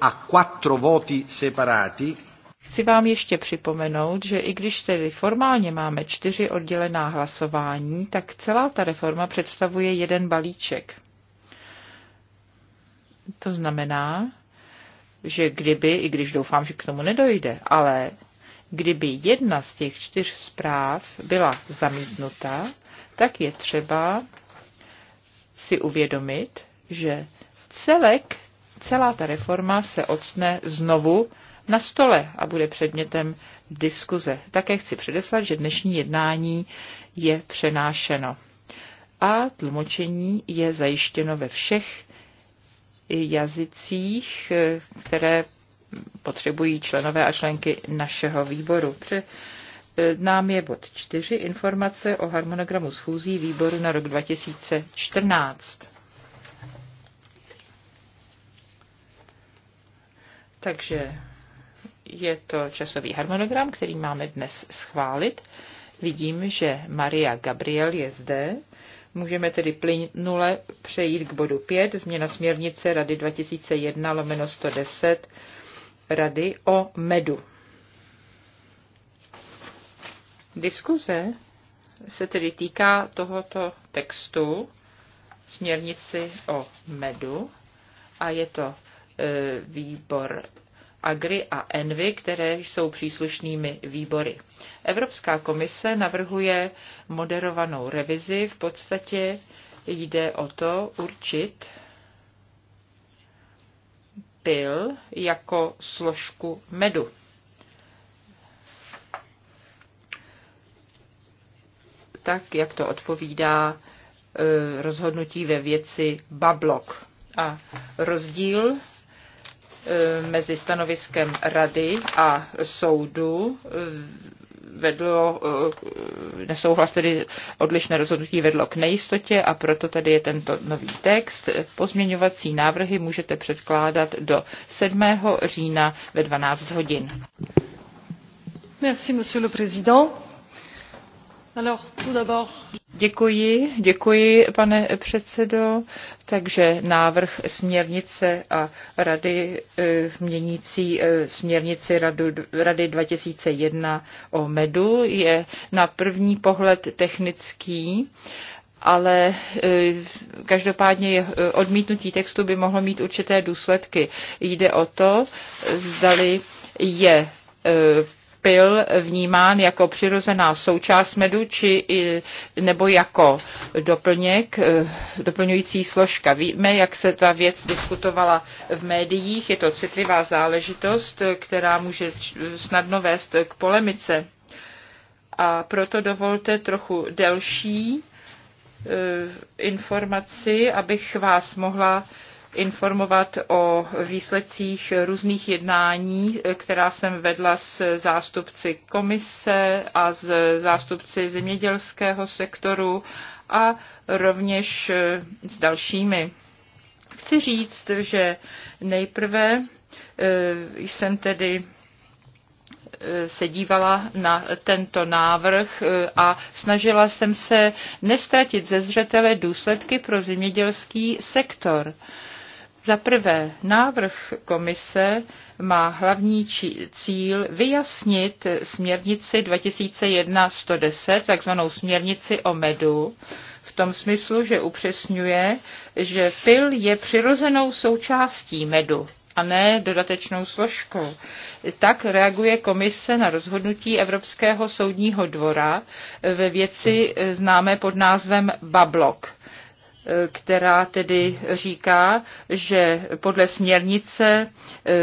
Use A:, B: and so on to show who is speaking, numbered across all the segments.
A: a quattro voti separati.
B: Chci vám ještě připomenout, že i když tedy formálně máme čtyři oddělená hlasování, tak celá ta reforma představuje jeden balíček. To znamená, že kdyby, i když doufám, že k tomu nedojde, ale kdyby jedna z těch čtyř zpráv byla zamítnuta, tak je třeba si uvědomit, že celek celá ta reforma se ocne znovu na stole a bude předmětem diskuze. Také chci předeslat, že dnešní jednání je přenášeno a tlumočení je zajištěno ve všech jazycích, které potřebují členové a členky našeho výboru. Pře- nám je bod 4, informace o harmonogramu schůzí výboru na rok 2014. Takže je to časový harmonogram, který máme dnes schválit. Vidím, že Maria Gabriel je zde. Můžeme tedy plynule přejít k bodu 5, změna směrnice Rady 2001 lomeno 110 Rady o medu. Diskuze se tedy týká tohoto textu směrnici o medu a je to E, výbor Agri a Envy, které jsou příslušnými výbory. Evropská komise navrhuje moderovanou revizi. V podstatě jde o to určit pil jako složku medu. Tak, jak to odpovídá e, rozhodnutí ve věci Bablok. A rozdíl Eh, mezi stanoviskem rady a soudu eh, vedlo, eh, nesouhlas tedy odlišné rozhodnutí vedlo k nejistotě a proto tady je tento nový text. Pozměňovací návrhy můžete předkládat do 7. října ve 12 hodin.
A: Merci, monsieur le président. Alors, tout d'abord,
B: Děkuji, děkuji, pane předsedo. Takže návrh směrnice a rady e, měnící e, směrnici radu, rady 2001 o medu je na první pohled technický ale e, každopádně odmítnutí textu by mohlo mít určité důsledky. Jde o to, zdali je pil vnímán jako přirozená součást medu, či i, nebo jako doplněk, eh, doplňující složka. Víme, jak se ta věc diskutovala v médiích, je to citlivá záležitost, která může snadno vést k polemice. A proto dovolte trochu delší eh, informaci, abych vás mohla informovat o výsledcích různých jednání, která jsem vedla s zástupci komise a s zástupci zemědělského sektoru a rovněž s dalšími. Chci říct, že nejprve eh, jsem tedy eh, se dívala na tento návrh eh, a snažila jsem se nestratit ze zřetele důsledky pro zemědělský sektor. Za prvé, návrh komise má hlavní cíl vyjasnit směrnici 2001-110, takzvanou směrnici o medu, v tom smyslu, že upřesňuje, že pil je přirozenou součástí medu a ne dodatečnou složkou. Tak reaguje komise na rozhodnutí Evropského soudního dvora ve věci známé pod názvem Bablok která tedy říká, že podle směrnice eh,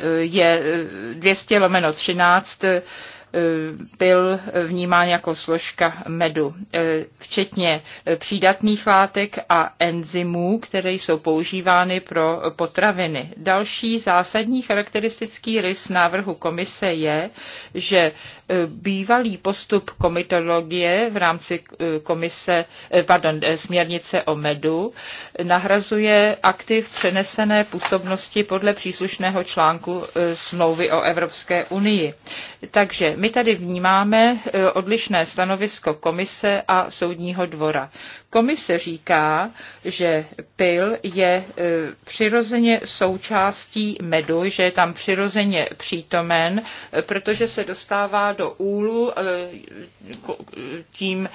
B: eh, je 200 lomeno 13 byl vnímán jako složka medu, eh, včetně eh, přídatných látek a enzymů, které jsou používány pro potraviny. Další zásadní charakteristický rys návrhu komise je, že eh, bývalý postup komitologie v rámci komise, pardon, směrnice o medu nahrazuje aktiv přenesené působnosti podle příslušného článku smlouvy o Evropské unii. Takže my tady vnímáme e, odlišné stanovisko komise a soudního dvora. Komise říká, že pil je e, přirozeně součástí medu, že je tam přirozeně přítomen, e, protože se dostává do úlu tím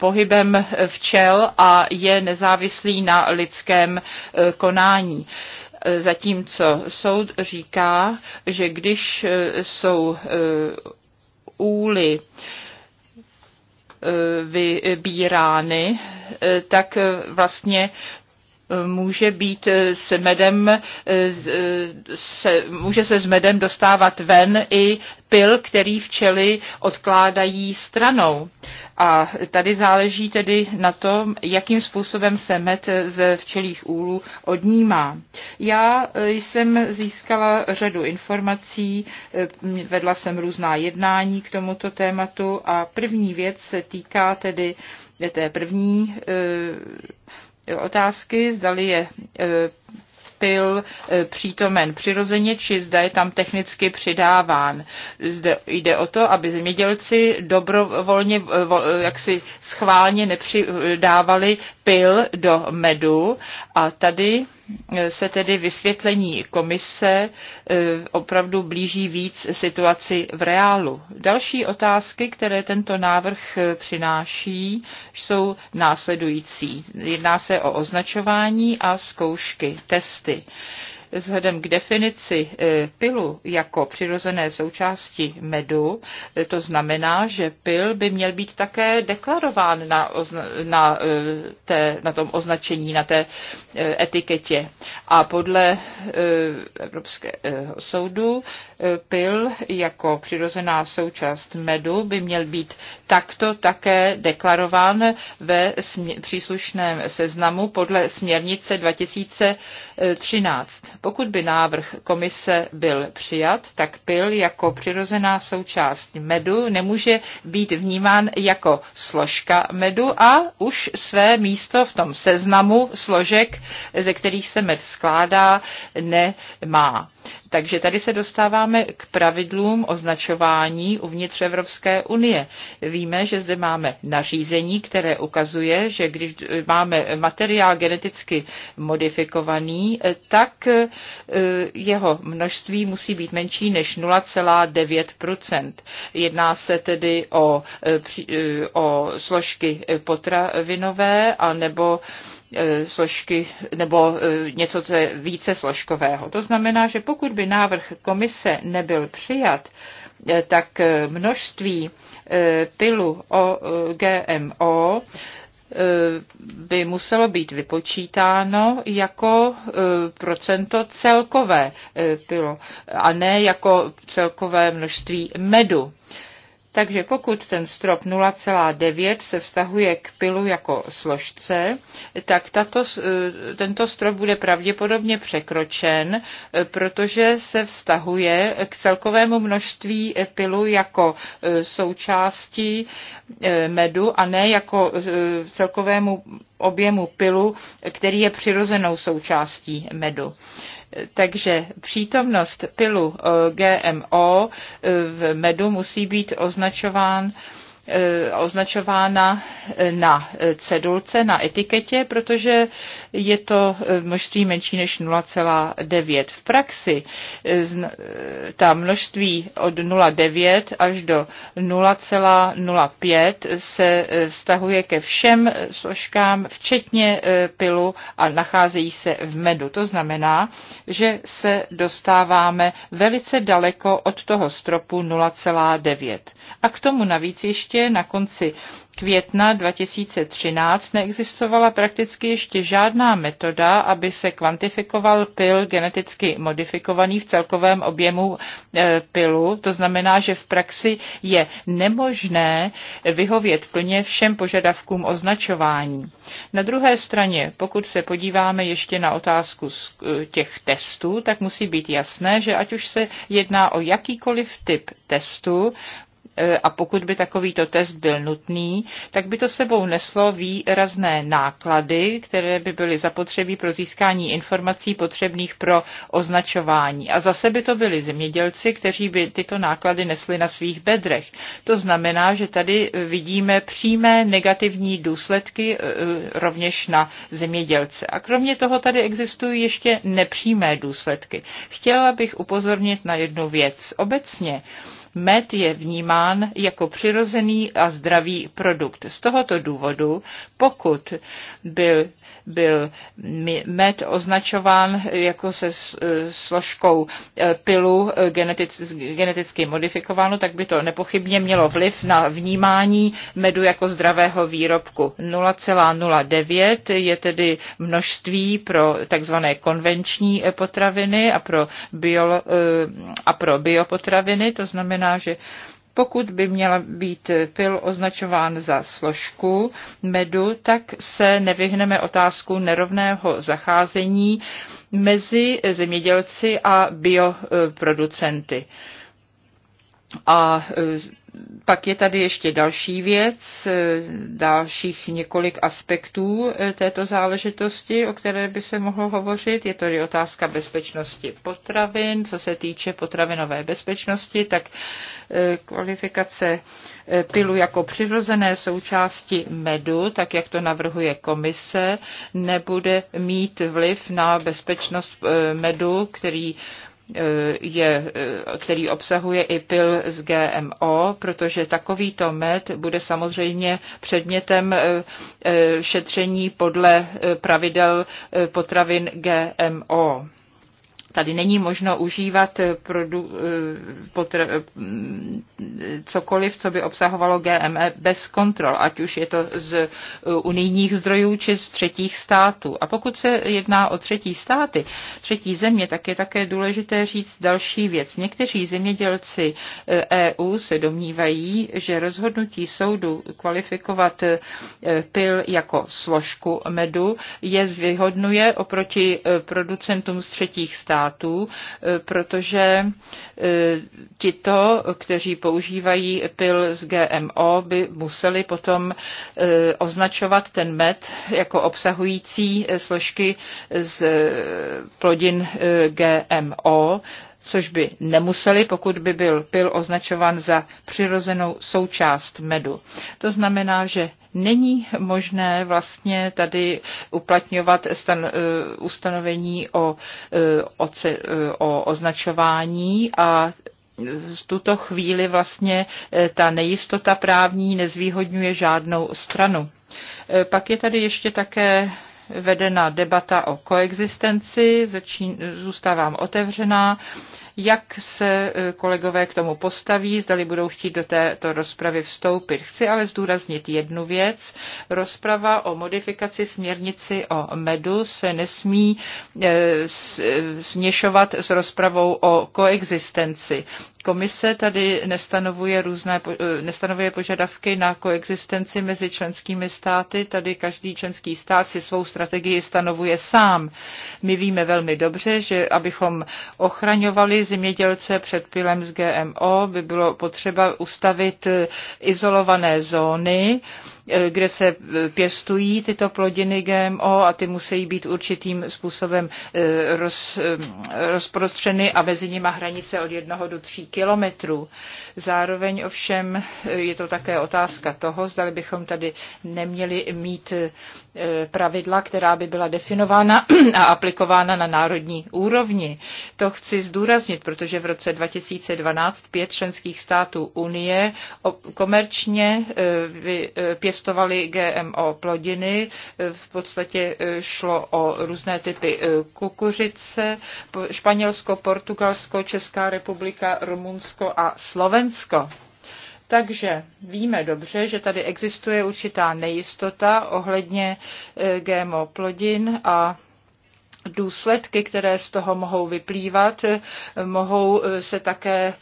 B: pohybem včel a je nezávislý na lidském konání zatímco soud říká, že když jsou úly eh, vybírány, eh, tak vlastně může být eh, s medem, eh, eh, se, může se s medem dostávat ven i pil, který včely odkládají stranou. A tady záleží tedy na tom, jakým způsobem se med ze včelích úlů odnímá. Já jsem získala řadu informací, vedla jsem různá jednání k tomuto tématu a první věc se týká tedy té první E, otázky, zdali je e, pil e, přítomen přirozeně, či zda je tam technicky přidáván. Zde jde o to, aby zemědělci dobrovolně, jak si schválně nepřidávali pil do medu a tady se tedy vysvětlení komise e, opravdu blíží víc situaci v reálu. Další otázky, které tento návrh e, přináší, jsou následující. Jedná se o označování a zkoušky, testy. Vzhledem k definici e, pilu jako přirozené součásti medu, e, to znamená, že pil by měl být také deklarován na, na, e, té, na tom označení, na té etiketě. A podle Evropského soudu pil jako přirozená součást medu by měl být takto také deklarován ve příslušném seznamu podle směrnice 2013. Pokud by návrh komise byl přijat, tak pil jako přirozená součást medu nemůže být vnímán jako složka medu a už své místo v tom seznamu složek, ze kterých se med skládá, nemá. Takže tady se dostáváme k pravidlům označování uvnitř Evropské unie. Víme, že zde máme nařízení, které ukazuje, že když máme materiál geneticky modifikovaný, tak e, jeho množství musí být menší než 0,9 Jedná se tedy o, e, e, o složky potravinové a nebo Eh, složky nebo eh, něco, co je více složkového. To znamená, že pokud by návrh komise nebyl přijat, eh, tak množství pilu o GMO by muselo být vypočítáno jako procento celkové pilo a ne jako celkové množství medu. Takže pokud ten strop 0,9 se vztahuje k pilu jako složce, tak tato, eh, tento strop bude pravděpodobně překročen, eh, protože se vztahuje k celkovému množství eh, pilu jako součásti medu a ne jako celkovému objemu pilu, který je přirozenou součástí medu. Takže přítomnost pilu eh, GMO eh, v medu musí být označován Eh, označována eh, na eh, cedulce, na etiketě, protože je to množství menší než 0,9. V praxi ta množství od 0,9 až do 0,05 se vztahuje ke všem složkám, včetně pilu a nacházejí se v medu. To znamená, že se dostáváme velice daleko od toho stropu 0,9. A k tomu navíc ještě ještě na konci května 2013 neexistovala prakticky ještě žádná metoda, aby se kvantifikoval pil geneticky modifikovaný v celkovém objemu e, pilu. To znamená, že v praxi je nemožné vyhovět plně všem požadavkům označování. Na druhé straně, pokud se podíváme ještě na otázku e, těch testů, tak musí být jasné, že ať už se jedná o jakýkoliv typ testu, E, a pokud by takovýto test byl nutný, tak by to sebou neslo výrazné náklady, které by byly zapotřebí pro získání informací potřebných pro označování. A zase by to byli zemědělci, kteří by tyto náklady nesli na svých bedrech. To znamená, že tady vidíme přímé negativní důsledky e, rovněž na zemědělce. A kromě toho tady existují ještě nepřímé důsledky. Chtěla bych upozornit na jednu věc. Obecně Med je vnímán jako přirozený a zdravý produkt. Z tohoto důvodu, pokud byl, byl med označován jako se e, složkou e, pilu e, geneticky modifikováno, tak by to nepochybně mělo vliv na vnímání medu jako zdravého výrobku. 0,09 je tedy množství pro takzvané konvenční potraviny a pro, bio, a pro biopotraviny, to znamená, znamená, že pokud by měla být pil označován za složku medu, tak se nevyhneme otázku nerovného zacházení mezi zemědělci a bioproducenty. A e, pak je tady ještě další věc, eh, dalších několik aspektů eh, této záležitosti, o které by se mohlo hovořit. Je tady otázka bezpečnosti potravin. Co se týče potravinové bezpečnosti, tak eh, kvalifikace pilu jako přirozené součásti medu, tak jak to navrhuje komise, nebude mít vliv na bezpečnost medu, který Eh, je, eh, který obsahuje i pil z GMO, protože takovýto med bude samozřejmě předmětem eh, šetření podle pravidel potravin GMO. Tady není možno užívat eh, produ, eh, potr, eh, cokoliv, co by obsahovalo GME bez kontrol, ať už je to z unijních zdrojů či z třetích států. A pokud se jedná o třetí státy, třetí země, tak je také důležité říct další věc. Někteří zemědělci EU e se domnívají, že rozhodnutí soudu kvalifikovat pil jako složku medu je zvyhodnuje oproti producentům z třetích států států, eh, protože eh, tito, kteří používají pil z GMO, by museli potom eh, označovat ten med jako obsahující složky z plodin GMO, což by nemuseli, pokud by byl pil označován za přirozenou součást medu. To znamená, že není možné vlastně tady uplatňovat stan, uh, ustanovení o, uh, oce, uh, o označování a v tuto chvíli vlastně ta nejistota právní nezvýhodňuje žádnou stranu. Pak je tady ještě také vedena debata o koexistenci, začín, zůstávám otevřená, jak se eh, kolegové k tomu postaví, zdali budou chtít do této rozpravy vstoupit. Chci ale zdůraznit jednu věc. Rozprava o modifikaci směrnici o medu se nesmí eh, eh, směšovat s rozpravou o koexistenci. Komise tady nestanovuje, různé, eh, nestanovuje požadavky na koexistenci mezi členskými státy. Tady každý členský stát si svou strategii stanovuje sám. My víme velmi dobře, že abychom ochraňovali zemědělce před pilem z GMO, by bylo potřeba ustavit eh, izolované zóny, eh, kde se pěstují tyto plodiny GMO a ty musí být určitým způsobem roz, rozprostřeny a mezi nimi hranice od jednoho do tří kilometrů. Zároveň ovšem eh, je to také otázka toho, zda bychom tady neměli mít eh, pravidla, která by byla definována a aplikována na národní úrovni. To chci zdůraznit, protože v roce 2012 pět členských států Unie komerčně eh, pěstovali GMO plodiny. V podstatě šlo o různé typy kukuřice. Španělsko, Portugalsko, Česká republika, Rumunsko Rumunsko a Slovensko. Takže víme dobře, že tady existuje určitá nejistota ohledně e, GMO plodin a důsledky, které z toho mohou vyplývat, e, mohou e, se také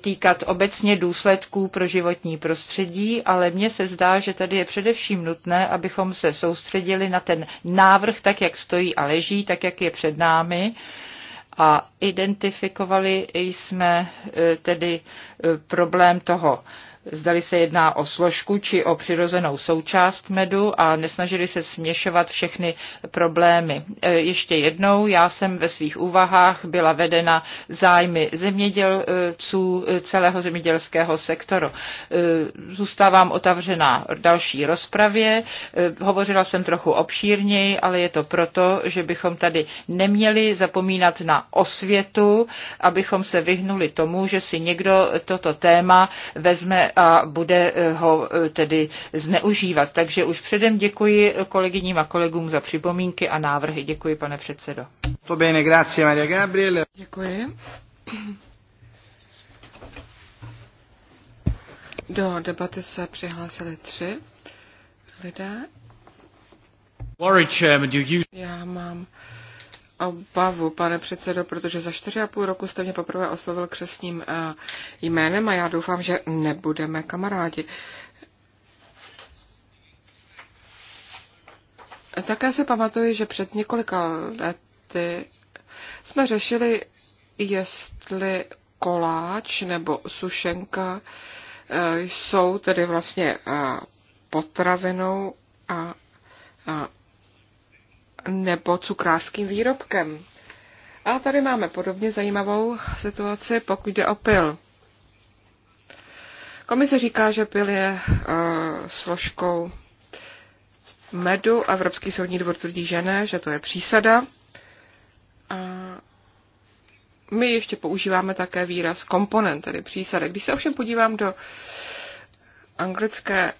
B: týkat obecně důsledků pro životní prostředí, ale mně se zdá, že tady je především nutné, abychom se soustředili na ten návrh, tak jak stojí a leží, tak jak je před námi a identifikovali jsme e, tedy e, problém toho zdali se jedná o složku či o přirozenou součást medu a nesnažili se směšovat všechny problémy. E, ještě jednou, já jsem ve svých úvahách byla vedena zájmy zemědělců celého zemědělského sektoru. E, zůstávám otevřená další rozpravě. E, hovořila jsem trochu obšírněji, ale je to proto, že bychom tady neměli zapomínat na osvětu, abychom se vyhnuli tomu, že si někdo toto téma vezme a bude eh, ho eh, tedy zneužívat. Takže už předem děkuji kolegyním a kolegům za připomínky a návrhy. Děkuji, pane předsedo. To bene, grazie Maria Gabriele. Děkuji.
C: Do debaty se přihlásili tři lidé. Já mám obavu, pane předsedo, protože za čtyři a půl roku jste mě poprvé oslovil křesním eh, jménem a já doufám, že nebudeme kamarádi. Také si pamatuju, že před několika lety jsme řešili, jestli koláč nebo sušenka eh, jsou tedy vlastně eh, potravinou a nebo cukrářským výrobkem. A tady máme podobně zajímavou situaci, pokud jde o pil. Komise říká, že pil je e, složkou medu. Evropský soudní dvor tvrdí, že ne, že to je přísada. E, my ještě používáme také výraz komponent, tedy přísada. Když se ovšem podívám do anglické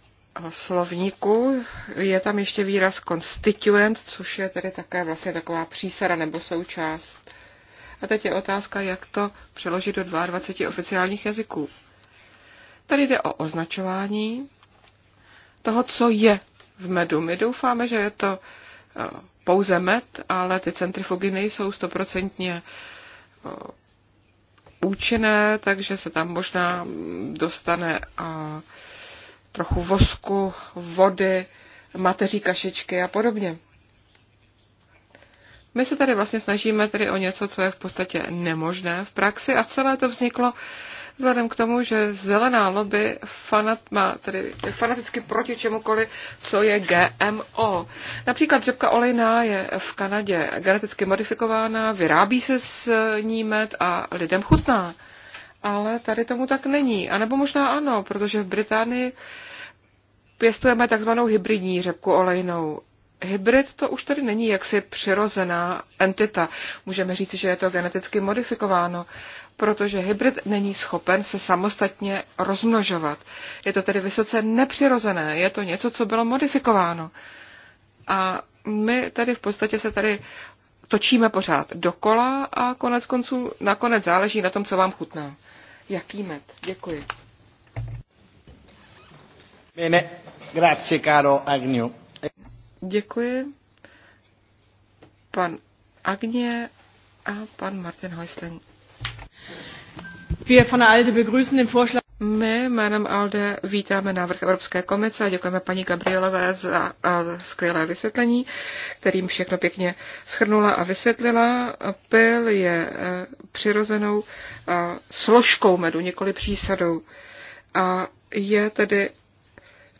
C: slovníku je tam ještě výraz constituent, což je tedy také vlastně taková přísada nebo součást. A teď je otázka, jak to přeložit do 22 oficiálních jazyků. Tady jde o označování toho, co je v medu. My doufáme, že je to eh, pouze med, ale ty centrifugy nejsou stoprocentně eh, účinné, takže se tam možná dostane a trochu vosku, vody, mateří kašičky a podobně. My se tady vlastně snažíme tedy o něco, co je v podstatě nemožné v praxi a celé to vzniklo vzhledem k tomu, že zelená lobby fanat, má, tedy je fanaticky proti čemukoliv, co je GMO. Například řepka olejná je v Kanadě geneticky modifikována, vyrábí se z ní med a lidem chutná ale tady tomu tak není. A nebo možná ano, protože v Británii pěstujeme takzvanou hybridní řepku olejnou. Hybrid to už tady není jaksi přirozená entita. Můžeme říct, že je to geneticky modifikováno, protože hybrid není schopen se samostatně rozmnožovat. Je to tedy vysoce nepřirozené, je to něco, co bylo modifikováno. A my tady v podstatě se tady točíme pořád dokola a konec konců nakonec záleží na tom, co vám chutná jaký med. Děkuji.
A: Bene, grazie caro Agnew.
C: Děkuji. Pan Agně a pan Martin Häusling. Wir von der Alte begrüßen den Vorschlag. My jménem ALDE vítáme návrh Evropské komise a děkujeme paní Gabrielové za skvělé vysvětlení, kterým všechno pěkně schrnula a vysvětlila. Pil je e, přirozenou e, složkou medu, nikoli přísadou. A je tedy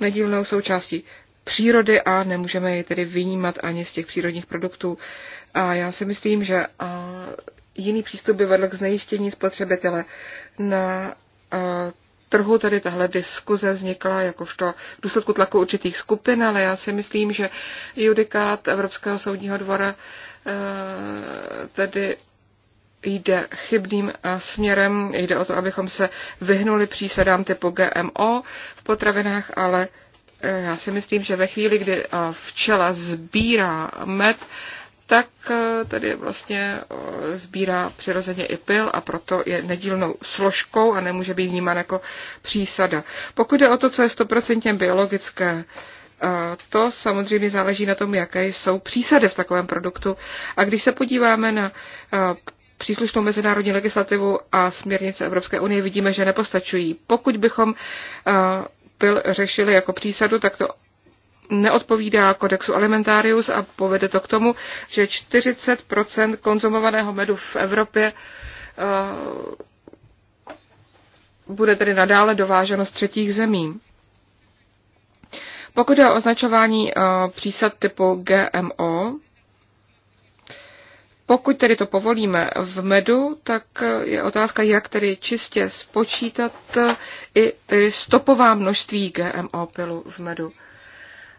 C: nedílnou součástí přírody a nemůžeme ji tedy vynímat ani z těch přírodních produktů. A já si myslím, že jiný přístup by vedl k znejištění spotřebitele. Na trhu tedy tahle diskuze vznikla jakožto v důsledku tlaku určitých skupin, ale já si myslím, že judikát Evropského soudního dvora eh, tedy jde chybným eh, směrem. Jde o to, abychom se vyhnuli přísadám typu GMO v potravinách, ale eh, já si myslím, že ve chvíli, kdy včela sbírá med tak eh, tady vlastně eh, sbírá přirozeně i pil a proto je nedílnou složkou a nemůže být vnímán jako přísada. Pokud je o to, co je stoprocentně biologické, eh, to samozřejmě záleží na tom, jaké jsou přísady v takovém produktu. A když se podíváme na příslušnou mezinárodní legislativu a směrnice Evropské unie, vidíme, že nepostačují. Pokud bychom pil řešili jako přísadu, tak to neodpovídá kodexu alimentarius a povede to k tomu, že 40 konzumovaného medu v Evropě eh, bude tedy nadále dováženo z třetích zemí. Pokud je o označování eh, přísad typu GMO, pokud tedy to povolíme v medu, tak je otázka, jak tedy čistě spočítat i stopová množství GMO pilu v medu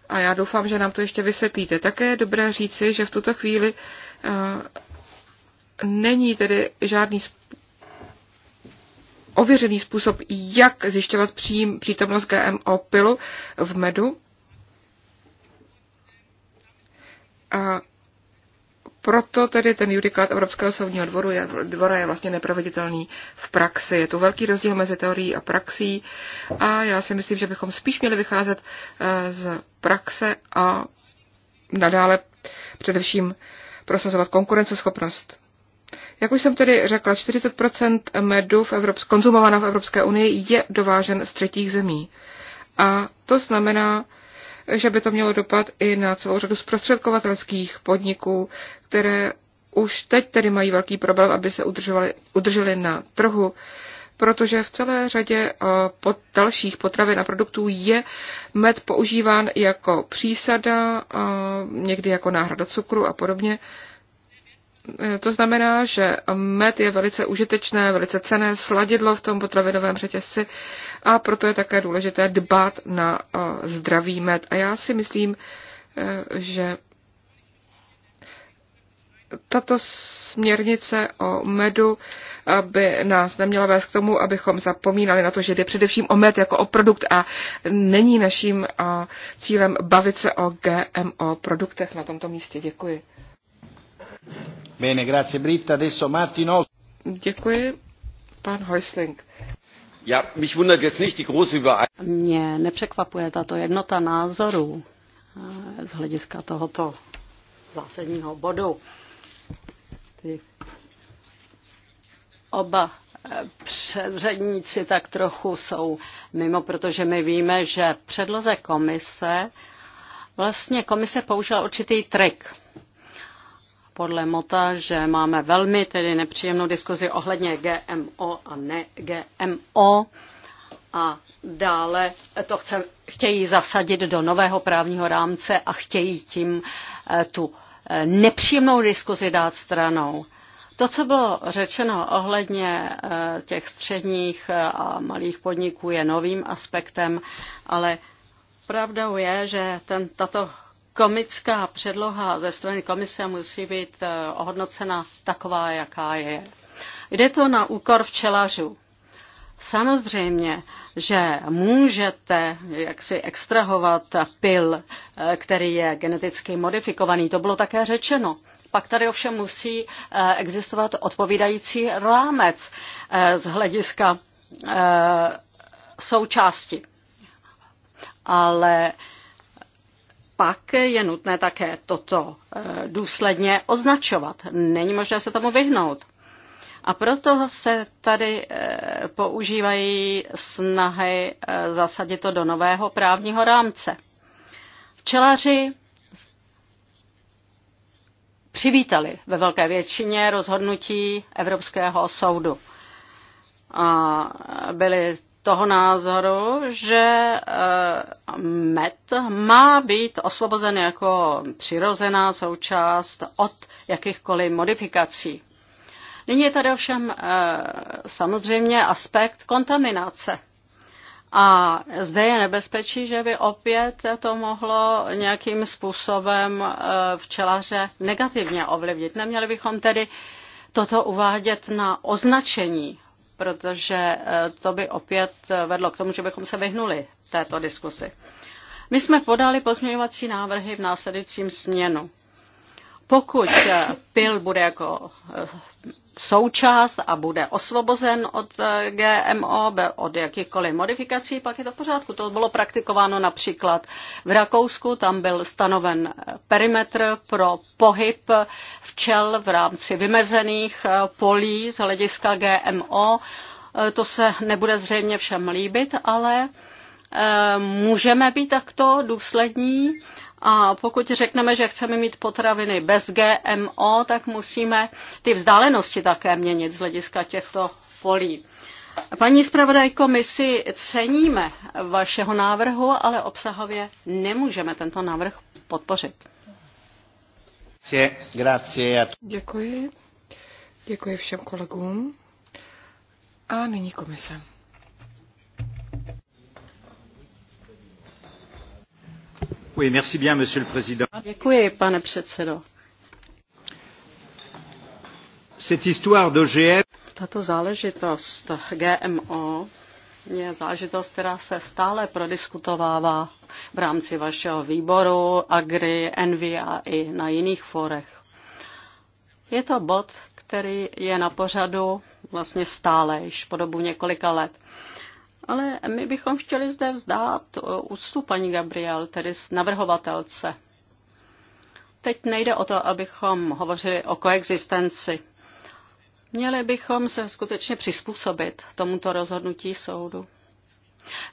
C: a já doufám, že nám to ještě vysvětlíte. Také je dobré říci, že v tuto chvíli eh, není tedy žádný ověřený způsob, jak zjišťovat přím, přítomnost GMO pilu v medu. A proto tedy ten judikát Evropského soudního dvoru je, dvora je vlastně neproveditelný v praxi. Je to velký rozdíl mezi teorií a praxí a já si myslím, že bychom spíš měli vycházet eh, z praxe a nadále především prosazovat konkurenceschopnost. Jak už jsem tedy řekla, 40 medu v Evrop- konzumovaná v Evropské unii je dovážen z třetích zemí. A to znamená, že by to mělo dopad i na celou řadu zprostředkovatelských podniků, které už teď tedy mají velký problém, aby se udržovali, udrželi na trhu, protože v celé řadě eh, pod dalších potravin a produktů je med používán jako přísada, eh, někdy jako náhrada cukru a podobně. Eh, to znamená, že med je velice užitečné, velice cené sladidlo v tom potravinovém řetězci a proto je také důležité dbát na eh, zdravý med. A já si myslím, eh, že tato směrnice o medu aby nás neměla vést k tomu, abychom zapomínali na to, že jde především o med jako o produkt a není naším cílem bavit se o GMO produktech na tomto místě. Děkuji.
A: Bene, grazie Britta. Adesso Martin Os Děkuji, pan Heusling. Ja, mich wundert jetzt nicht die große Mě nepřekvapuje tato jednota názorů eh, z hlediska tohoto zásadního bodu. Ty oba eh, předředníci tak trochu jsou mimo, protože my víme, že předloze komise, vlastně komise použila určitý trik podle Mota, že máme velmi tedy nepříjemnou diskuzi ohledně GMO a ne GMO a dále to chce, chtějí zasadit do nového právního rámce a chtějí tím eh, tu eh, nepříjemnou diskuzi dát stranou. To, co bylo řečeno ohledně eh, těch středních a malých podniků, je novým aspektem, ale pravdou je, že ten, tato komická předloha ze strany komise musí být eh, ohodnocena taková, jaká je. Jde to na úkor včelařů. Samozřejmě, že můžete jaksi extrahovat pil, eh, který je geneticky modifikovaný. To bylo také řečeno. Pak tady ovšem musí eh, existovat odpovídající rámec z hlediska součásti. Ale pak je nutné také toto eh, důsledně označovat. Není možné se tomu vyhnout. A proto se tady eh, používají snahy eh, zasadit to do nového právního rámce. Včelaři přivítali ve velké většině rozhodnutí Evropského soudu. A byli toho názoru, že eh, med má být osvobozen jako přirozená součást od jakýchkoliv modifikací. Nyní je tady ovšem eh, samozřejmě aspekt kontaminace. A zde je nebezpečí, že by opět to mohlo nějakým způsobem eh, včelaře negativně ovlivnit. Neměli bychom tedy toto uvádět na označení protože eh, to by opět vedlo k tomu, že bychom se vyhnuli této diskusi. My jsme podali pozměňovací návrhy v následujícím směnu. Pokud eh, pil bude jako eh, součást a bude osvobozen od eh, GMO, od jakýchkoliv modifikací, pak je to v pořádku. To bylo praktikováno například v Rakousku, tam byl stanoven perimetr pro pohyb včel v rámci vymezených polí z hlediska GMO. To se nebude zřejmě všem líbit, ale můžeme být takto důslední a pokud řekneme, že chceme mít potraviny bez GMO, tak musíme ty vzdálenosti také měnit z hlediska těchto folí. Paní zpravodajko, my si ceníme vašeho návrhu, ale obsahově nemůžeme tento návrh podpořit.
C: Děkuji. Děkuji všem kolegům.
A: A nyní komise. pane předsedo. Tato záležitost GMO je záležitost, která se stále prodiskutovává v rámci vašeho výboru, Agri, envi a i na jiných fórech, Je to bod, který je na pořadu vlastně stále, již po dobu několika let. Ale my bychom chtěli zde vzdát eh, úctu paní Gabriel, tedy navrhovatelce. Teď nejde o to, abychom hovořili o koexistenci. Měli bychom se skutečně přizpůsobit tomuto rozhodnutí soudu.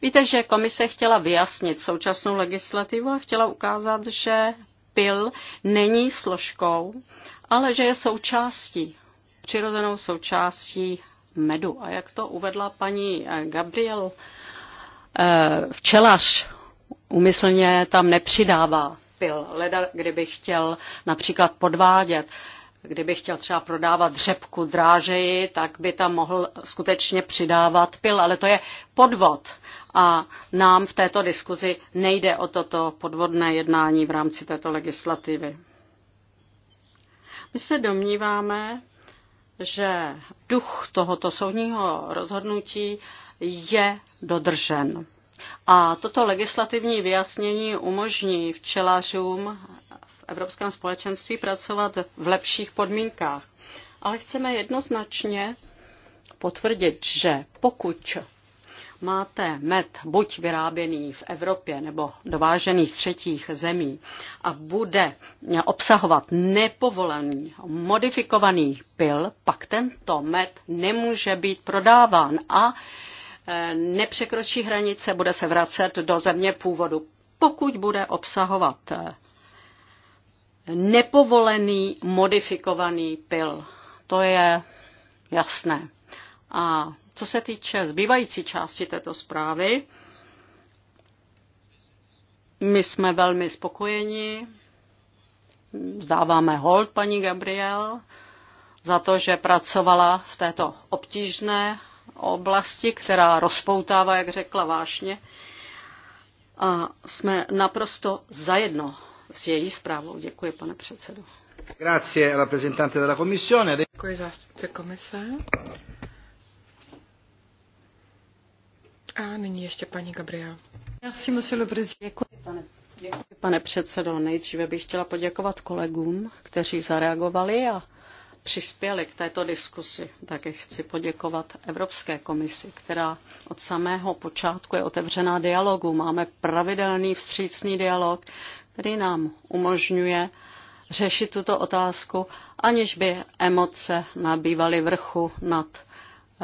A: Víte, že komise chtěla vyjasnit současnou legislativu a chtěla ukázat, že pil není složkou, ale že je součástí, přirozenou součástí medu. A jak to uvedla paní eh, Gabriel, eh, včelař umyslně tam nepřidává pil. Leda, kdyby chtěl například podvádět, kdyby chtěl třeba prodávat řepku drážeji, tak by tam mohl skutečně přidávat pil, ale to je podvod. A nám v této diskuzi nejde o toto podvodné jednání v rámci této legislativy. My se domníváme, že duch tohoto soudního rozhodnutí je dodržen. A toto legislativní vyjasnění umožní včelařům v Evropském společenství pracovat v lepších podmínkách. Ale chceme jednoznačně potvrdit, že pokud máte med buď vyráběný v Evropě nebo dovážený z třetích zemí a bude obsahovat nepovolený modifikovaný pil, pak tento med nemůže být prodáván a e, nepřekročí hranice, bude se vracet do země původu. Pokud bude obsahovat e, nepovolený modifikovaný pil, to je jasné. A co se týče zbývající části této zprávy, my jsme velmi spokojeni, zdáváme hold paní Gabriel za to, že pracovala v této obtížné oblasti, která rozpoutává, jak řekla vášně. A jsme naprosto zajedno s její zprávou. Děkuji, pane předsedo.
C: Grazie, rappresentante della Commissione. Děkuji zástupce komise. A nyní ještě paní Gabriel.
A: Děkuji, pane, děkuji, pane předsedo. Nejdříve bych chtěla poděkovat kolegům, kteří zareagovali a přispěli k této diskusi. Také chci poděkovat Evropské komisi, která od samého počátku je otevřená dialogu. Máme pravidelný vstřícný dialog, který nám umožňuje řešit tuto otázku, aniž by emoce nabývaly vrchu nad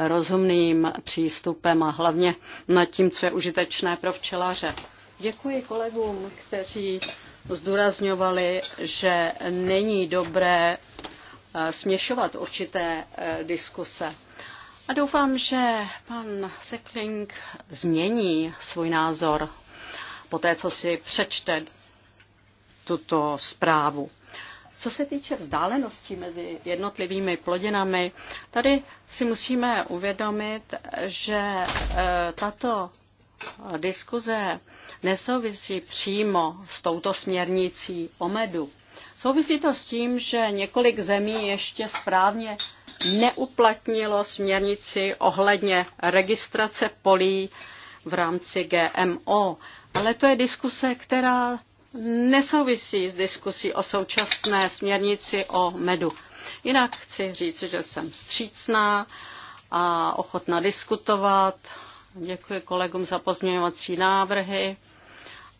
A: rozumným přístupem a hlavně nad tím, co je užitečné pro včelaře. Děkuji kolegům, kteří zdůrazňovali, že není dobré eh, směšovat určité eh, diskuse. A doufám, že pan Sekling změní svůj názor po té, co si přečte tuto zprávu. Co se týče vzdálenosti mezi jednotlivými plodinami, tady si musíme uvědomit, že e, tato diskuze nesouvisí přímo s touto směrnicí o medu. Souvisí to s tím, že několik zemí ještě správně neuplatnilo směrnici ohledně registrace polí v rámci GMO. Ale to je diskuse, která nesouvisí s diskusí o současné směrnici o medu. Jinak chci říct, že jsem střícná a ochotná diskutovat. Děkuji kolegům za pozměňovací návrhy.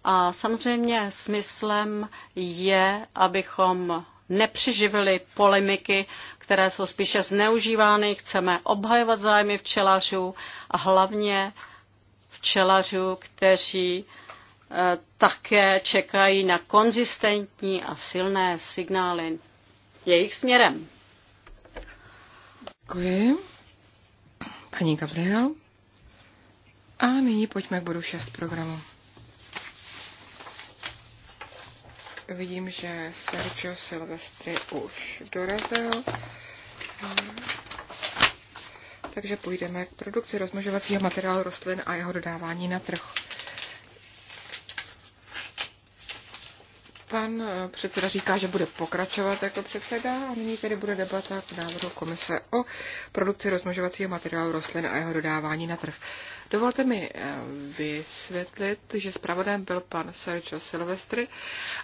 A: A samozřejmě smyslem je, abychom nepřiživili polemiky, které jsou spíše zneužívány. Chceme obhajovat zájmy včelařů a hlavně včelařů, kteří Eh, také čekají na konzistentní a silné signály jejich směrem. Děkuji.
C: Paní Gabriel. A nyní pojďme k bodu 6 programu. Vidím, že Sergio Silvestri už dorazil. Takže půjdeme k produkci rozmnožovacího materiálu rostlin a jeho dodávání na trh. Pan eh, předseda říká, že bude pokračovat jako předseda a nyní tedy bude debata k návrhu komise o produkci rozmnožovacího materiálu rostlin a jeho dodávání na trh. Dovolte mi eh, vysvětlit, že zpravodajem byl pan Sergio Silvestri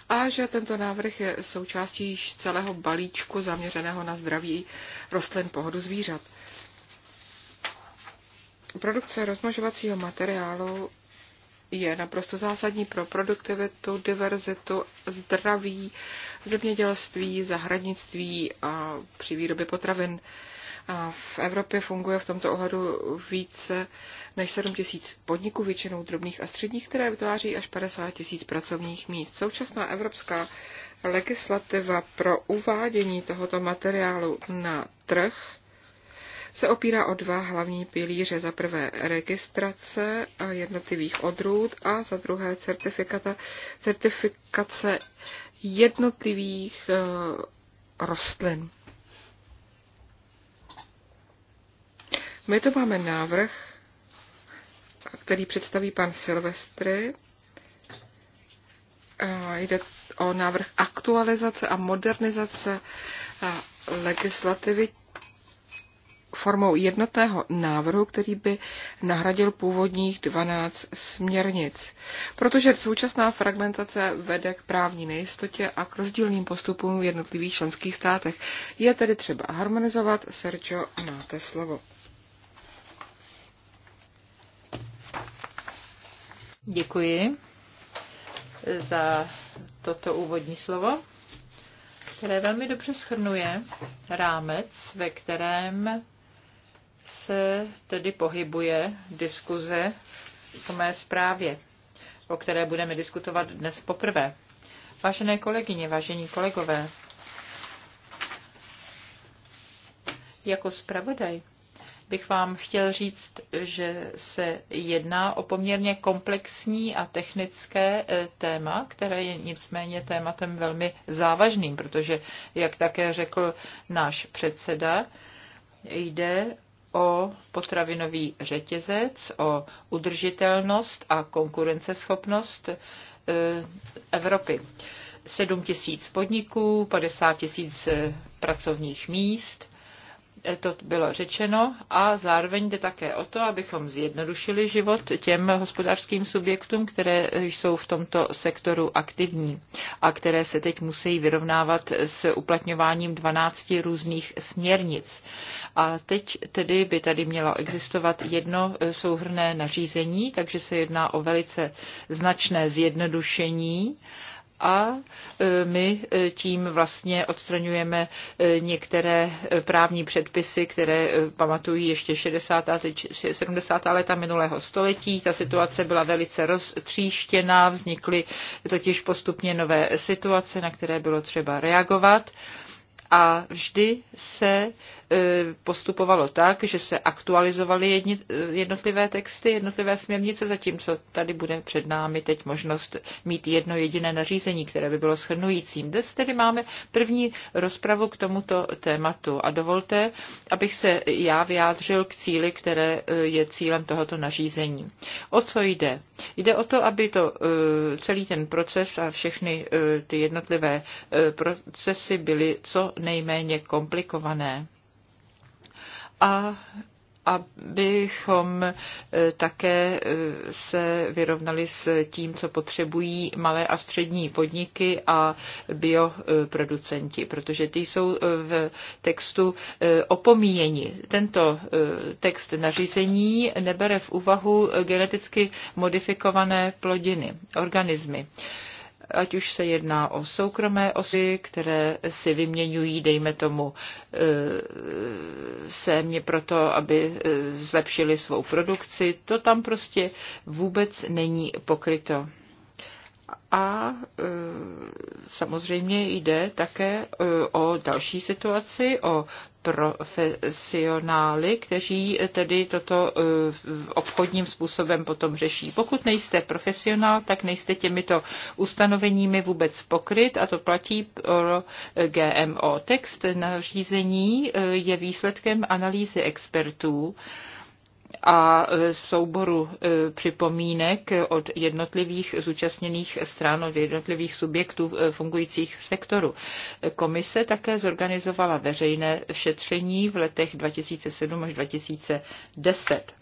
C: a že tento návrh je součástí celého balíčku zaměřeného na zdraví rostlin pohodu zvířat. Produkce rozmnožovacího materiálu je naprosto zásadní pro produktivitu, diverzitu, zdraví, zemědělství, zahradnictví a při výrobě potravin. V Evropě funguje v tomto ohledu více než 7 tisíc podniků, většinou drobných a středních, které vytváří až 50 tisíc pracovních míst. Současná evropská legislativa pro uvádění tohoto materiálu na trh se opírá o dva hlavní pilíře. Za prvé registrace jednotlivých odrůd a za druhé certifikace jednotlivých eh, rostlin. My tu máme návrh, který představí pan Silvestry. Eh, jde o návrh aktualizace a modernizace eh, legislativy formou jednotného návrhu, který by nahradil původních 12 směrnic. Protože současná fragmentace vede k právní nejistotě a k rozdílným postupům v jednotlivých členských státech. Je tedy třeba harmonizovat. Sergio, máte slovo. Děkuji
B: za toto úvodní slovo, které velmi dobře schrnuje rámec, ve kterém se tedy pohybuje diskuze k mé zprávě, o které budeme diskutovat dnes poprvé. Vážené kolegyně, vážení kolegové, jako zpravodaj bych vám chtěl říct, že se jedná o poměrně komplexní a technické eh, téma, které je nicméně tématem velmi závažným, protože, jak také řekl náš předseda, jde o potravinový řetězec, o udržitelnost a konkurenceschopnost e, Evropy. 7 tisíc podniků, 50 tisíc e, pracovních míst to bylo řečeno, a zároveň jde také o to, abychom zjednodušili život těm hospodářským subjektům, které jsou v tomto sektoru aktivní a které se teď musí vyrovnávat s uplatňováním 12 různých směrnic. A teď tedy by tady mělo existovat jedno souhrné nařízení, takže se jedná o velice značné zjednodušení a e, my e, tím vlastně odstraňujeme e, některé právní předpisy, které pamatují ještě 60. a 70. leta minulého století. Ta situace byla velice roztříštěná, vznikly totiž postupně nové situace, na které bylo třeba reagovat a vždy se E, postupovalo tak, že se aktualizovaly e, jednotlivé texty, jednotlivé směrnice, zatímco tady bude před námi teď možnost mít jedno jediné nařízení, které by bylo schrnujícím. Dnes tedy máme první rozpravu k tomuto tématu a dovolte, abych se já vyjádřil k cíli, které e, je cílem tohoto nařízení. O co jde? Jde o to, aby to celý ten proces a všechny ty jednotlivé procesy byly co nejméně komplikované a abychom e, také e, se vyrovnali s tím, co potřebují malé a střední podniky a bioproducenti, protože ty jsou e, v textu opomíjeni. Tento text nařízení nebere v úvahu geneticky modifikované plodiny, organismy ať už se jedná o soukromé osoby, které si vyměňují, dejme tomu, e, sémě proto, aby e, zlepšili svou produkci. To tam prostě vůbec není pokryto a e, samozřejmě jde také e, o další situaci, o profesionály, kteří tedy toto e, obchodním způsobem potom řeší. Pokud nejste profesionál, tak nejste těmito ustanoveními vůbec pokryt a to platí pro GMO. Text na řízení je výsledkem analýzy expertů, a e, souboru e, připomínek od jednotlivých zúčastněných stran, od jednotlivých subjektů e, fungujících v sektoru. Komise také zorganizovala veřejné šetření v letech 2007 až 2010.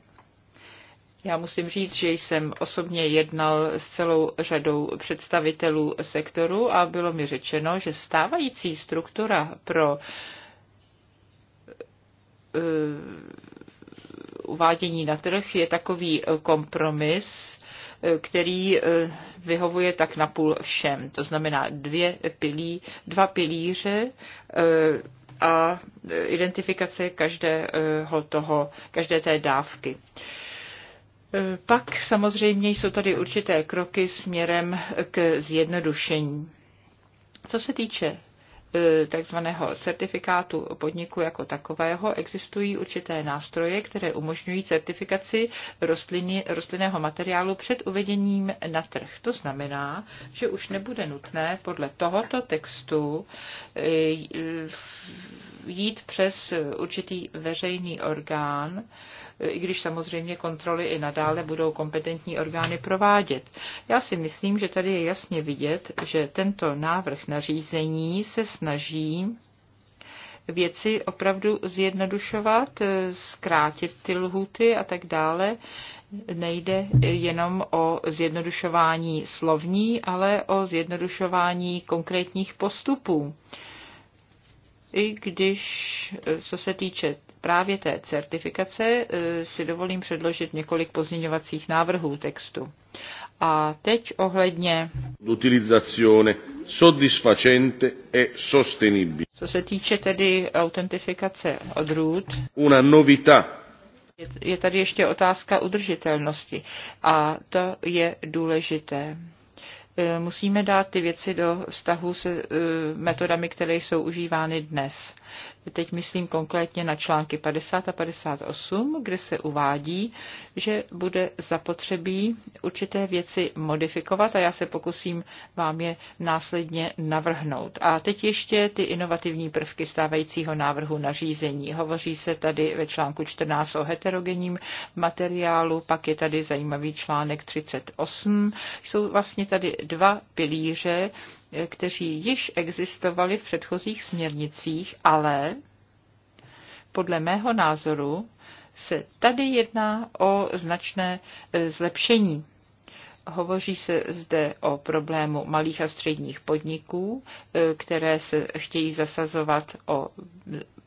B: Já musím říct, že jsem osobně jednal s celou řadou představitelů sektoru a bylo mi řečeno, že stávající struktura pro uvádění na trh je takový eh, kompromis, eh, který eh, vyhovuje tak napůl všem. To znamená dvě pilí, dva pilíře a identifikace každého toho, každé té dávky. Pak samozřejmě jsou tady určité kroky směrem k zjednodušení. Co se týče E, takzvaného certifikátu podniku jako takového existují určité nástroje, které umožňují certifikaci rostliny, rostlinného materiálu před uvedením na trh. To znamená, že už nebude nutné podle tohoto textu e, e, jít přes určitý veřejný orgán, i když samozřejmě kontroly i nadále budou kompetentní orgány provádět. Já si myslím, že tady je jasně vidět, že tento návrh nařízení se snaží snaží věci opravdu zjednodušovat, zkrátit ty lhuty a tak dále. Nejde jenom o zjednodušování slovní, ale o zjednodušování konkrétních postupů. I když, co se týče právě té certifikace eh, si dovolím předložit několik pozměňovacích návrhů textu. A teď ohledně
C: l'utilizzazione soddisfacente e sostenibile.
B: Co se týče tedy autentifikace odrůd,
C: una novità
B: je tady ještě otázka udržitelnosti a to je důležité. Eh, musíme dát ty věci do vztahu se eh, metodami, které jsou užívány dnes teď myslím konkrétně na články 50 a 58, kde se uvádí, že bude zapotřebí určité věci modifikovat a já se pokusím vám je následně navrhnout. A teď ještě ty inovativní prvky stávajícího návrhu nařízení. Hovoří se tady ve článku 14 o heterogenním materiálu, pak je tady zajímavý článek 38. Jsou vlastně tady dva pilíře, kteří již existovali v předchozích směrnicích, ale podle mého názoru se tady jedná o značné e, zlepšení. Hovoří se zde o problému malých a středních podniků, e, které se chtějí zasazovat o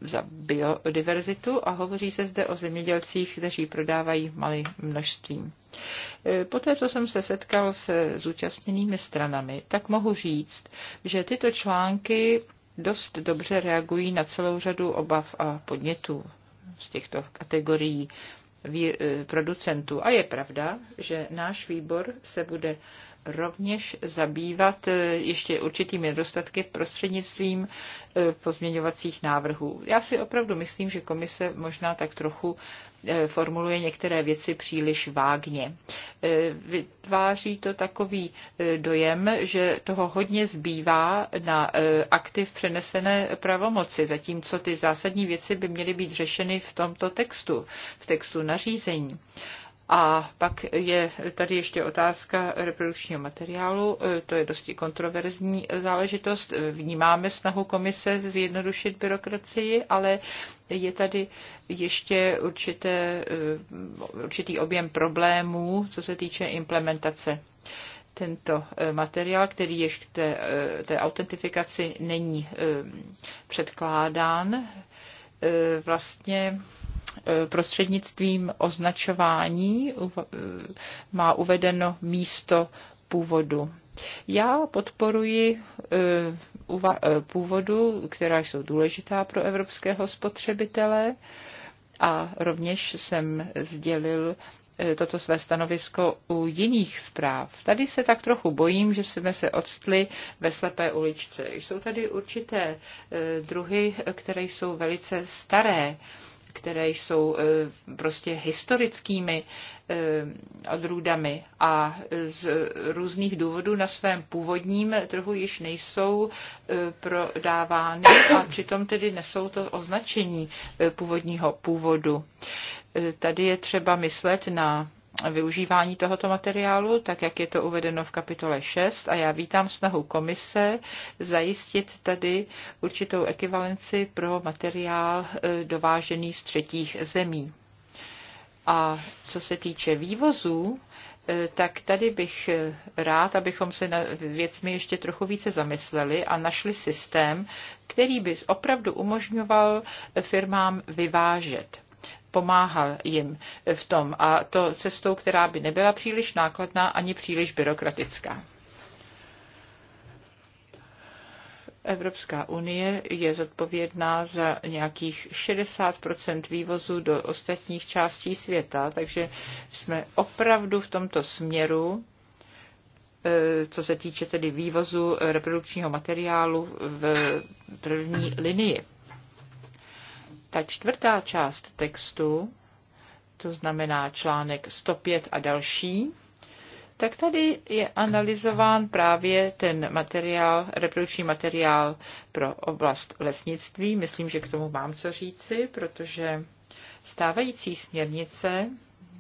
B: za biodiverzitu a hovoří se zde o zemědělcích, kteří prodávají malý množství. E, poté, co jsem se setkal se zúčastněnými stranami, tak mohu říct, že tyto články dost dobře reagují na celou řadu obav a podnětů z těchto kategorií e, producentů. A je pravda, že náš výbor se bude rovněž zabývat eh, ještě určitými nedostatky prostřednictvím eh, pozměňovacích návrhů. Já si opravdu myslím, že komise možná tak trochu eh, formuluje některé věci příliš vágně. Vytváří to takový dojem, že toho hodně zbývá na aktiv přenesené pravomoci, zatímco ty zásadní věci by měly být řešeny v tomto textu, v textu nařízení. A pak je tady ještě otázka reprodukčního materiálu. E, to je dosti kontroverzní záležitost. E, vnímáme snahu komise zjednodušit byrokracii, ale je tady ještě určité, e, určitý objem problémů, co se týče implementace tento materiál, který ještě k té, té autentifikaci není předkládán, vlastně Eh, prostřednictvím označování eh, má uvedeno místo původu. Já podporuji eh, původu, která jsou důležitá pro evropského spotřebitele a rovněž jsem sdělil toto své stanovisko u jiných zpráv. Tady se tak trochu bojím, že jsme se odstli ve slepé uličce. Jsou tady určité druhy, které jsou velice staré které jsou eh, prostě historickými eh, odrůdami a z různých důvodů na svém původním trhu již nejsou eh, prodávány a přitom tedy nesou to označení původního původu. Tady je třeba myslet na využívání tohoto materiálu, tak jak je to uvedeno v kapitole 6 a já vítám snahu komise zajistit tady určitou ekvivalenci pro materiál e, dovážený z třetích zemí. A co se týče vývozů, e, tak tady bych e, rád, abychom se na věcmi ještě trochu více zamysleli a našli systém, který by opravdu umožňoval firmám vyvážet pomáhal jim v tom a to cestou, která by nebyla příliš nákladná ani příliš byrokratická. Evropská unie je zodpovědná za nějakých 60 vývozu do ostatních částí světa, takže jsme opravdu v tomto směru, eh, co se týče tedy vývozu reprodukčního materiálu v první linii. Ta čtvrtá část textu, to znamená článek 105 a další, tak tady je analyzován právě ten materiál, reprodukční materiál pro oblast lesnictví. Myslím, že k tomu mám co říci, protože stávající směrnice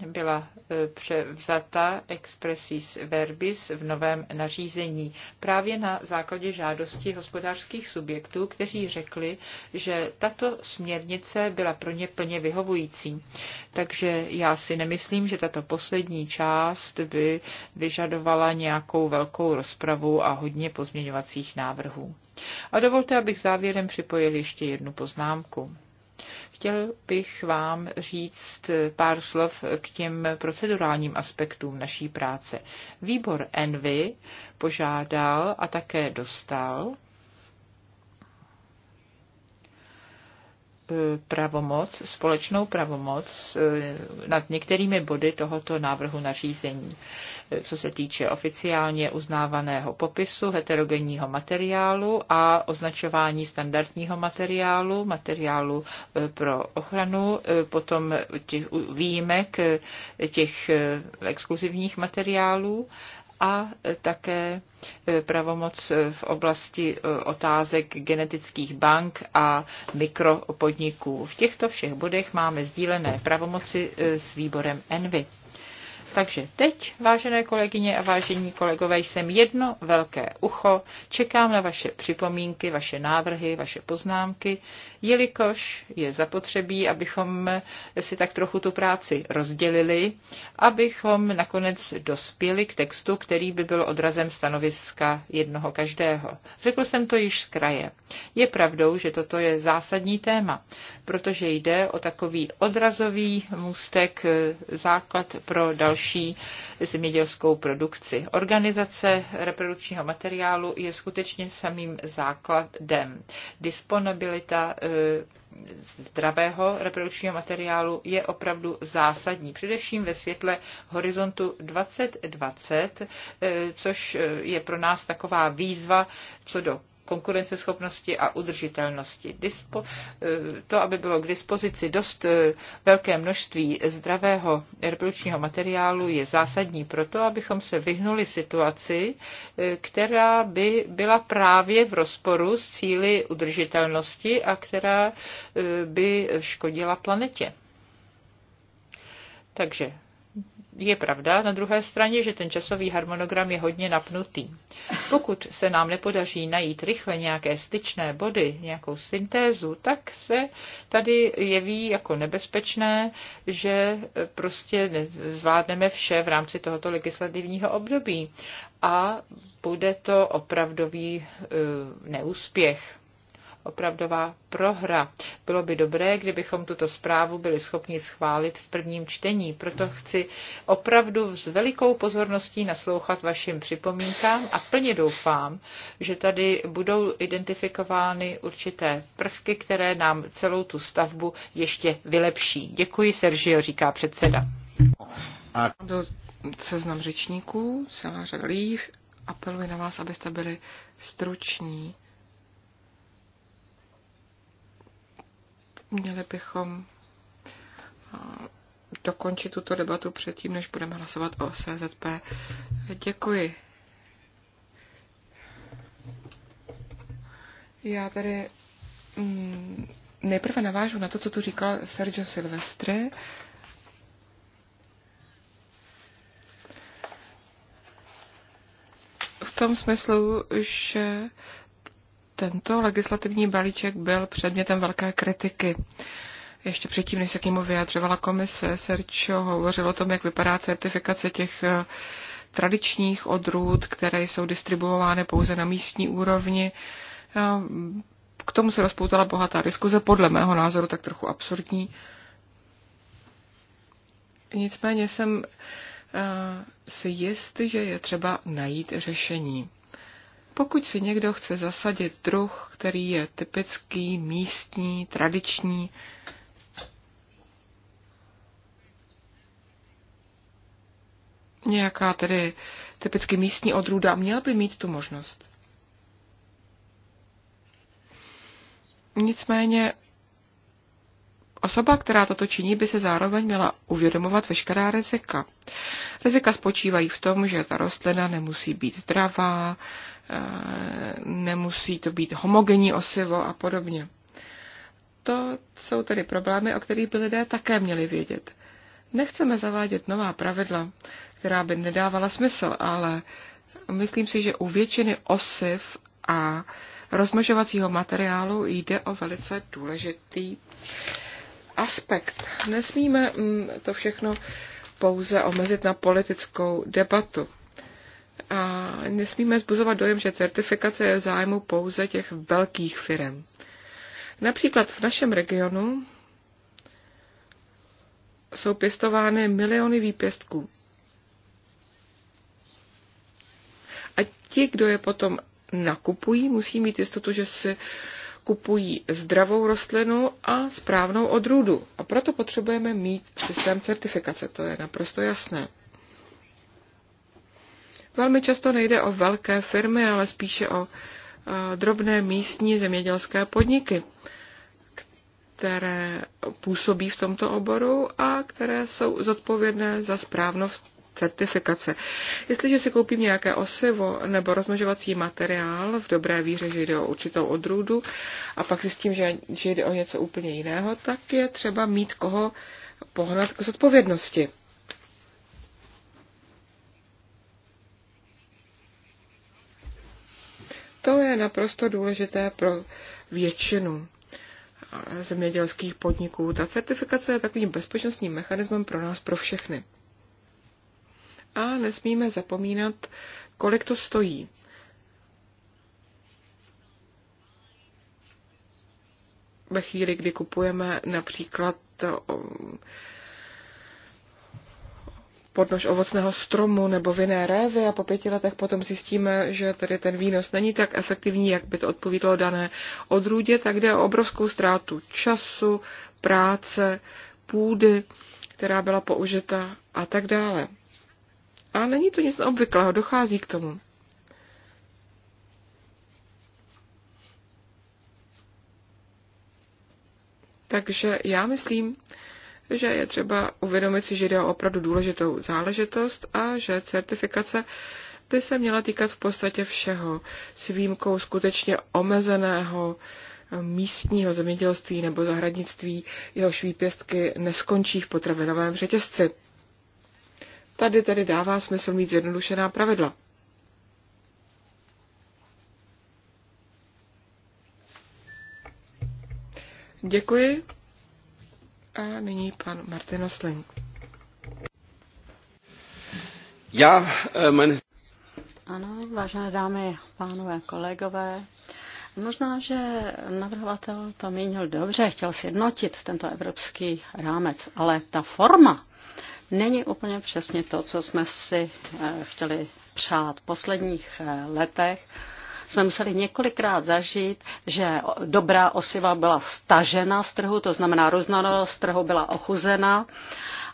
B: byla e, převzata expressis verbis v novém nařízení právě na základě žádosti hospodářských subjektů, kteří řekli, že tato směrnice byla pro ně plně vyhovující. Takže já si nemyslím, že tato poslední část by vyžadovala nějakou velkou rozpravu a hodně pozměňovacích návrhů. A dovolte, abych závěrem připojil ještě jednu poznámku. Chtěl bych vám říct pár slov k těm procedurálním aspektům naší práce. Výbor Envy požádal a také dostal E, pravomoc, společnou pravomoc e, nad některými body tohoto návrhu nařízení, e, co se týče oficiálně uznávaného popisu heterogenního materiálu a označování standardního materiálu, materiálu pro ochranu, potom těch výjimek těch exkluzivních materiálů a také e, pravomoc e, v oblasti e, otázek genetických bank a mikropodniků. V těchto všech bodech máme sdílené pravomoci s výborem ENVI. Takže teď, vážené kolegyně a vážení kolegové, jsem jedno velké ucho, čekám na vaše připomínky, vaše návrhy, vaše poznámky, jelikož je zapotřebí, abychom si tak trochu tu práci rozdělili, abychom nakonec dospěli k textu, který by byl odrazem stanoviska jednoho každého. Řekl jsem to již z kraje. Je pravdou, že toto je zásadní téma, protože jde o takový odrazový můstek, e, základ pro další další zemědělskou produkci. Organizace reprodukčního materiálu je skutečně samým základem. Disponibilita eh, zdravého reprodukčního materiálu je opravdu zásadní, především ve světle horizontu 2020, eh, což eh, je pro nás taková výzva co do konkurenceschopnosti a udržitelnosti. Dispo, eh, to, aby bylo k dispozici dost eh, velké množství zdravého reprodukčního materiálu, je zásadní proto, abychom se vyhnuli situaci, eh, která by byla právě v rozporu s cíly udržitelnosti a která by škodila planetě. Takže je pravda na druhé straně, že ten časový harmonogram je hodně napnutý. Pokud se nám nepodaří najít rychle nějaké styčné body, nějakou syntézu, tak se tady jeví jako nebezpečné, že prostě zvládneme vše v rámci tohoto legislativního období a bude to opravdový eh, neúspěch opravdová prohra. Bylo by dobré, kdybychom tuto zprávu byli schopni schválit v prvním čtení. Proto chci opravdu s velikou pozorností naslouchat vašim připomínkám a plně doufám, že tady budou identifikovány určité prvky, které nám celou tu stavbu ještě vylepší. Děkuji, Sergio, říká předseda.
C: A... Byl seznam řečníků, celá řada lív, apeluji na vás, abyste byli struční Měli bychom dokončit tuto debatu předtím, než budeme hlasovat o CZP. Děkuji. Já tady mm, nejprve navážu na to, co tu říkal Sergio Silvestre. V tom smyslu, že tento legislativní balíček byl předmětem velké kritiky. Ještě předtím, než se k němu vyjadřovala komise, Serčo hovořilo o tom, jak vypadá certifikace těch eh, tradičních odrůd, které jsou distribuovány pouze na místní úrovni. Eh, k tomu se rozpoutala bohatá diskuze, podle mého názoru tak trochu absurdní. Nicméně jsem eh, si jist, že je třeba najít řešení. Pokud si někdo chce zasadit druh, který je typický, místní, tradiční, nějaká tedy typicky místní odrůda, měl by mít tu možnost. Nicméně osoba, která toto činí, by se zároveň měla uvědomovat veškerá rizika. Rizika spočívají v tom, že ta rostlina nemusí být zdravá, Eh, nemusí to být homogenní osivo a podobně. To jsou tedy problémy, o kterých by lidé také měli vědět. Nechceme zavádět nová pravidla, která by nedávala smysl, ale myslím si, že u většiny osiv a rozmnožovacího materiálu jde o velice důležitý aspekt. Nesmíme mm, to všechno pouze omezit na politickou debatu. A nesmíme zbuzovat dojem, že certifikace je v zájmu pouze těch velkých firm. Například v našem regionu jsou pěstovány miliony výpěstků. A ti, kdo je potom nakupují, musí mít jistotu, že si kupují zdravou rostlinu a správnou odrůdu. A proto potřebujeme mít systém certifikace, to je naprosto jasné. Velmi často nejde o velké firmy, ale spíše o eh, drobné místní zemědělské podniky, které působí v tomto oboru a které jsou zodpovědné za správnost certifikace. Jestliže si koupím nějaké osivo nebo rozmnožovací materiál v dobré víře, že jde o určitou odrůdu a pak zjistím, že, že jde o něco úplně jiného, tak je třeba mít koho pohnat k zodpovědnosti. To je naprosto důležité pro většinu zemědělských podniků. Ta certifikace je takovým bezpečnostním mechanismem pro nás, pro všechny. A nesmíme zapomínat, kolik to stojí. Ve chvíli, kdy kupujeme například podnož ovocného stromu nebo vinné révy a po pěti letech potom zjistíme, že tedy ten výnos není tak efektivní, jak by to odpovídalo dané odrůdě, tak jde o obrovskou ztrátu času, práce, půdy, která byla použita a tak dále. A není to nic neobvyklého, dochází k tomu. Takže já myslím, že je třeba uvědomit si, že jde o opravdu důležitou záležitost a že certifikace by se měla týkat v podstatě všeho, s výjimkou skutečně omezeného místního zemědělství nebo zahradnictví, jehož výpěstky neskončí v potravinovém řetězci. Tady tedy dává smysl mít zjednodušená pravidla. Děkuji. A nyní pan Martin Osling. Já, eh, men... Ano,
A: vážené dámy, pánové, kolegové, Možná, že navrhovatel to mínil dobře, chtěl sjednotit tento evropský rámec, ale ta forma není úplně přesně to, co jsme si eh, chtěli přát v posledních eh, letech jsme museli několikrát zažít, že dobrá osiva byla stažena z trhu, to znamená různorodost trhu byla ochuzena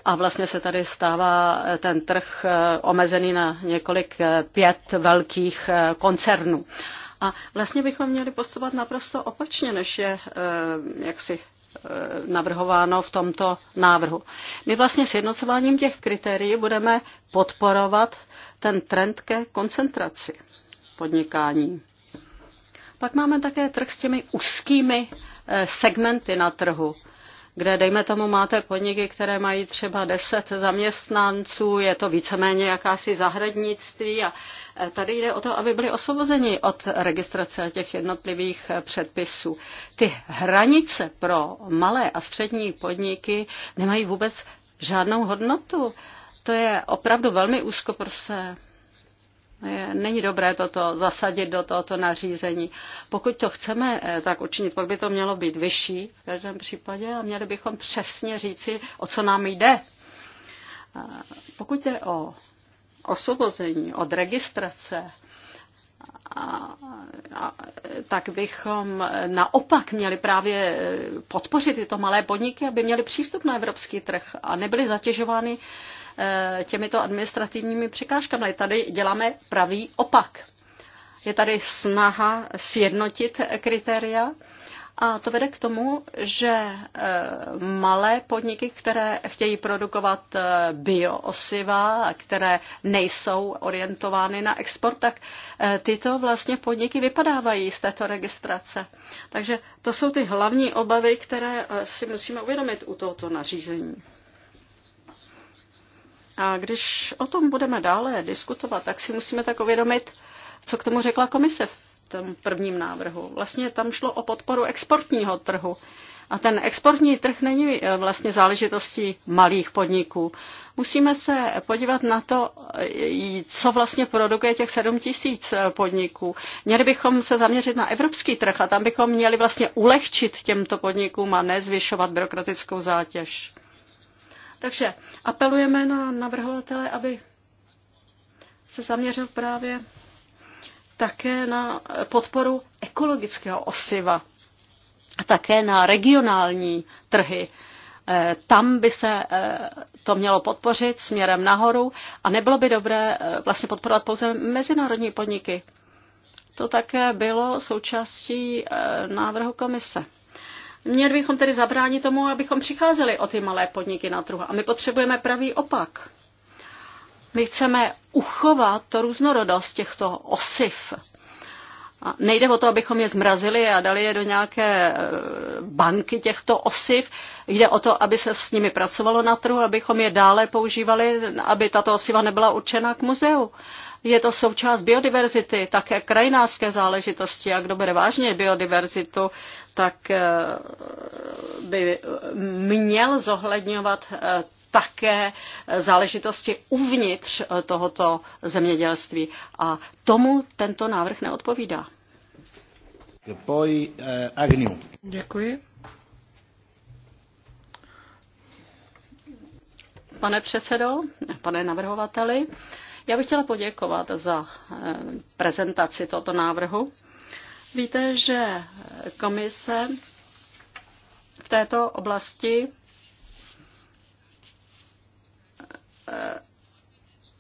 A: a vlastně se tady stává eh, ten trh eh, omezený na několik eh, pět velkých koncernů. A vlastně bychom měli postupovat naprosto opačně, než je jaksi navrhováno v tomto návrhu. My vlastně s jednocováním těch kritérií budeme podporovat ten trend ke koncentraci podnikání. Pak máme také trh s těmi úzkými eh, segmenty na trhu kde dejme tomu máte podniky, které mají třeba 10 zaměstnanců, je to víceméně jakási zahradnictví a eh, tady jde o to, aby byli osvobozeni od registrace těch jednotlivých eh, předpisů. Ty hranice pro malé a střední podniky nemají vůbec žádnou hodnotu. To je opravdu velmi úzkoprsé Eh, není dobré toto zasadit do tohoto nařízení. Pokud to chceme eh, tak učinit, pak by to mělo být vyšší v každém případě a měli bychom přesně říci, o co nám jde. Eh, pokud jde o osvobození od registrace, a, a, tak bychom naopak měli právě podpořit tyto malé podniky, aby měli přístup na evropský trh a nebyly zatěžovány uh, Eh, těmito administrativními překážkami. Tady děláme pravý opak. Je tady snaha sjednotit kritéria a to vede k tomu, že eh, malé podniky, které chtějí produkovat eh, bioosiva, a které nejsou orientovány na export, tak tyto vlastně podniky vypadávají z této registrace. Takže to jsou ty hlavní obavy, které si musíme uvědomit u tohoto nařízení. A když o tom budeme dále diskutovat, tak si musíme tak uvědomit, co k tomu řekla komise v tom prvním návrhu. Vlastně tam šlo o podporu exportního trhu. A ten exportní trh není eh, vlastně záležitostí malých podniků. Musíme se podívat na to, eh, co vlastně produkuje těch 7 tisíc eh, podniků. Měli bychom se zaměřit na evropský trh a tam bychom měli vlastně ulehčit těmto podnikům a nezvyšovat byrokratickou zátěž. Takže apelujeme na navrhovatele, aby se zaměřil právě také na podporu ekologického osiva a také na regionální trhy. Eh, tam by se eh, to mělo podpořit směrem nahoru a nebylo by dobré eh, vlastně podporovat pouze mezinárodní podniky. To také bylo součástí návrhu komise. Měli bychom tedy zabránit tomu, abychom přicházeli o ty malé podniky na trhu. A my potřebujeme pravý opak. My chceme uchovat to různorodost těchto osiv. A nejde o to, abychom je zmrazili a dali je do nějaké e, banky těchto osiv. Jde o to, aby se s nimi pracovalo na trhu, abychom je dále používali, aby tato osiva nebyla určena k muzeu. Je to součást biodiverzity, také krajinářské záležitosti a kdo bude vážně biodiverzitu, tak eh, by měl zohledňovat eh, také eh, záležitosti uvnitř tohoto zemědělství. A tomu tento návrh neodpovídá. Děkuji. Pane předsedo, pane navrhovateli, já bych chtěla poděkovat za prezentaci tohoto návrhu. Víte, že komise v této oblasti eh,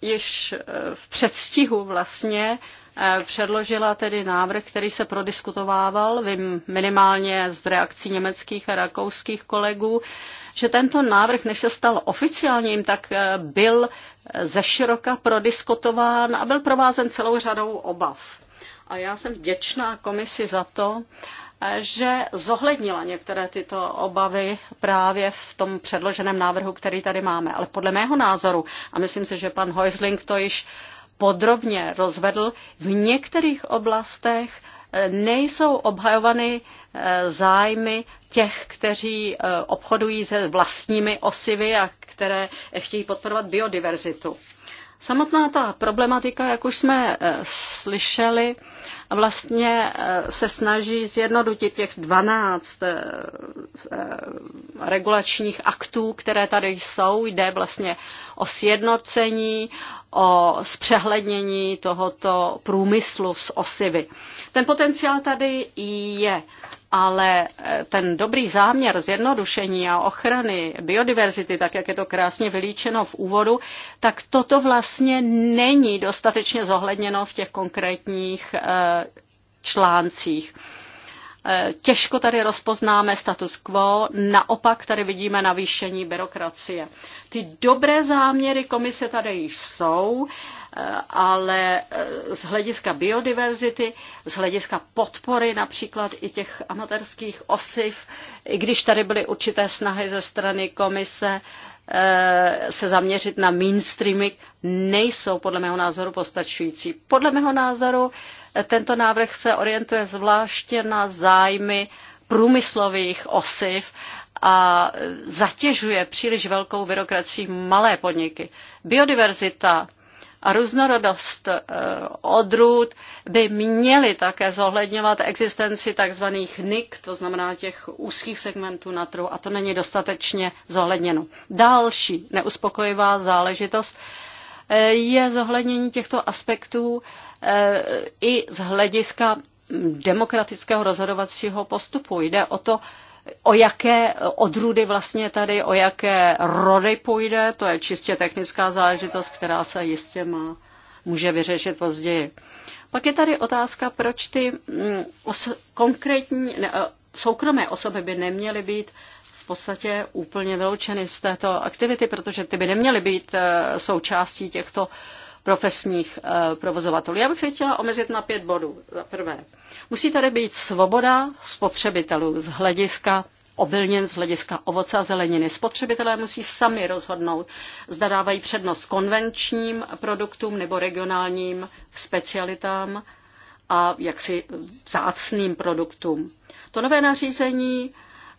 A: již eh, v předstihu vlastně eh, předložila tedy návrh, který se prodiskutovával, vím minimálně z reakcí německých a rakouských kolegů, že tento návrh, než se stal oficiálním, tak byl zeširoka prodiskutován a byl provázen celou řadou obav a já jsem vděčná komisi za to, že zohlednila některé tyto obavy právě v tom předloženém návrhu, který tady máme. Ale podle mého názoru, a myslím si, že pan Heusling to již podrobně rozvedl, v některých oblastech eh, nejsou obhajovany eh, zájmy těch, kteří eh, obchodují se vlastními osivy a které chtějí podporovat biodiverzitu. Samotná ta problematika, jak už jsme eh, slyšeli, vlastně eh, se snaží zjednodušit těch 12 eh, regulačních aktů, které tady jsou. Jde vlastně o sjednocení, o zpřehlednění tohoto průmyslu z osivy. Ten potenciál tady je ale eh, ten dobrý záměr zjednodušení a ochrany biodiverzity, tak jak je to krásně vylíčeno v úvodu, tak toto vlastně není dostatečně zohledněno v těch konkrétních eh, článcích. Eh, těžko tady rozpoznáme status quo, naopak tady vidíme navýšení byrokracie. Ty dobré záměry komise tady již jsou, ale eh, z hlediska biodiverzity, z hlediska podpory například i těch amatérských osiv, i když tady byly určité snahy ze strany komise eh, se zaměřit na mainstreaming, nejsou podle mého názoru postačující. Podle mého názoru eh, tento návrh se orientuje zvláště na zájmy průmyslových osiv a zatěžuje příliš velkou byrokracii malé podniky. Biodiverzita a různorodost eh, odrůd by měly také zohledňovat existenci tzv. NIK, to znamená těch úzkých segmentů na trhu, a to není dostatečně zohledněno. Další neuspokojivá záležitost eh, je zohlednění těchto aspektů eh, i z hlediska demokratického rozhodovacího postupu. Jde o to, o jaké odrůdy vlastně tady, o jaké rody půjde, to je čistě technická záležitost, která se jistě má, může vyřešit později. Pak je tady otázka, proč ty mm, os- konkrétní ne, eh, soukromé osoby by neměly být v podstatě úplně vyloučeny z této aktivity, protože ty by neměly být eh, součástí těchto uh, profesních eh, provozovatelů. Já bych se chtěla omezit na pět bodů. Za prvé, musí tady být svoboda spotřebitelů z hlediska obilnin z hlediska ovoce a zeleniny. Spotřebitelé musí sami rozhodnout, zda dávají přednost konvenčním produktům nebo regionálním specialitám a jaksi zácným produktům. To nové nařízení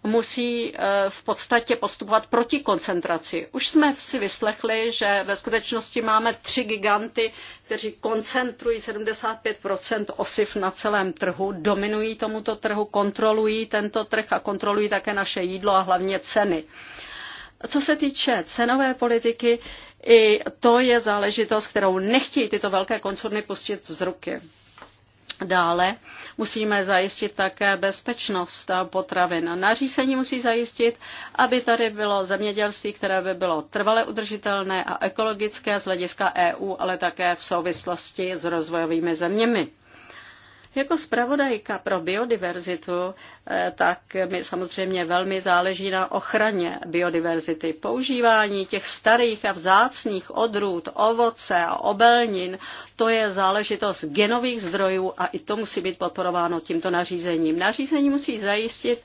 A: musí eh, v podstatě postupovat proti koncentraci. Už jsme si vyslechli, že ve skutečnosti máme tři giganty, kteří koncentrují 75 osiv na celém trhu, dominují tomuto trhu, kontrolují tento trh a kontrolují také naše jídlo a hlavně ceny. Co se týče cenové politiky, i to je záležitost, kterou nechtějí tyto velké koncerny pustit z ruky. Dále musíme zajistit také bezpečnost potravin. Nařízení musí zajistit, aby tady bylo zemědělství, které by bylo trvale udržitelné a ekologické z hlediska EU, ale také v souvislosti s rozvojovými zeměmi. Jako zpravodajka pro biodiverzitu, eh, tak mi samozřejmě velmi záleží na ochraně biodiverzity. Používání těch starých a vzácných odrůd, ovoce a obelnin, to je záležitost genových zdrojů a i to musí být podporováno tímto nařízením. Nařízení musí zajistit,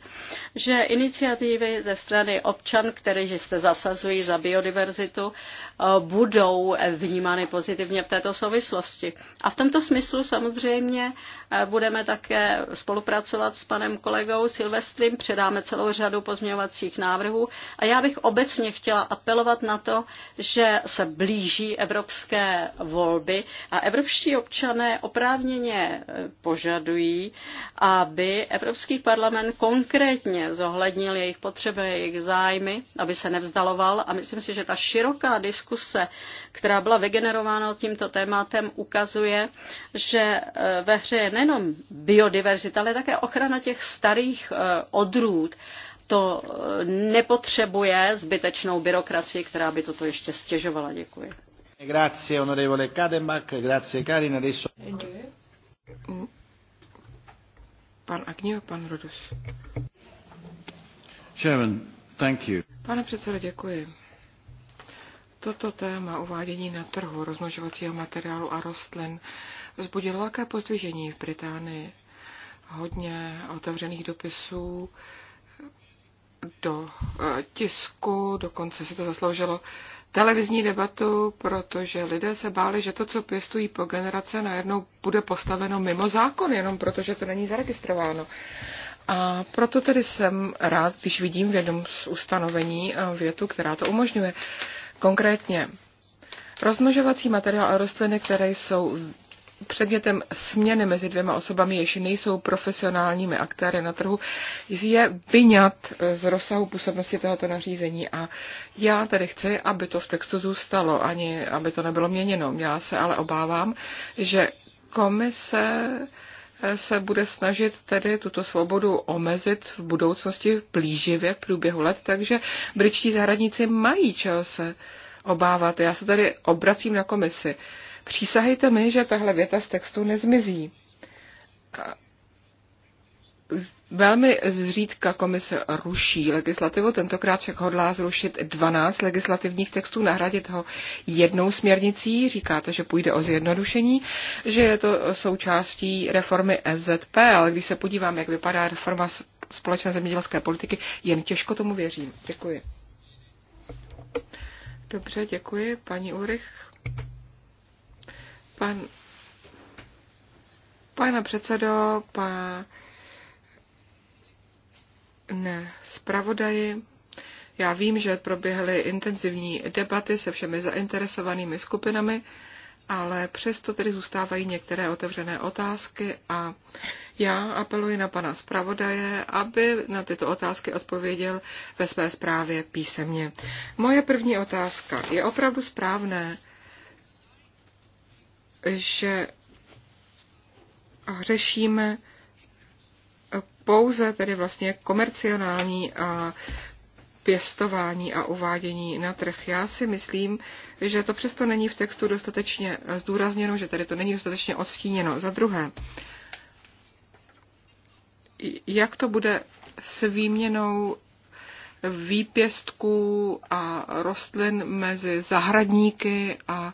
A: že iniciativy ze strany občan, které se zasazují za biodiverzitu, eh, budou vnímány pozitivně v této souvislosti. A v tomto smyslu samozřejmě eh, budeme také spolupracovat s panem kolegou Silvestrem, předáme celou řadu pozměňovacích návrhů a já bych obecně chtěla apelovat na to, že se blíží evropské volby a evropští občané oprávněně eh, požadují, aby Evropský parlament konkrétně zohlednil jejich potřeby, jejich zájmy, aby se nevzdaloval a myslím si, že ta široká diskuse, která byla vygenerována tímto tématem, ukazuje, že eh, ve hře je nejen nejenom biodiverzita, ale také ochrana těch starých eh, odrůd. To eh, nepotřebuje zbytečnou byrokracii, která by toto ještě stěžovala. Děkuji.
B: Grazie, onorevole Kadenbach. Grazie, Karin. Adesso...
C: Pan Agnew, pan Rodus. Chairman, thank you. Pane předsedo, děkuji. Toto téma uvádění na trhu rozmnožovacího materiálu a rostlin vzbudil velké pozdvižení v Británii. Hodně otevřených dopisů do eh, tisku, dokonce si to zasloužilo televizní debatu, protože lidé se báli, že to, co pěstují po generace, najednou bude postaveno mimo zákon, jenom protože to není zaregistrováno. A proto tedy jsem rád, když vidím v jednom z ustanovení eh, větu, která to umožňuje. Konkrétně rozmnožovací materiál a rostliny, které jsou předmětem směny mezi dvěma osobami, jež nejsou profesionálními aktéry na trhu, je vyňat z rozsahu působnosti tohoto nařízení. A já tedy chci, aby to v textu zůstalo, ani aby to nebylo měněno. Já se ale obávám, že komise se bude snažit tedy tuto svobodu omezit v budoucnosti plíživě v průběhu let, takže britští zahradníci mají čeho se obávat. Já se tady obracím na komisi. Přísahejte mi, že tahle věta z textu nezmizí. Velmi zřídka komise ruší legislativu, tentokrát však hodlá zrušit 12 legislativních textů, nahradit ho jednou směrnicí. Říkáte, že půjde o zjednodušení, že je to součástí reformy SZP, ale když se podívám, jak vypadá reforma společné zemědělské politiky, jen těžko tomu věřím. Děkuji. Dobře, děkuji. Paní Urych. Pan, pane předsedo, pa, ne, zpravodaji, já vím, že proběhly intenzivní debaty se všemi zainteresovanými skupinami, ale přesto tedy zůstávají některé otevřené otázky a já apeluji na pana zpravodaje, aby na tyto otázky odpověděl ve své zprávě písemně. Moje první otázka. Je opravdu správné, že řešíme pouze tedy vlastně komercionální a pěstování a uvádění na trh. Já si myslím, že to přesto není v textu dostatečně zdůrazněno, že tady to není dostatečně odstíněno. Za druhé, jak to bude s výměnou výpěstků a rostlin mezi zahradníky a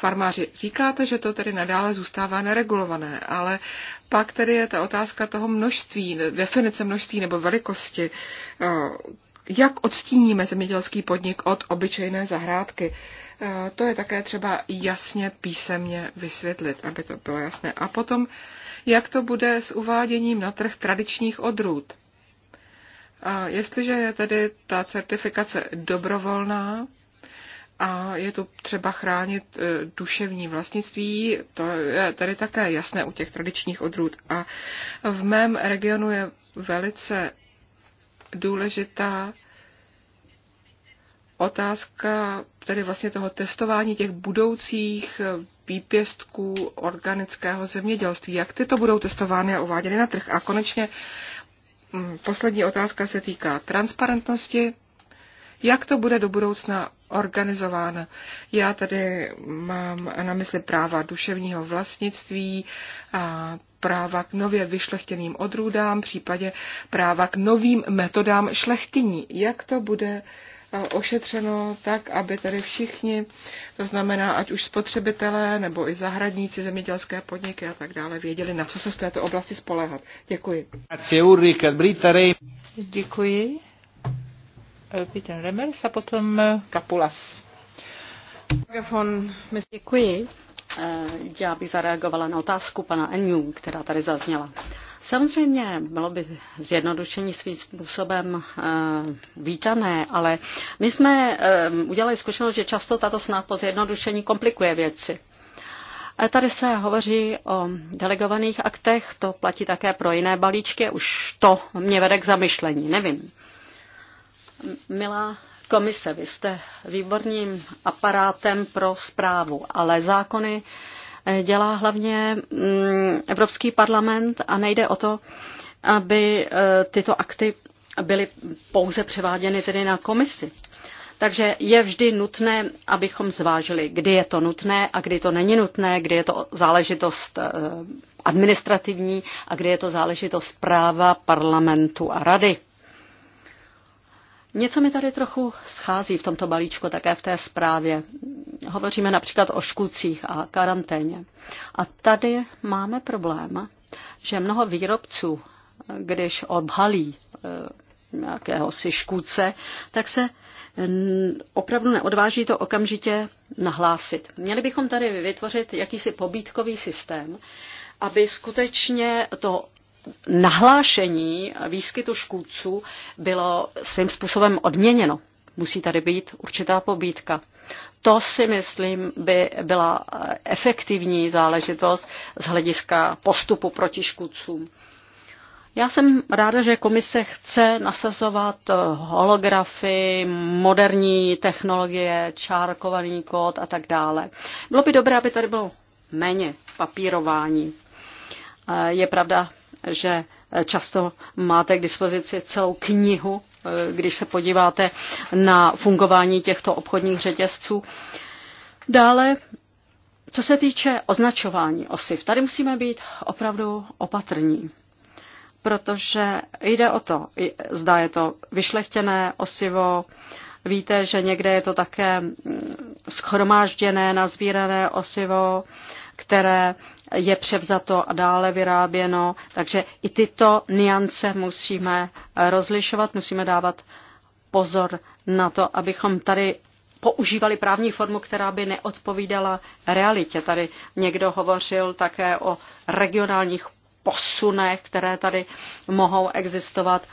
C: farmáři. Říkáte, že to tedy nadále zůstává neregulované, ale pak tedy je ta otázka toho množství, definice množství nebo velikosti. Eh, jak odstíníme zemědělský podnik od obyčejné zahrádky? Eh, to je také třeba jasně písemně vysvětlit, aby to bylo jasné. A potom, jak to bude s uváděním na trh tradičních odrůd? A eh, jestliže je tedy ta certifikace dobrovolná, a je tu třeba chránit e, duševní vlastnictví, to je tady také jasné u těch tradičních odrůd. A v mém regionu je velice důležitá otázka tedy vlastně toho testování těch budoucích e, výpěstků organického zemědělství. Jak tyto budou testovány a uváděny na trh? A konečně mm, poslední otázka se týká transparentnosti. Jak to bude do budoucna organizována. Já tady mám na mysli práva duševního vlastnictví, a práva k nově vyšlechtěným odrůdám, případě práva k novým metodám šlechtění. Jak to bude eh, ošetřeno tak, aby tady všichni, to znamená ať už spotřebitelé nebo i zahradníci, zemědělské podniky a tak dále, věděli, na co se v této oblasti spolehat. Děkuji. Děkuji.
A: Peter Remers a potom eh, Kapulas. Děkuji. Eh, já bych zareagovala na otázku pana Enju, která tady zazněla. Samozřejmě bylo by zjednodušení svým způsobem e, vítané, ale my jsme e, udělali zkušenost, že často tato snaha po zjednodušení komplikuje věci. E, tady se hovoří o delegovaných aktech, to platí také pro jiné balíčky, už to mě vede k zamyšlení, nevím. Milá komise, vy jste výborným aparátem pro zprávu, ale zákony eh, dělá hlavně mm, Evropský parlament a nejde o to, aby eh, tyto akty byly pouze převáděny tedy na komisi. Takže je vždy nutné, abychom zvážili, kdy je to nutné a kdy to není nutné, kdy je to záležitost eh, administrativní a kdy je to záležitost práva parlamentu a rady. Něco mi tady trochu schází v tomto balíčku, také v té zprávě. Hovoříme například o škůcích a karanténě. A tady máme problém, že mnoho výrobců, když obhalí eh, si škůdce, tak se opravdu neodváží to okamžitě nahlásit. Měli bychom tady vytvořit jakýsi pobítkový systém, aby skutečně to nahlášení výskytu škůdců bylo svým způsobem odměněno. Musí tady být určitá pobídka. To si myslím by byla efektivní záležitost z hlediska postupu proti škůdcům. Já jsem ráda, že komise chce nasazovat holografy, moderní technologie, čárkovaný kód a tak dále. Bylo by dobré, aby tady bylo méně papírování. Je pravda, že eh, často máte k dispozici celou knihu, eh, když se podíváte na fungování těchto obchodních řetězců. Dále, co se týče označování osiv, tady musíme být opravdu opatrní protože jde o to, zdá je to vyšlechtěné osivo, víte, že někde je to také mm, schromážděné, nazbírané osivo, které je převzato a dále vyráběno. Takže i tyto niance musíme eh, rozlišovat, musíme dávat pozor na to, abychom tady používali právní formu, která by neodpovídala realitě. Tady někdo hovořil také o regionálních posunech, které tady mohou existovat.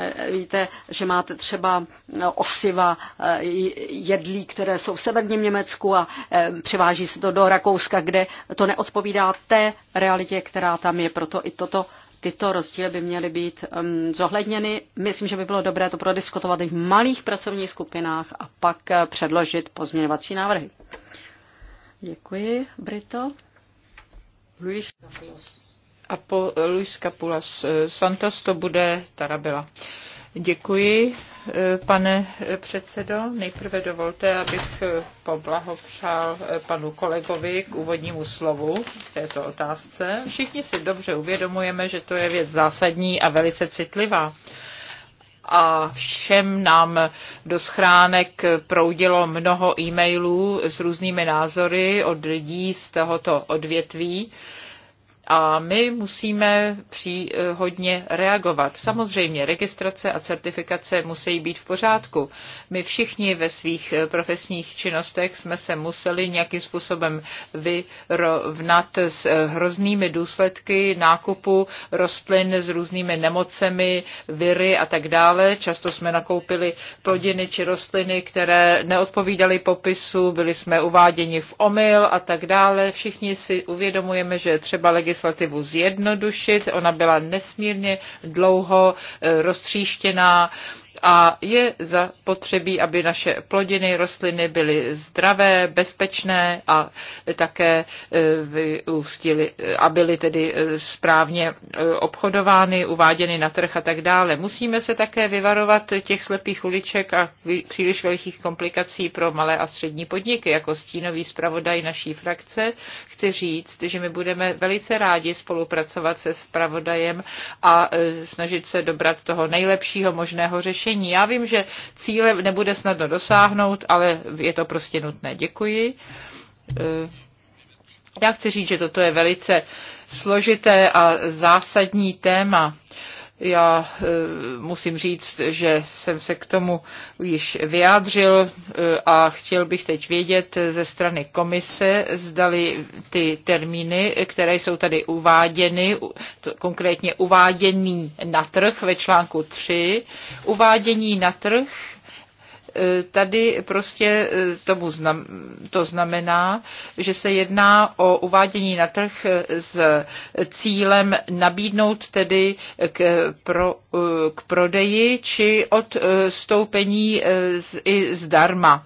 A: Eh, víte, že máte třeba eh, osiva eh, jedlí, které jsou v severním Německu a převáží se to do Rakouska, kde to neodpovídá té realitě, která tam je. Proto i toto tyto rozdíly by měly být um, zohledněny. Myslím, že by bylo dobré to prodiskutovat i v malých pracovních skupinách a pak předložit pozměňovací návrhy. Děkuji, Brito. Luis
B: a po Luis Capulas eh, Santos to bude Tarabela. Děkuji, eh, pane eh, předsedo. Nejprve dovolte, abych poblahopřál panu kolegovi k úvodnímu slovu v této otázce. Všichni si dobře uvědomujeme, že to je věc zásadní a velice citlivá a všem nám do schránek proudilo mnoho e-mailů s různými názory od lidí z tohoto odvětví a my musíme při eh, hodně reagovat. Samozřejmě registrace a certifikace musí být v pořádku. My všichni ve svých eh, profesních činnostech jsme se museli nějakým způsobem vyrovnat s eh, hroznými důsledky nákupu rostlin s různými nemocemi, viry a tak dále. Často jsme nakoupili plodiny či rostliny, které neodpovídaly popisu, byli jsme uváděni v omyl a tak dále. Všichni si uvědomujeme, že třeba legislativní legislativu zjednodušit. Ona byla nesmírně dlouho eh, roztříštěná a je zapotřebí, aby naše plodiny, rostliny byly zdravé, bezpečné a také e, vyústily, e, a byly tedy e, správně obchodovány, uváděny na trh a tak dále. Musíme se také vyvarovat těch slepých uliček a příliš velkých komplikací pro malé a střední podniky. Jako stínový zpravodaj naší frakce chci říct, že my budeme velice rádi spolupracovat se zpravodajem a snažit se dobrat toho nejlepšího možného řešení řešení. Já vím, že cíle nebude snadno dosáhnout, ale je to prostě nutné. Děkuji. Eh, já chci říct, že toto je velice složité a zásadní téma. Já e, musím říct, že jsem se k tomu již vyjádřil e, a chtěl bych teď vědět ze strany komise, zdali ty termíny, které jsou tady uváděny, konkrétně uvádění na trh ve článku 3, uvádění na trh E, tady prostě e, tomu znam, to znamená, že se jedná o uvádění na trh e, s cílem nabídnout tedy k, pro, k prodeji či odstoupení z, i zdarma.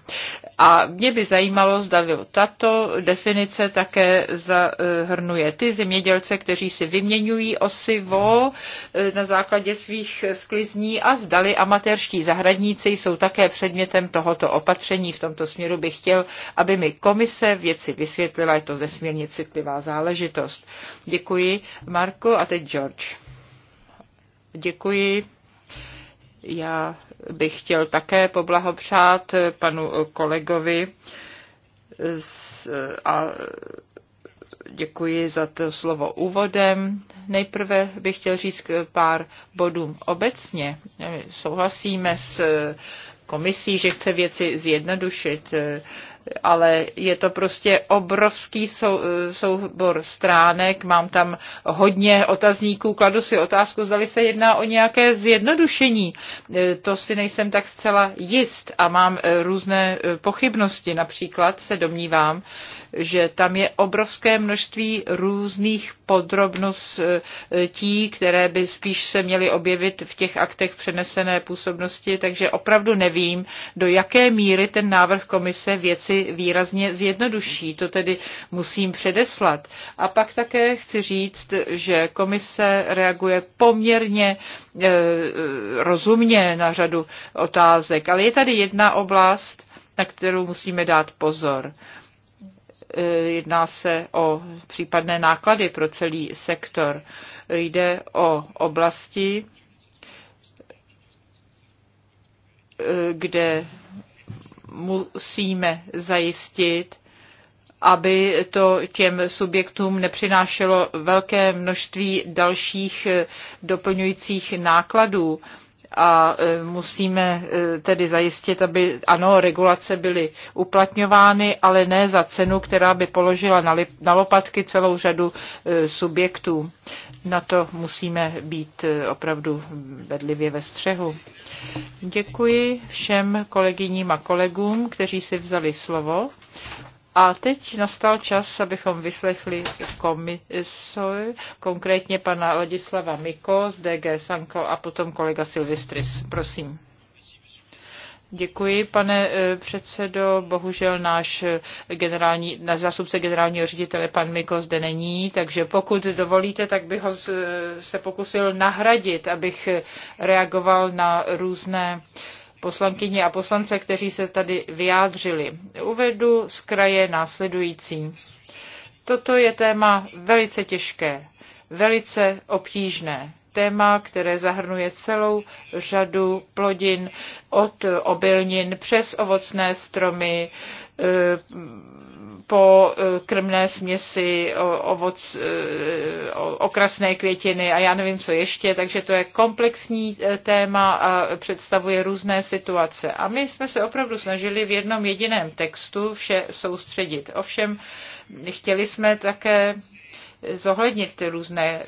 B: A mě by zajímalo, zda tato definice také zahrnuje ty zemědělce, kteří si vyměňují osivo e, na základě svých sklizní a zdali amatérští zahradníci jsou také předmětem tohoto opatření. V tomto směru bych chtěl, aby mi komise věci vysvětlila, je to nesmírně citlivá záležitost. Děkuji, Marko, a teď George. Děkuji. Já bych chtěl také poblahopřát panu kolegovi a děkuji za to slovo úvodem. Nejprve bych chtěl říct pár bodů obecně. Souhlasíme s komisí, že chce věci zjednodušit ale je to prostě obrovský sou, soubor stránek, mám tam hodně otazníků, kladu si otázku, zdali se jedná o nějaké zjednodušení. E, to si nejsem tak zcela jist a mám e, různé e, pochybnosti. Například se domnívám, že tam je obrovské množství různých podrobností, které by spíš se měly objevit v těch aktech přenesené působnosti, takže opravdu nevím, do jaké míry ten návrh komise věci věci výrazně zjednoduší. To tedy musím předeslat. A pak také chci říct, že komise reaguje poměrně e, e, rozumně na řadu otázek, ale je tady jedna oblast, na kterou musíme dát pozor e, jedná se o případné náklady pro celý sektor. Jde o oblasti, kde musíme zajistit, aby to těm subjektům nepřinášelo velké množství dalších eh, doplňujících nákladů a e, musíme e, tedy zajistit, aby ano, regulace byly uplatňovány, ale ne za cenu, která by položila na, lip, na lopatky celou řadu e, subjektů. Na to musíme být opravdu vedlivě ve střehu. Děkuji všem kolegyním a kolegům, kteří si vzali slovo. A teď nastal čas, abychom vyslechli komisoj, konkrétně pana Ladislava Miko z DG Sanko a potom kolega Silvistris. Prosím. Děkuji, pane eh, předsedo. Bohužel náš, eh, generální, náš zástupce generálního ředitele, pan Miko, zde není, takže pokud dovolíte, tak bych ho eh, se pokusil nahradit, abych reagoval na různé uh, poslankyně a poslance, kteří se tady vyjádřili. Uvedu z kraje následující. Toto je téma velice těžké, velice obtížné. Téma, které zahrnuje celou řadu plodin od obilnin přes ovocné stromy, po eh, krmné směsi, ovoc, eh, okrasné květiny a já nevím, co ještě, takže to je komplexní eh, téma a představuje různé situace. A my jsme se opravdu snažili v jednom jediném textu vše soustředit. Ovšem, chtěli jsme také zohlednit ty různé,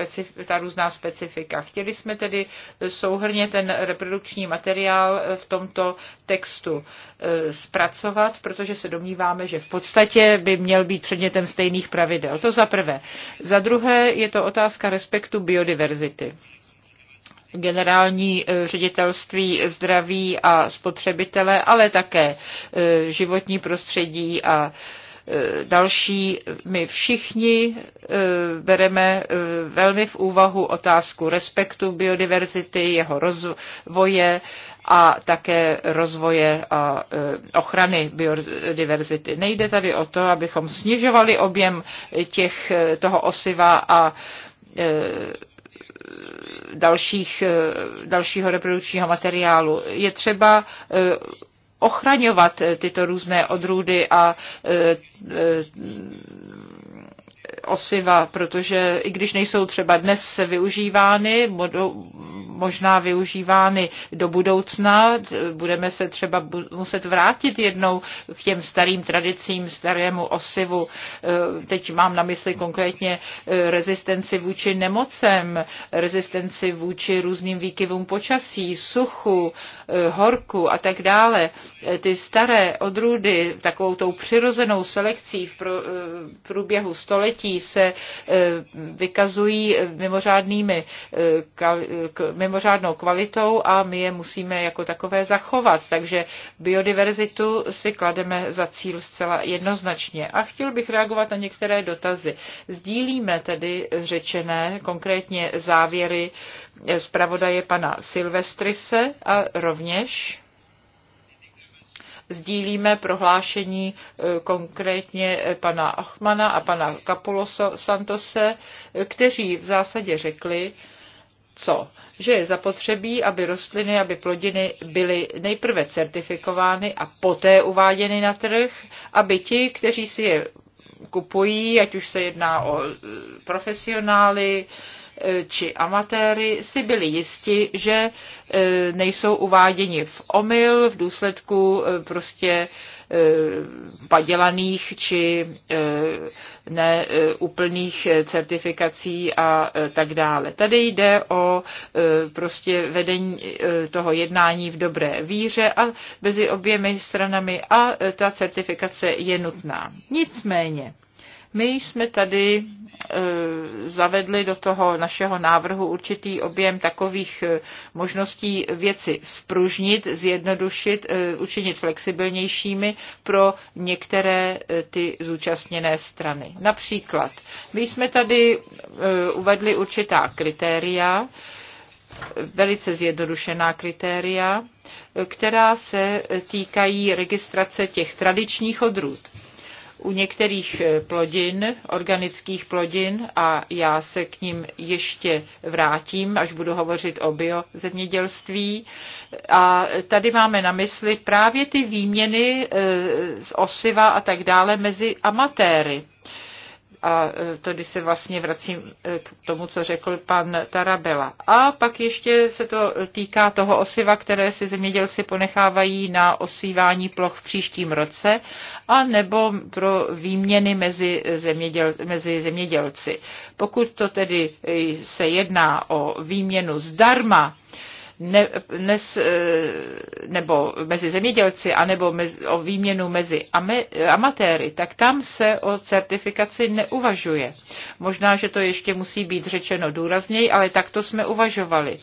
B: eh, ta různá specifika. Chtěli jsme tedy souhrně ten reprodukční materiál eh, v tomto textu eh, zpracovat, protože se domníváme, že v podstatě by měl být předmětem stejných pravidel. To za prvé. Za druhé je to otázka respektu biodiverzity generální ředitelství zdraví a spotřebitele, ale také životní prostředí a E, další. My všichni e, bereme e, velmi v úvahu otázku respektu biodiverzity, jeho rozvoje a také rozvoje a ochrany biodiverzity. Nejde tady o to, abychom snižovali objem těch, toho osiva a dalších, dalšího reprodukčního materiálu. Je třeba ochraňovat eh, tyto různé odrůdy a eh, eh, osiva, protože i když nejsou třeba dnes využívány, možná využívány do budoucna, budeme se třeba muset vrátit jednou k těm starým tradicím, starému osivu. E, teď mám na mysli konkrétně e, rezistenci vůči nemocem, rezistenci vůči různým výkyvům počasí, suchu, e, horku a tak dále. Ty staré odrůdy takovou tou přirozenou selekcí v průběhu století se eh, vykazují eh, mimořádnými, eh, mimořádnou kvalitou a my je musíme jako takové zachovat. Takže biodiverzitu si klademe za cíl zcela jednoznačně. A chtěl bych reagovat na některé dotazy. Sdílíme tedy řečené, konkrétně závěry zpravodaje pana Silvestrise a rovněž sdílíme prohlášení e, konkrétně e, pana Achmana a pana Capulo Santose, e, kteří v zásadě řekli, co? Že je zapotřebí, aby rostliny, aby plodiny byly nejprve certifikovány a poté uváděny na trh, aby ti, kteří si je kupují, ať už se jedná o profesionály, Eh, či amatéry si byli jisti, že eh, nejsou uváděni v omyl v důsledku eh, prostě padělaných či neúplných certifikací a tak dále. Tady jde o prostě vedení toho jednání v dobré víře a mezi oběmi stranami a ta certifikace je nutná. Nicméně, my jsme tady e, zavedli do toho našeho návrhu určitý objem takových e, možností věci spružnit, zjednodušit, e, učinit flexibilnějšími pro některé ty zúčastněné strany. Například, my jsme tady uvedli určitá kritéria, velice zjednodušená kritéria, která se týkají registrace těch tradičních odrůd u některých eh, plodin, organických plodin a já se k ním ještě vrátím, až budu hovořit o biozemědělství. A tady máme na mysli právě ty výměny eh, z osiva a tak dále mezi amatéry. A e, tady se vlastně vracím e, k tomu, co řekl pan Tarabela. A pak ještě se to týká toho osiva, které si zemědělci ponechávají na osívání ploch v příštím roce, a nebo pro výměny mezi, zeměděl, mezi zemědělci. Pokud to tedy e, se jedná o výměnu zdarma, ne, nes, eh, nebo mezi zemědělci, anebo mezi, o výměnu mezi amatéry, tak tam se o certifikaci neuvažuje. Možná, že to ještě musí být řečeno důrazněji, ale takto jsme uvažovali.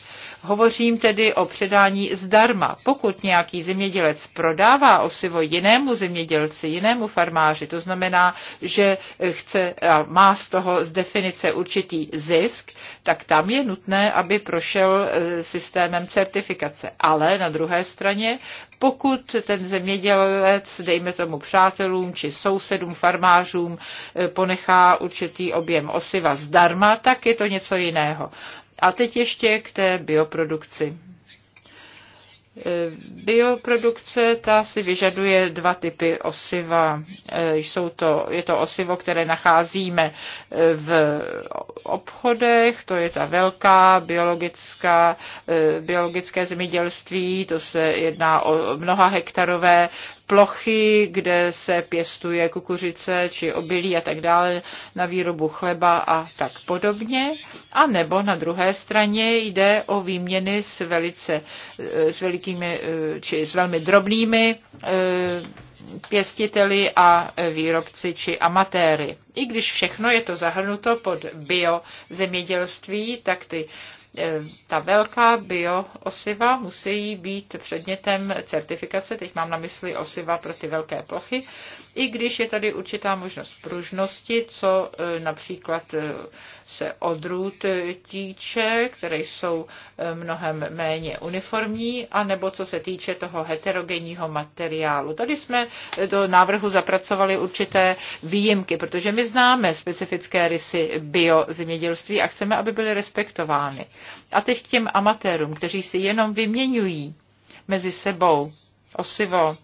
B: Hovořím tedy o předání zdarma. Pokud nějaký zemědělec prodává osivo jinému zemědělci, jinému farmáři, to znamená, že chce a má z toho z definice určitý zisk, tak tam je nutné, aby prošel e, systémem certifikace. Ale na druhé straně, pokud ten zemědělec, dejme tomu přátelům či sousedům, farmářům, e, ponechá určitý objem osiva zdarma, tak je to něco jiného. A teď ještě k té bioprodukci. Bioprodukce ta si vyžaduje dva typy osiva. E, jsou to, je to osivo, které nacházíme e, v obchodech, to je ta velká biologická, e, biologické zemědělství, to se jedná o mnoha hektarové plochy, kde se pěstuje kukuřice či obilí a tak dále na výrobu chleba a tak podobně. A nebo na druhé straně jde o výměny s velice, eh, s velikými eh, či s velmi drobnými eh, pěstiteli a výrobci či amatéry. I když všechno je to zahrnuto pod biozemědělství, tak ty Eh, ta velká bioosiva musí být předmětem certifikace, teď mám na mysli osiva pro ty velké plochy, i když je tady určitá možnost pružnosti, co eh, například eh, se odrůd týče, které jsou mnohem méně uniformní, nebo co se týče toho heterogenního materiálu. Tady jsme do návrhu zapracovali určité výjimky, protože my známe specifické rysy biozemědělství a chceme, aby byly respektovány. A teď k těm amatérům, kteří si jenom vyměňují mezi sebou osivo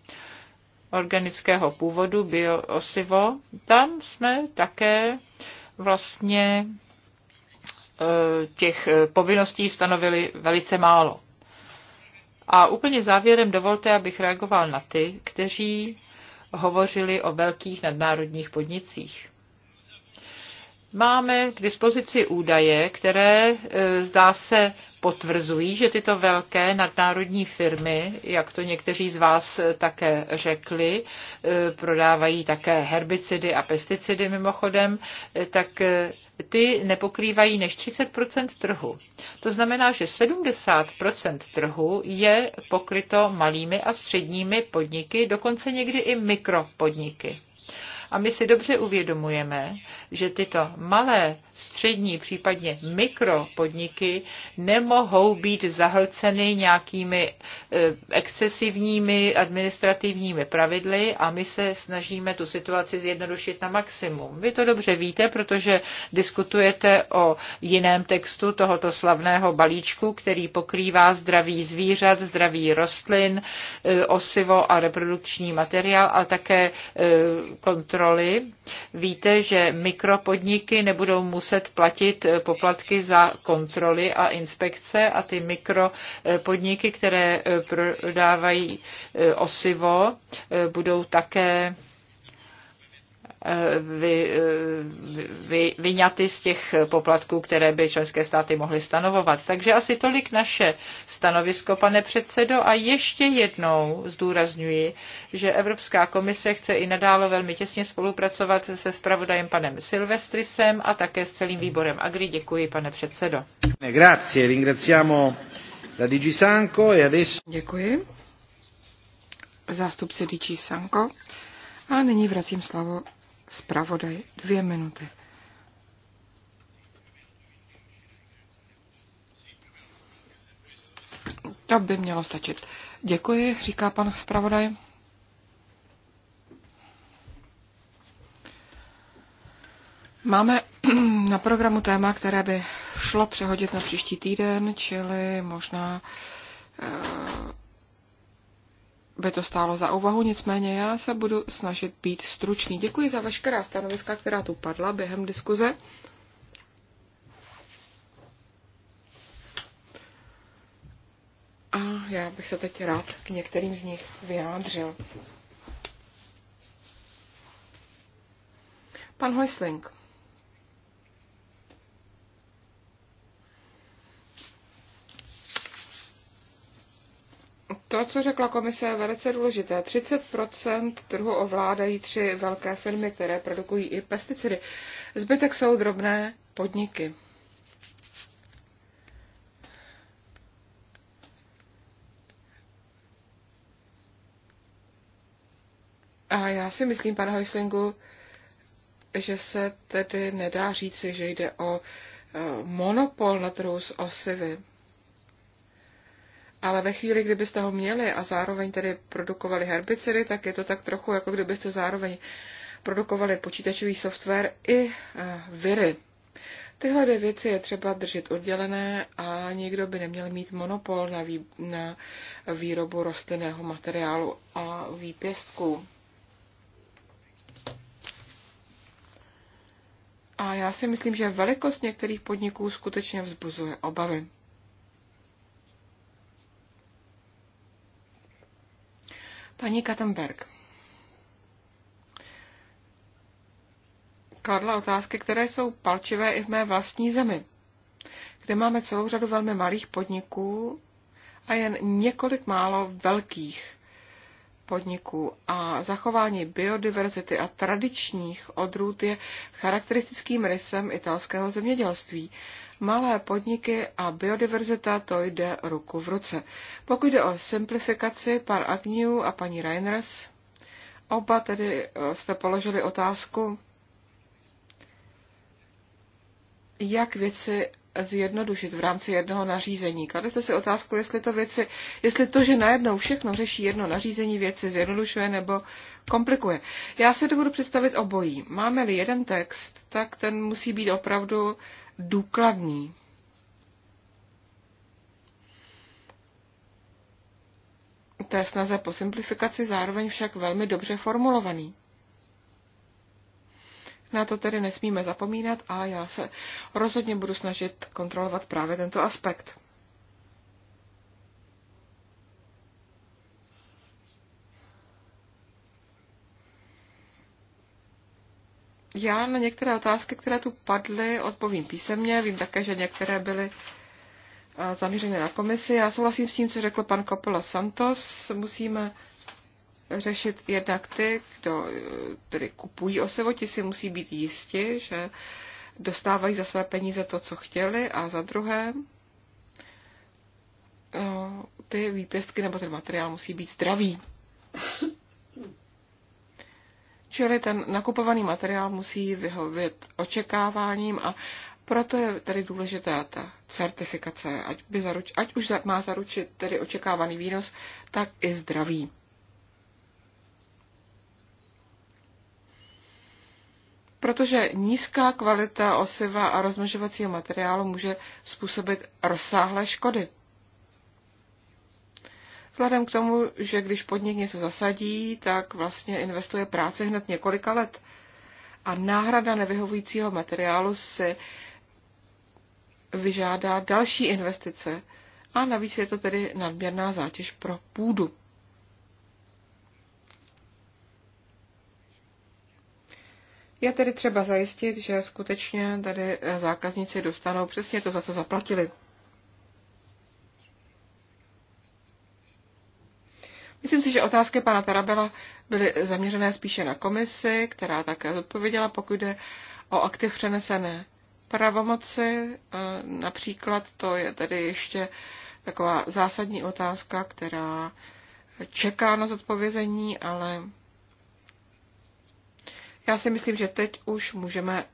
B: organického původu, bioosivo, tam jsme také vlastně e, těch e, povinností stanovili velice málo. A úplně závěrem dovolte, abych reagoval na ty, kteří hovořili o velkých nadnárodních podnicích máme k dispozici údaje, které e, zdá se potvrzují, že tyto velké nadnárodní firmy, jak to někteří z vás e, také řekli, e, prodávají také herbicidy a pesticidy mimochodem, tak ty nepokrývají než 30 trhu. To znamená, že 70 trhu je pokryto malými a středními podniky, dokonce někdy i mikropodniky. A my si dobře uvědomujeme, že tyto malé, střední, případně mikropodniky nemohou být zahlceny nějakými eh, excesivními administrativními pravidly a my se snažíme tu situaci zjednodušit na maximum. Vy to dobře víte, protože diskutujete o jiném textu tohoto slavného balíčku, který pokrývá zdraví zvířat, zdraví rostlin, eh, osivo a reprodukční materiál a také eh, kontrolu kontroly. Víte, že mikropodniky nebudou muset platit eh, poplatky za kontroly a inspekce a ty mikropodniky, které eh, prodávají eh, osivo, budou také vy, vy, vy, vyňaty z těch poplatků, které by členské státy mohly stanovovat. Takže asi tolik naše stanovisko, pane předsedo. A ještě jednou zdůrazňuji, že Evropská komise chce i nadále velmi těsně spolupracovat se spravodajem panem Silvestrisem a také s celým výborem Agri. Děkuji,
C: pane předsedo. Grazie, ringraziamo la DG Sanko e adesso... Děkuji. Zástupce DG Sanko. A nyní vracím slovo Spravodaj dvě minuty. To by mělo stačit. Děkuji, říká pan zpravodaj. Máme na programu téma, které by šlo přehodit na příští týden, čili možná eh, by to stálo za úvahu, nicméně já se budu snažit být stručný. Děkuji za veškerá stanoviska, která tu padla během diskuze. A já bych se teď rád k některým z nich vyjádřil. Pan Hojsling. To, co řekla komise, je velice důležité. 30 trhu ovládají tři velké firmy, které produkují i pesticidy. Zbytek jsou drobné podniky. A já si myslím, pane Hojslingu, že se tedy nedá říci, že jde o eh, monopol na trhu s osivy. Ale ve chvíli, kdybyste ho měli a zároveň tedy produkovali herbicidy, tak je to tak trochu, jako kdybyste zároveň produkovali počítačový software i eh, viry. Tyhle dvě věci je třeba držet oddělené a nikdo by neměl mít monopol na, vý, na výrobu rostlinného materiálu a výpěstků. A já si myslím, že velikost některých podniků skutečně vzbuzuje obavy. Paní Katenberg. Kladla otázky, které jsou palčivé i v mé vlastní zemi, kde máme celou řadu velmi malých podniků a jen několik málo velkých podniků a zachování biodiverzity a tradičních odrůd je charakteristickým rysem italského zemědělství. Malé podniky a biodiverzita to jde ruku v ruce. Pokud jde o simplifikaci, pan Agnew a paní Reiners, oba tedy eh, jste položili otázku, jak věci zjednodušit v rámci jednoho nařízení. Kladete si otázku, jestli to věci, jestli to, že najednou všechno řeší jedno nařízení věci, zjednodušuje nebo komplikuje. Já se to budu představit obojí. Máme-li jeden text, tak ten musí být opravdu důkladný. Té snaze po simplifikaci zároveň však velmi dobře formulovaný. Na to tedy nesmíme zapomínat a já se rozhodně budu snažit kontrolovat právě tento aspekt. Já na některé otázky, které tu padly, odpovím písemně. Vím také, že některé byly eh, zaměřené na komisi. Já souhlasím s tím, co řekl pan Coppola Santos. Musíme řešit jednak ty, kdo eh, tedy kupují osivo, ti si musí být jisti, že dostávají za své peníze to, co chtěli a za druhé eh, ty výpěstky nebo ten materiál musí být zdravý. Čili ten nakupovaný materiál musí vyhovět očekáváním a proto je tady důležitá ta certifikace, ať, by zaruč, ať už má zaručit tedy očekávaný výnos, tak i zdravý. protože nízká kvalita osiva a rozmnožovacího materiálu může způsobit rozsáhlé škody. Vzhledem k tomu, že když podnik něco zasadí, tak vlastně investuje práce hned několika let. A náhrada nevyhovujícího materiálu si vyžádá další investice. A navíc je to tedy nadměrná zátěž pro půdu. Je tedy třeba zajistit, že skutečně tady eh, zákazníci dostanou přesně to, za co zaplatili. Myslím si, že otázky pana Tarabela byly zaměřené spíše na komisi, která také zodpověděla, pokud jde o aktiv přenesené pravomoci. Eh, například to je tady ještě taková zásadní otázka, která čeká na zodpovězení, ale já si myslím, že teď už můžeme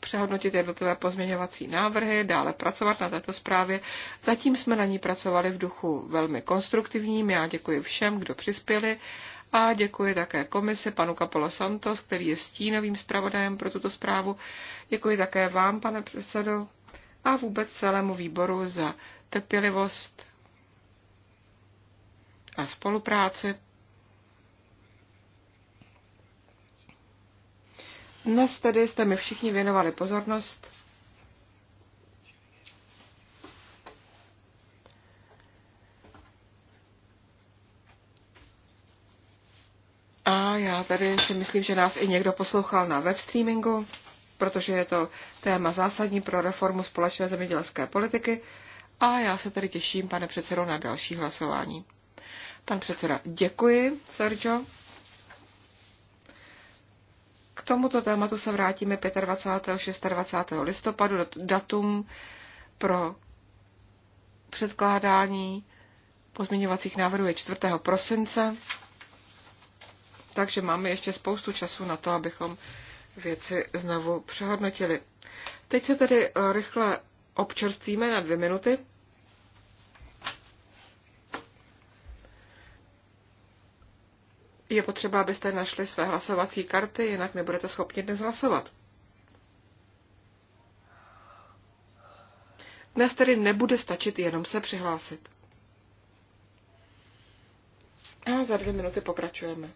C: přehodnotit jednotlivé pozměňovací návrhy, dále pracovat na této zprávě. Zatím jsme na ní pracovali v duchu velmi konstruktivním. Já děkuji všem, kdo přispěli a děkuji také komisi panu Kapolo Santos, který je stínovým zpravodajem pro tuto zprávu. Děkuji také vám, pane předsedo, a vůbec celému výboru za trpělivost a spolupráci. Dnes tedy jste mi všichni věnovali pozornost. A já tady si myslím, že nás i někdo poslouchal na web streamingu, protože je to téma zásadní pro reformu společné zemědělské politiky. A já se tady těším, pane předsedo, na další hlasování. Pan předseda, děkuji, Sergio tomuto tématu se vrátíme 25. a 26. listopadu, datum pro předkládání pozměňovacích návrhů je 4. prosince, takže máme ještě spoustu času na to, abychom věci znovu přehodnotili. Teď se tedy eh, rychle občerstvíme na dvě minuty. je potřeba, abyste našli své hlasovací karty, jinak nebudete schopni dnes hlasovat. Dnes tedy nebude stačit jenom se přihlásit. A za dvě minuty pokračujeme.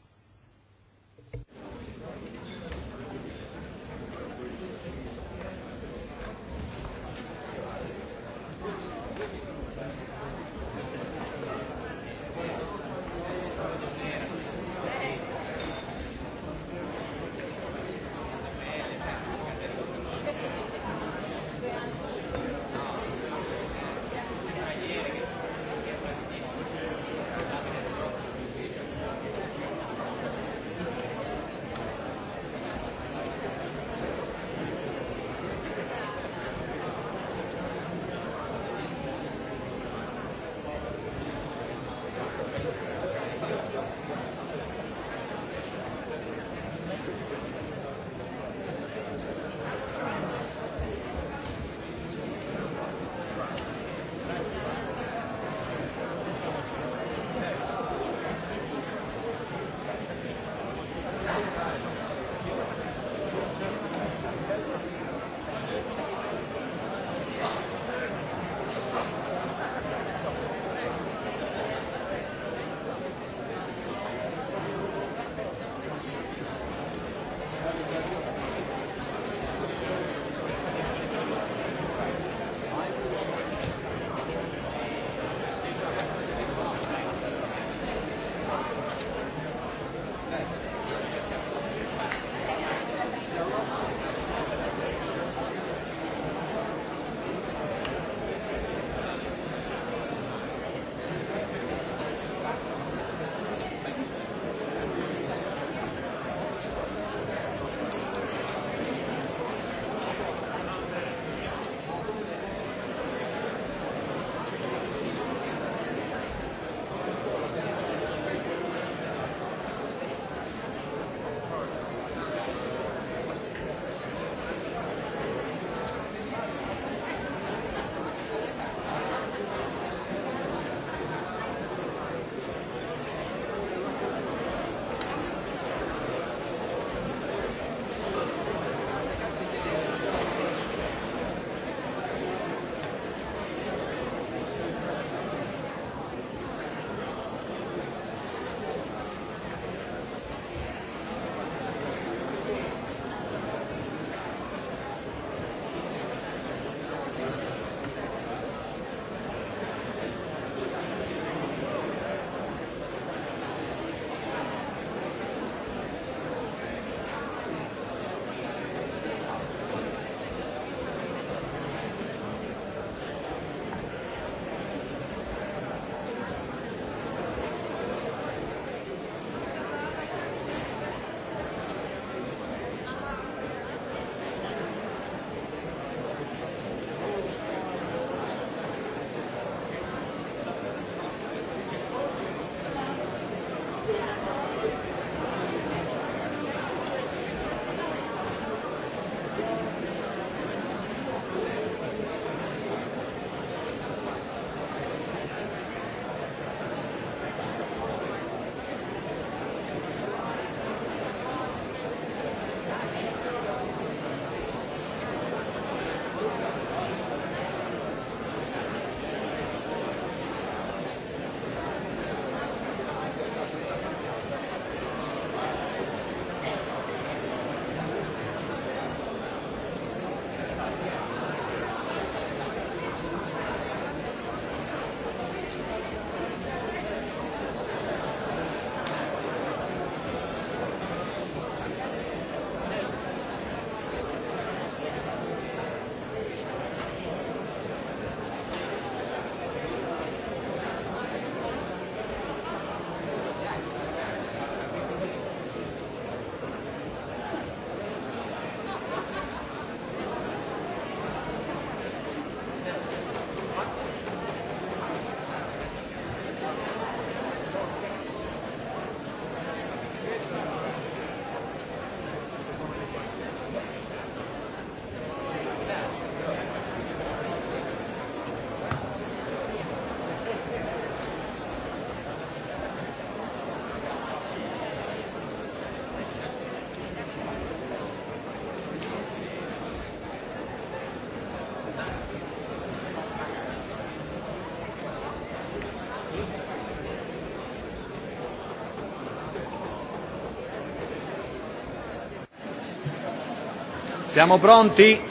A: Siamo pronti?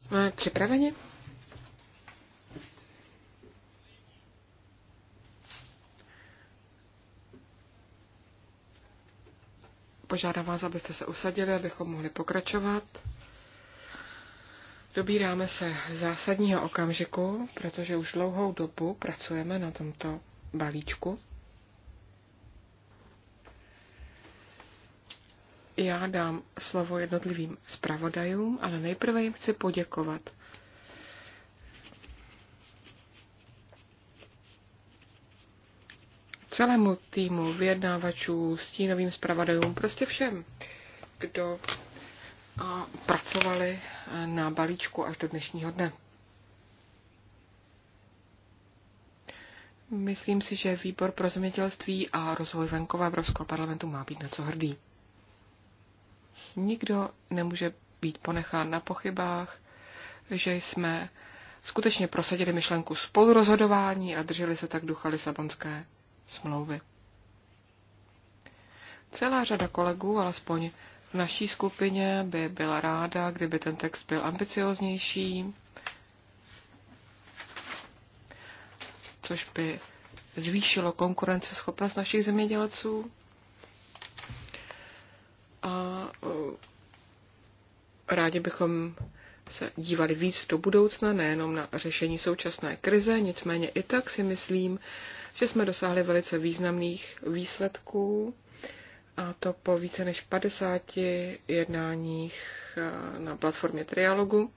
C: Jsme připraveni? Požádám vás, abyste se usadili, abychom mohli pokračovat. Dobíráme se zásadního okamžiku, protože už dlouhou dobu pracujeme na tomto balíčku. já dám slovo jednotlivým zpravodajům, ale nejprve jim chci poděkovat. Celému týmu vyjednávačů, stínovým zpravodajům, prostě všem, kdo pracovali e, na balíčku až do dnešního dne. Myslím si, že výbor pro zemědělství a rozvoj venkova Evropského parlamentu má být na co hrdý nikdo nemůže být ponechán na pochybách, že jsme skutečně prosadili myšlenku spolurozhodování a drželi se tak ducha Lisabonské smlouvy. Celá řada kolegů, alespoň v naší skupině, by byla ráda, kdyby ten text byl ambicioznější, což by zvýšilo konkurenceschopnost našich zemědělců. Rádi bychom se dívali víc do budoucna, nejenom na řešení současné krize, nicméně i tak si myslím, že jsme dosáhli velice významných výsledků, a to po více než 50 jednáních eh, na platformě Trialogu.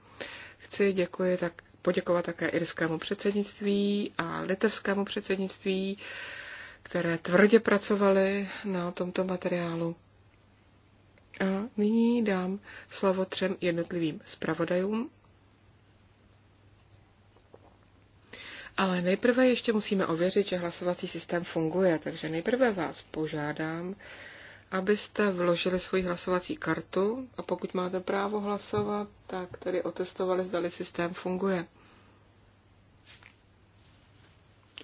C: Chci děkuji tak, poděkovat také irskému předsednictví a litevskému předsednictví, které tvrdě pracovali na tomto materiálu. A nyní dám slovo třem jednotlivým zpravodajům. Ale nejprve ještě musíme ověřit, že hlasovací systém funguje, takže nejprve vás požádám, abyste vložili svoji hlasovací kartu a pokud máte právo hlasovat, tak tedy otestovali, zdali systém funguje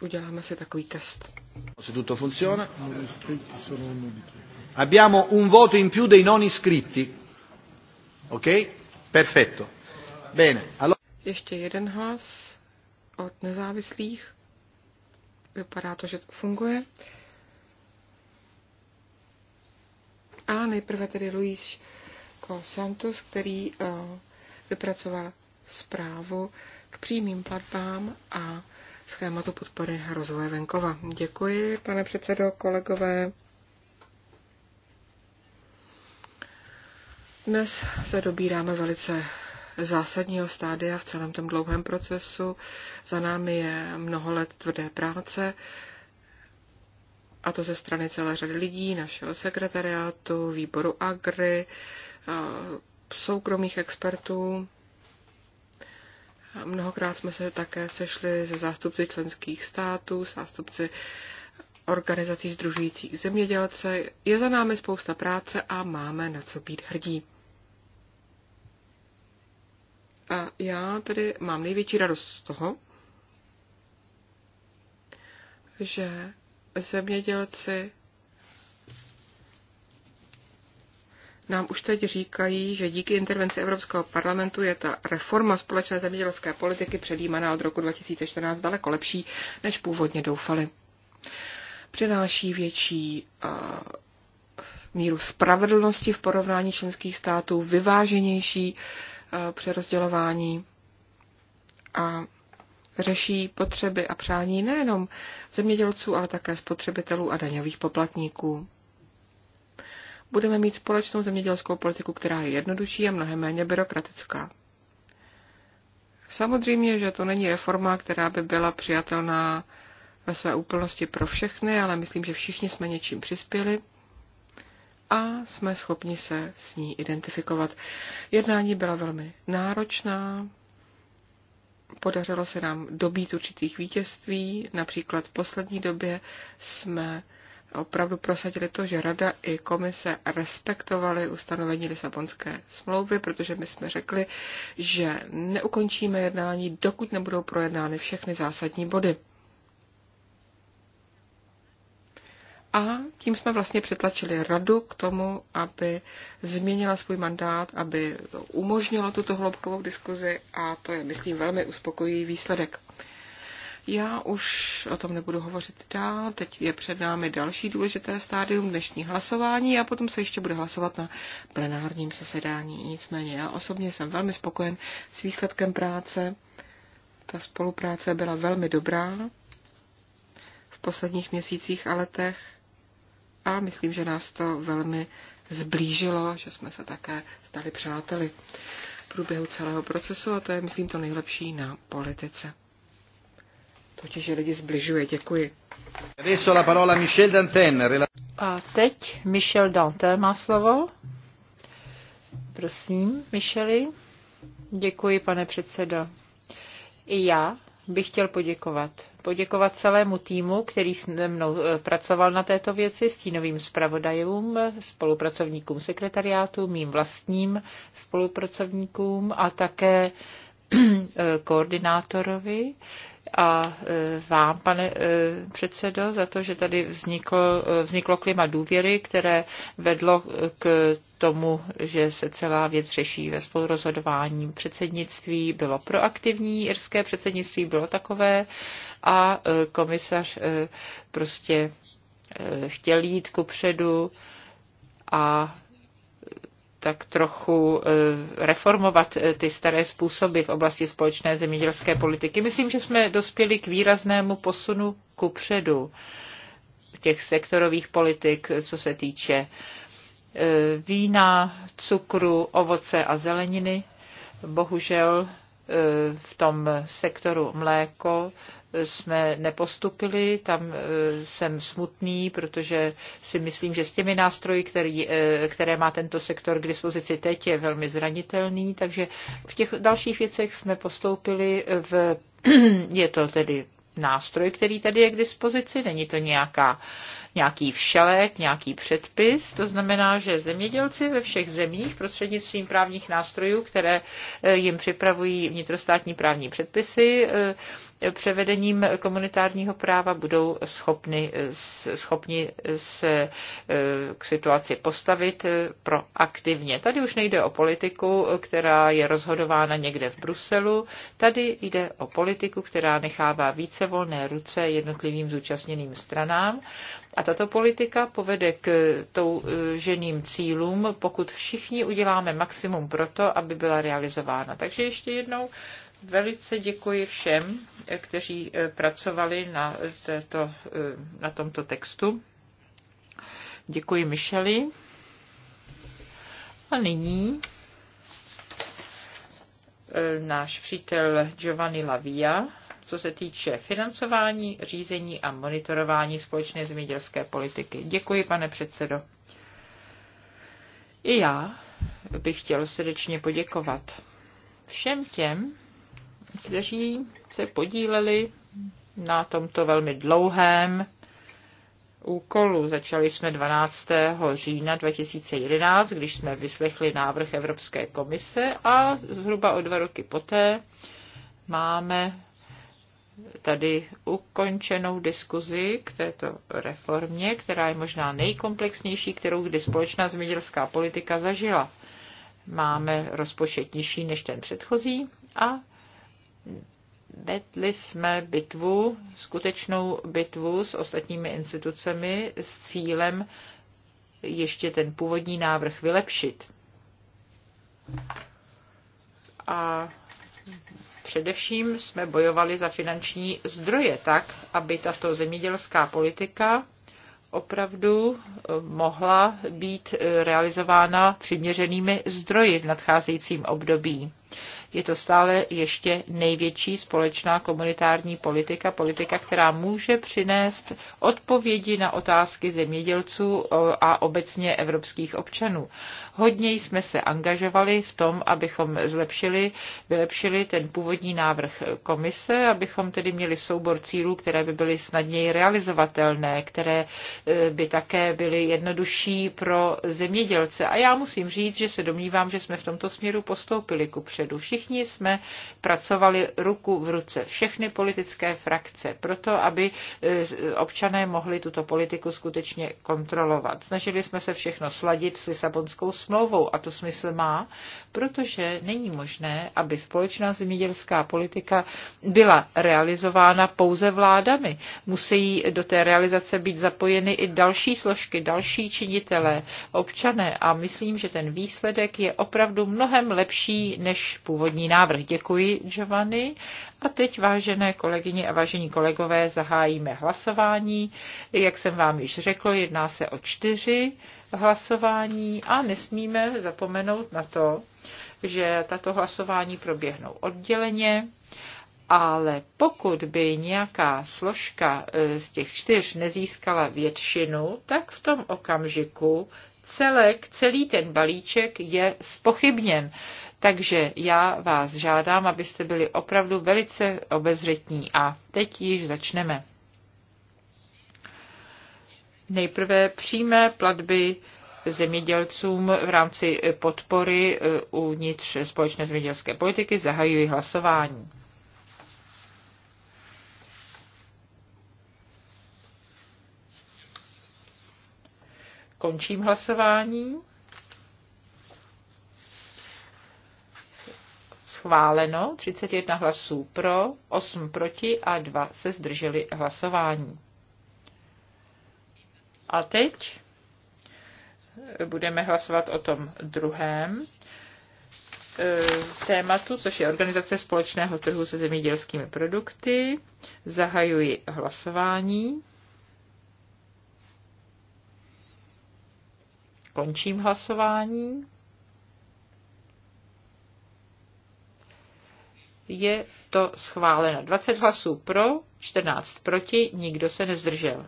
C: uděláme si takový test. Se tutto funziona.
A: Abbiamo un voto in più dei non iscritti. Ok? Perfetto. Bene. Allora...
C: Ještě jeden hlas od nezávislých. Vypadá to, že to funguje. A nejprve tedy Luis Santos, který uh, vypracoval zprávu k přímým platbám a schématu podpory a rozvoje venkova. Děkuji, pane předsedo, kolegové. Dnes se dobíráme velice zásadního stádia v celém tom dlouhém procesu. Za námi je mnoho let tvrdé práce, a to ze strany celé řady lidí, našeho sekretariátu, výboru AGRI, soukromých expertů. Mnohokrát jsme se také sešli se zástupci členských států, zástupci organizací združujících zemědělce. Je za námi spousta práce a máme na co být hrdí. A já tedy mám největší radost z toho, že zemědělci nám už teď říkají, že díky intervenci Evropského parlamentu je ta reforma společné zemědělské politiky předjímaná od roku 2014 daleko lepší, než původně doufali. Přináší větší míru spravedlnosti v porovnání členských států, vyváženější přerozdělování a řeší potřeby a přání nejenom zemědělců, ale také spotřebitelů a daňových poplatníků budeme mít společnou zemědělskou politiku, která je jednodušší a mnohem méně byrokratická. Samozřejmě, že to není reforma, která by byla přijatelná ve své úplnosti pro všechny, ale myslím, že všichni jsme něčím přispěli a jsme schopni se s ní identifikovat. Jednání byla velmi náročná, podařilo se nám dobít určitých vítězství, například v poslední době jsme opravdu prosadili to, že Rada i komise respektovaly ustanovení Lisabonské smlouvy, protože my jsme řekli, že neukončíme jednání, dokud nebudou projednány všechny zásadní body. A tím jsme vlastně přetlačili radu k tomu, aby změnila svůj mandát, aby umožnila tuto hloubkovou diskuzi a to je, myslím, velmi uspokojivý výsledek. Já už o tom nebudu hovořit dál, teď je před námi další důležité stádium dnešní hlasování a potom se ještě bude hlasovat na plenárním zasedání. Nicméně já osobně jsem velmi spokojen s výsledkem práce. Ta spolupráce byla velmi dobrá v posledních měsících a letech a myslím, že nás to velmi zblížilo, že jsme se také stali přáteli průběhu celého procesu a to je, myslím, to nejlepší na politice totiž lidi zbližuje. Děkuji. Adesso la parola Michel
A: Danten.
C: A
B: teď Michel Danten má slovo. Prosím, Micheli. Děkuji, pane předsedo. I já bych chtěl poděkovat. Poděkovat celému týmu, který se mnou e, pracoval na této věci, stínovým zpravodajům, spolupracovníkům sekretariátu, mým vlastním spolupracovníkům a také e, koordinátorovi, a e, vám, pane e, předsedo, za to, že tady vzniklo, e, vzniklo klima důvěry, které vedlo k tomu, že se celá věc řeší ve spolurozhodování. Předsednictví bylo proaktivní, irské předsednictví bylo takové a komisař prostě chtěl jít ku předu a tak trochu eh, reformovat eh, ty staré způsoby v oblasti společné zemědělské politiky. Myslím, že jsme dospěli k výraznému posunu ku předu těch sektorových politik, co se týče eh, vína, cukru, ovoce a zeleniny. Bohužel v tom sektoru mléko jsme nepostupili. Tam e, jsem smutný, protože si myslím, že s těmi nástroji, který, e, které má tento sektor k dispozici teď, je velmi zranitelný. Takže v těch dalších věcech jsme postoupili v. Je to tedy nástroj, který tady je k dispozici, není to nějaká nějaký všelek, nějaký předpis. To znamená, že zemědělci ve všech zemích prostřednictvím právních nástrojů, které eh, jim připravují vnitrostátní právní předpisy, eh, převedením komunitárního práva budou schopni, eh, schopni se k situaci postavit proaktivně. Tady už nejde o politiku, která je rozhodována někde v Bruselu, tady jde o politiku, která nechává více volné ruce jednotlivým zúčastněným stranám a tato politika povede k eh, eh, ženým cílům, pokud všichni uděláme maximum pro to, aby byla realizována. Takže ještě jednou velice děkuji všem, eh, kteří pracovali na, této, na tomto textu. Děkuji Micheli. A nyní náš přítel Giovanni Lavia co se týče financování, řízení a monitorování společné zemědělské politiky. Děkuji, pane předsedo. I já bych chtěl srdečně poděkovat všem těm, kteří se podíleli na tomto velmi dlouhém úkolu. Začali jsme 12. října 2011, když jsme vyslechli návrh Evropské komise a zhruba o dva roky poté máme tady ukončenou diskuzi k této reformě, která je možná nejkomplexnější, kterou kdy společná zemědělská politika zažila. Máme rozpočet nižší než ten předchozí a vedli jsme bitvu, skutečnou bitvu s ostatními institucemi s cílem ještě ten původní návrh vylepšit. A Především jsme bojovali za finanční zdroje tak, aby tato zemědělská politika opravdu eh, mohla být eh, realizována přiměřenými zdroji v nadcházejícím období je to stále ještě největší společná komunitární politika, politika, která může přinést odpovědi na otázky zemědělců a obecně evropských občanů. Hodně jsme se angažovali v tom, abychom zlepšili, vylepšili ten původní návrh komise, abychom tedy měli soubor cílů, které by byly snadněji realizovatelné, které e, by také byly jednodušší pro zemědělce. A já musím říct, že se domnívám, že jsme v tomto směru postoupili ku předu. Všichni Všichni jsme pracovali ruku v ruce, všechny politické frakce, proto, aby e, občané mohli tuto politiku skutečně kontrolovat. Snažili jsme se všechno sladit s Lisabonskou smlouvou a to smysl má, protože není možné, aby společná zemědělská politika byla realizována pouze vládami. Musí do té realizace být zapojeny i další složky, další činitelé, občané a myslím, že ten výsledek je opravdu mnohem lepší než původní původní návrh. Děkuji, Giovanni. A teď, vážené kolegyně a vážení kolegové, zahájíme hlasování. Jak jsem vám již řekl, jedná se o čtyři hlasování a nesmíme zapomenout na to, že tato hlasování proběhnou odděleně ale pokud by nějaká složka e, z těch čtyř nezískala většinu, tak v tom okamžiku celek, celý ten balíček je spochybněn. Takže já vás žádám, abyste byli opravdu velice obezřetní a teď již začneme. Nejprve přímé platby zemědělcům v rámci eh, podpory eh, uvnitř společné zemědělské politiky zahajují hlasování. Končím hlasování. schváleno, 31 hlasů pro, 8 proti a 2 se zdrželi hlasování. A teď budeme hlasovat o tom druhém e, tématu, což je organizace společného trhu se zemědělskými produkty. Zahajuji hlasování. Končím hlasování. je to schváleno. 20 hlasů pro, 14 proti, nikdo se nezdržel.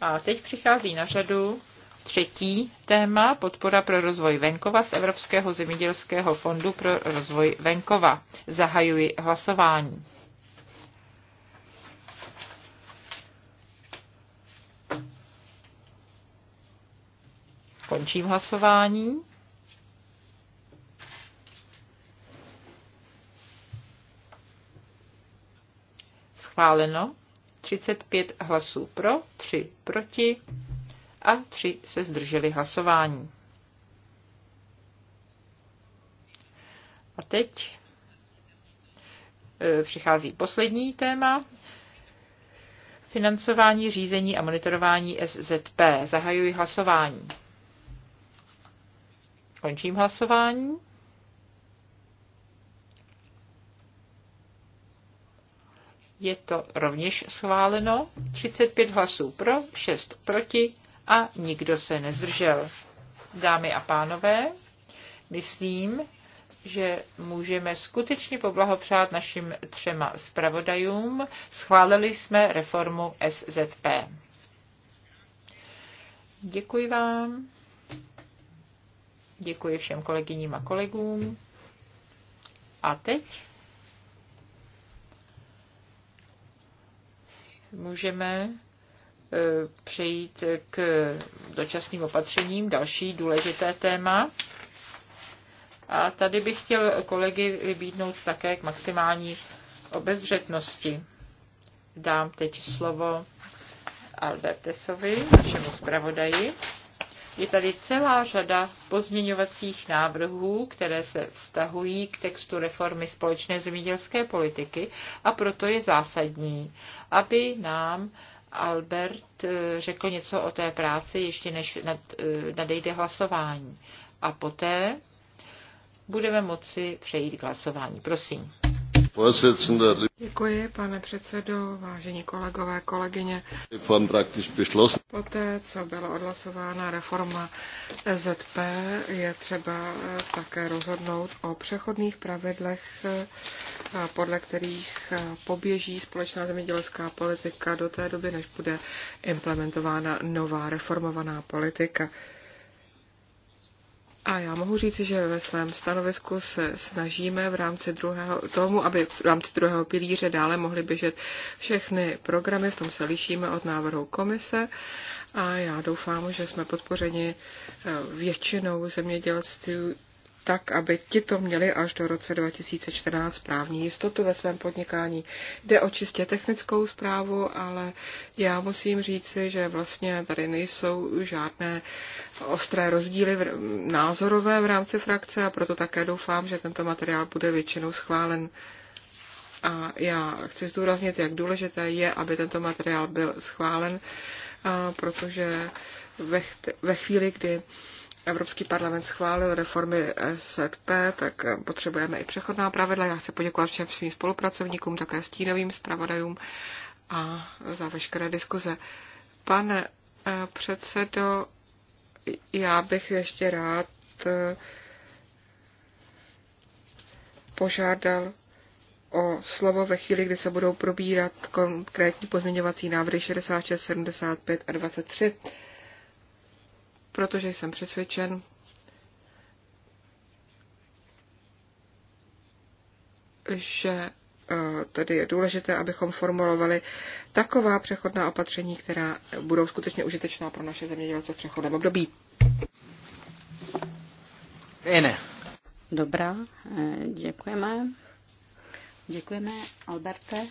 B: A teď přichází na řadu třetí téma podpora pro rozvoj venkova z Evropského zemědělského fondu pro rozvoj venkova. Zahajuji hlasování. Končím hlasování. Schváleno. 35 hlasů pro, 3 proti a 3 se zdrželi hlasování. A teď e, přichází poslední téma. Financování, řízení a monitorování SZP. Zahajuji hlasování. Končím hlasování. je to rovněž schváleno. 35 hlasů pro, 6 proti a nikdo se nezdržel. Dámy a pánové, myslím, že můžeme skutečně poblahopřát našim třema zpravodajům. Schválili jsme reformu SZP. Děkuji vám. Děkuji všem kolegyním a kolegům. A teď můžeme eh, přejít k dočasným opatřením, další důležité téma. A tady bych chtěl kolegy vybídnout také k maximální obezřetnosti. Dám teď slovo Albertesovi, našemu zpravodaji. Je tady celá řada pozměňovacích návrhů, které se vztahují k textu reformy společné zemědělské politiky a proto je zásadní, aby nám Albert eh, řekl něco o té práci, ještě než nad, eh, nadejde hlasování. A poté budeme moci přejít k hlasování. Prosím.
C: Děkuji, pane předsedo, vážení kolegové, kolegyně. Poté, co byla odhlasována reforma EZP, je třeba eh, také rozhodnout o přechodných pravidlech, eh, podle kterých eh, poběží společná zemědělská politika do té doby, než bude implementována nová reformovaná politika. A já mohu říct, že ve svém stanovisku se snažíme v rámci druhého, tomu, aby v rámci druhého pilíře dále mohly běžet všechny programy, v tom se lišíme od návrhu komise a já doufám, že jsme podpořeni eh, většinou zemědělství, tak, aby tito měli až do roce 2014 právní jistotu ve svém podnikání. Jde o čistě technickou zprávu, ale já musím říci, že vlastně tady nejsou žádné ostré rozdíly v, názorové v rámci frakce a proto také doufám, že tento materiál bude většinou schválen. A já chci zdůraznit, jak důležité je, aby tento materiál byl schválen, protože ve, ve chvíli, kdy Evropský parlament schválil reformy SZP, tak potřebujeme i přechodná pravidla. Já chci poděkovat všem svým spolupracovníkům, také stínovým zpravodajům a za veškeré diskuze. Pane eh, předsedo, já bych ještě rád eh, požádal o slovo ve chvíli, kdy se budou probírat konkrétní pozměňovací návrhy 66, 75 a 23 protože jsem přesvědčen, že eh, tedy je důležité, abychom formulovali taková přechodná opatření, která budou skutečně užitečná pro naše zemědělce v přechodném období.
A: Jine. Dobrá, eh, děkujeme. Děkujeme, Alberte.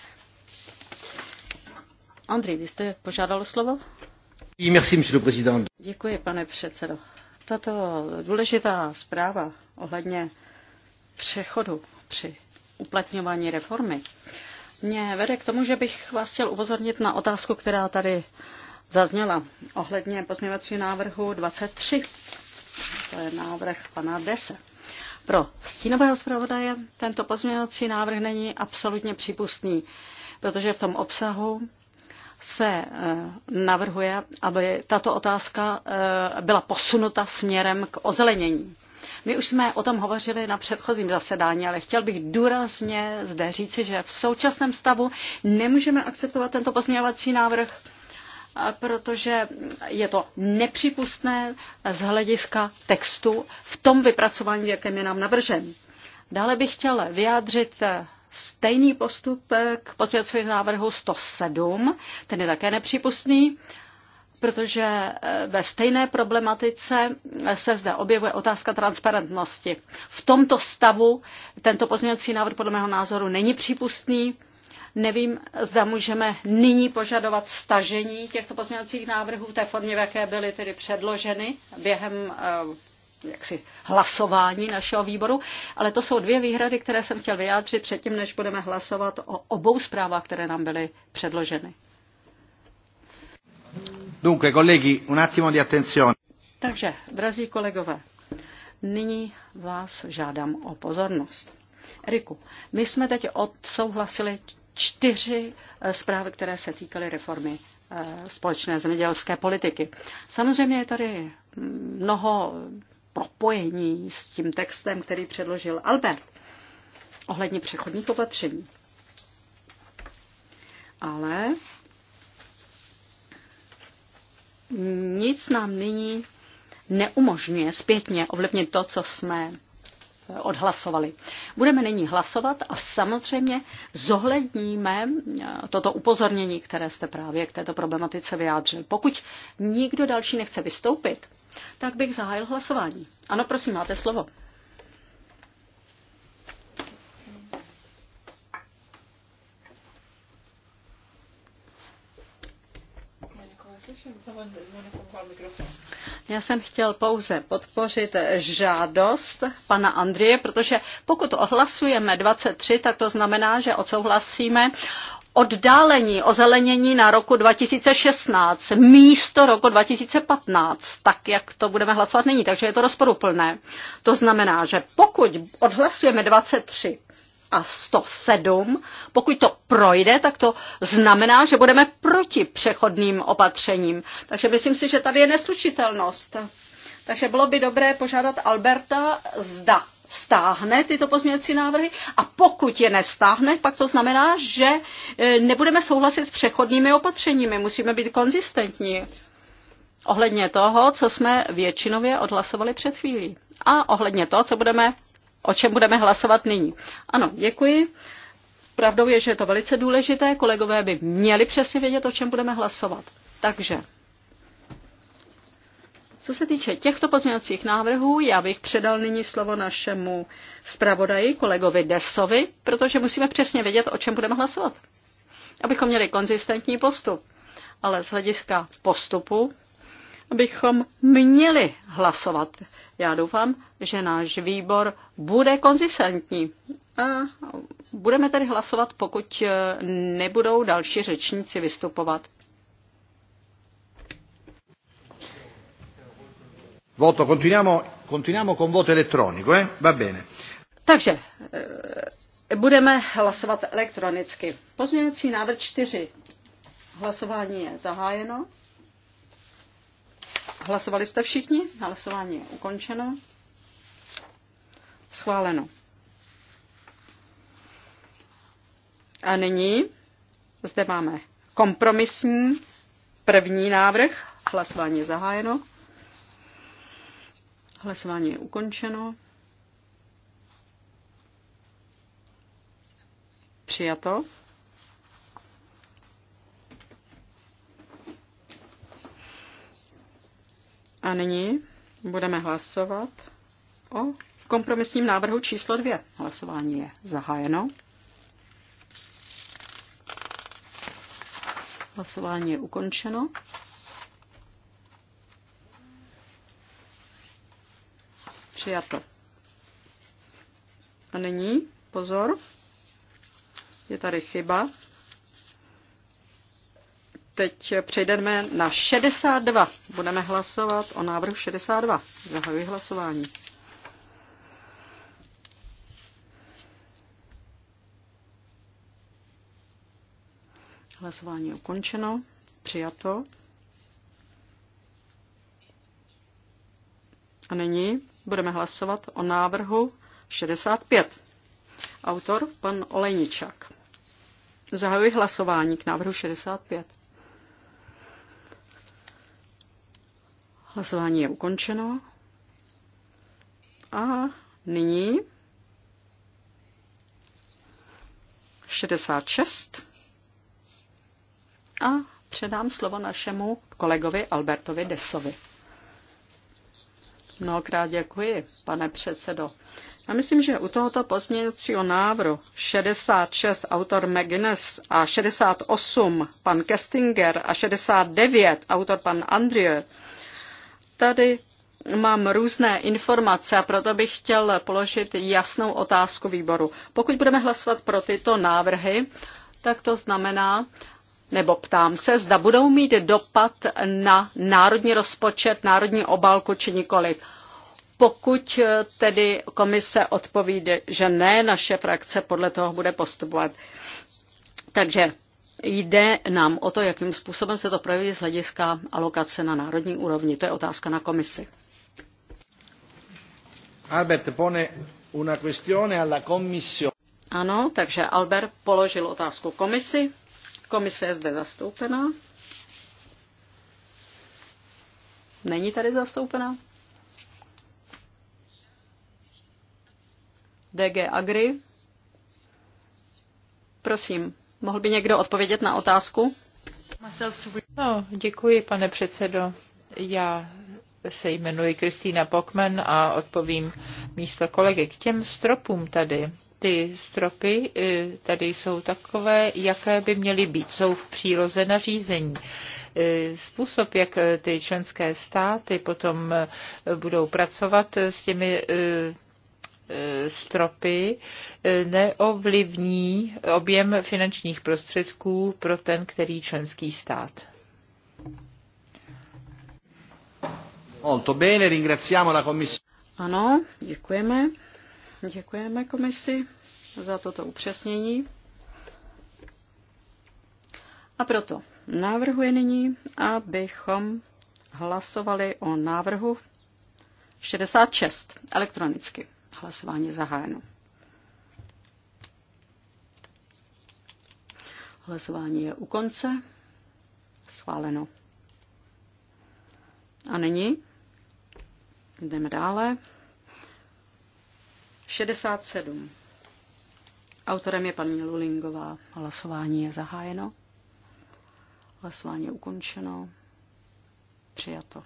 A: Andrej, vy jste požádal slovo? Děkuji, pane předsedo. Tato důležitá zpráva ohledně přechodu při uplatňování reformy mě vede k tomu, že bych vás chtěl upozornit na otázku, která tady zazněla ohledně pozměňovacího návrhu 23. To je návrh pana Dese. Pro stínového zpravodaje tento pozměňovací návrh není absolutně přípustný, protože v tom obsahu se eh, navrhuje, aby tato otázka eh, byla posunuta směrem k ozelenění. My už jsme o tom hovořili na předchozím zasedání, ale chtěl bych důrazně zde říci, že v současném stavu nemůžeme akceptovat tento pozměňovací návrh, eh, protože je to nepřípustné z hlediska textu v tom vypracování, v jakém je nám navržen. Dále bych chtěl vyjádřit stejný postup k pozměňovacímu návrhu 107, ten je také nepřípustný, protože eh, ve stejné problematice eh, se zde objevuje otázka transparentnosti. V tomto stavu tento pozměňovací návrh podle mého názoru není přípustný. Nevím, zda můžeme nyní požadovat stažení těchto pozměňovacích návrhů v té formě, v jaké byly tedy předloženy během eh, jaksi hlasování našeho výboru, ale to jsou dvě výhrady, které jsem chtěl vyjádřit předtím, než budeme hlasovat o obou zprávách, které nám byly předloženy.
B: Dunque, kolegi, un attimo di attenzione.
A: Takže, drazí kolegové, nyní vás žádám o pozornost. Eriku, my jsme teď odsouhlasili čtyři eh, zprávy, které se týkaly reformy eh, společné zemědělské politiky. Samozřejmě je tady mm, mnoho propojení s tím textem, který předložil Albert ohledně přechodních opatření. Ale nic nám nyní neumožňuje zpětně ovlivnit to, co jsme eh, odhlasovali. Budeme nyní hlasovat a samozřejmě zohledníme eh, toto upozornění, které jste právě k této problematice vyjádřil. Pokud nikdo další nechce vystoupit, tak bych zahájil hlasování. Ano, prosím, máte slovo. Já jsem chtěl pouze podpořit žádost pana Andrie, protože pokud ohlasujeme 23, tak to znamená, že odsouhlasíme oddálení ozelenění na roku 2016 místo roku 2015, tak jak to budeme hlasovat nyní, takže je to rozporuplné. To znamená, že pokud odhlasujeme 23 a 107. Pokud to projde, tak to znamená, že budeme proti přechodným opatřením. Takže myslím si, že tady je neslučitelnost. Takže bylo by dobré požádat Alberta, zda stáhne tyto pozměňovací návrhy a pokud je nestáhne, pak to znamená, že e, nebudeme souhlasit s přechodnými opatřeními. Musíme být konzistentní ohledně toho, co jsme většinově odhlasovali před chvílí a ohledně toho, co budeme, o čem budeme hlasovat nyní. Ano, děkuji. Pravdou je, že je to velice důležité. Kolegové by měli přesně vědět, o čem budeme hlasovat. Takže co se týče těchto pozměňovacích návrhů, já bych předal nyní slovo našemu zpravodaji, kolegovi Desovi, protože musíme přesně vědět, o čem budeme hlasovat, abychom měli konzistentní postup. Ale z hlediska postupu bychom měli hlasovat. Já doufám, že náš výbor bude konzistentní. A budeme tedy hlasovat, pokud eh, nebudou další řečníci vystupovat. Voto, continuiamo, continuiamo con voto elettronico, eh? Va bene. Takže eh, budeme hlasovat elektronicky. Pozměňovací návrh 4. Hlasování je zahájeno. Hlasovali jste všichni? Hlasování je ukončeno. Schváleno. A nyní zde máme kompromisní první návrh. Hlasování je zahájeno. Hlasování je ukončeno. Přijato. A nyní budeme hlasovat o kompromisním návrhu číslo dvě. Hlasování je zahájeno. Hlasování je ukončeno. přijato. A nyní, pozor, je tady chyba. Teď přejdeme na 62. Budeme hlasovat o návrhu 62. Zahajuji hlasování. Hlasování je ukončeno. Přijato. A nyní budeme hlasovat o návrhu 65. Autor pan Olejničák. Zahajuji hlasování k návrhu 65. Hlasování je ukončeno. A nyní 66. A předám slovo našemu kolegovi Albertovi Desovi. Mnohokrát děkuji, pane předsedo. Já myslím, že u tohoto pozměňovacího návrhu 66 autor McGuinness a 68 pan Kestinger a 69 autor pan Andrieu, tady mám různé informace a proto bych chtěl položit jasnou otázku výboru. Pokud budeme hlasovat pro tyto návrhy, tak to znamená, nebo ptám se, zda budou mít dopad na národní rozpočet, národní obálku či nikoliv. Pokud eh, tedy komise odpovíde, že ne, naše frakce podle toho bude postupovat. Takže jde nám o to, jakým způsobem se to projeví z hlediska alokace na národní úrovni. To je otázka na komisi.
B: Albert pone una questione alla Commission.
A: Ano, takže Albert položil otázku komisi. Komise je zde zastoupena. Není tady zastoupena? DG Agri. Prosím, mohl by někdo odpovědět na otázku? No, děkuji,
B: pane předsedo. Já se jmenuji Kristýna Pokman a odpovím místo kolegy k těm stropům tady ty stropy eh, tady jsou takové, jaké by měly být. Jsou v příloze nařízení. Eh, způsob, jak eh, ty členské státy potom budou pracovat s těmi stropy neovlivní objem finančních prostředků pro ten, který členský stát.
A: Molto bene, ringraziamo la commissione. Ano, děkujeme. Děkujeme komisi za toto upřesnění. A proto návrhuje nyní, abychom hlasovali o návrhu 66 elektronicky. Hlasování zahájeno. Hlasování je u konce. Schváleno. A nyní jdeme dále. 67. Autorem je paní Lulingová. Hlasování je zahájeno. Hlasování je ukončeno. Přijato.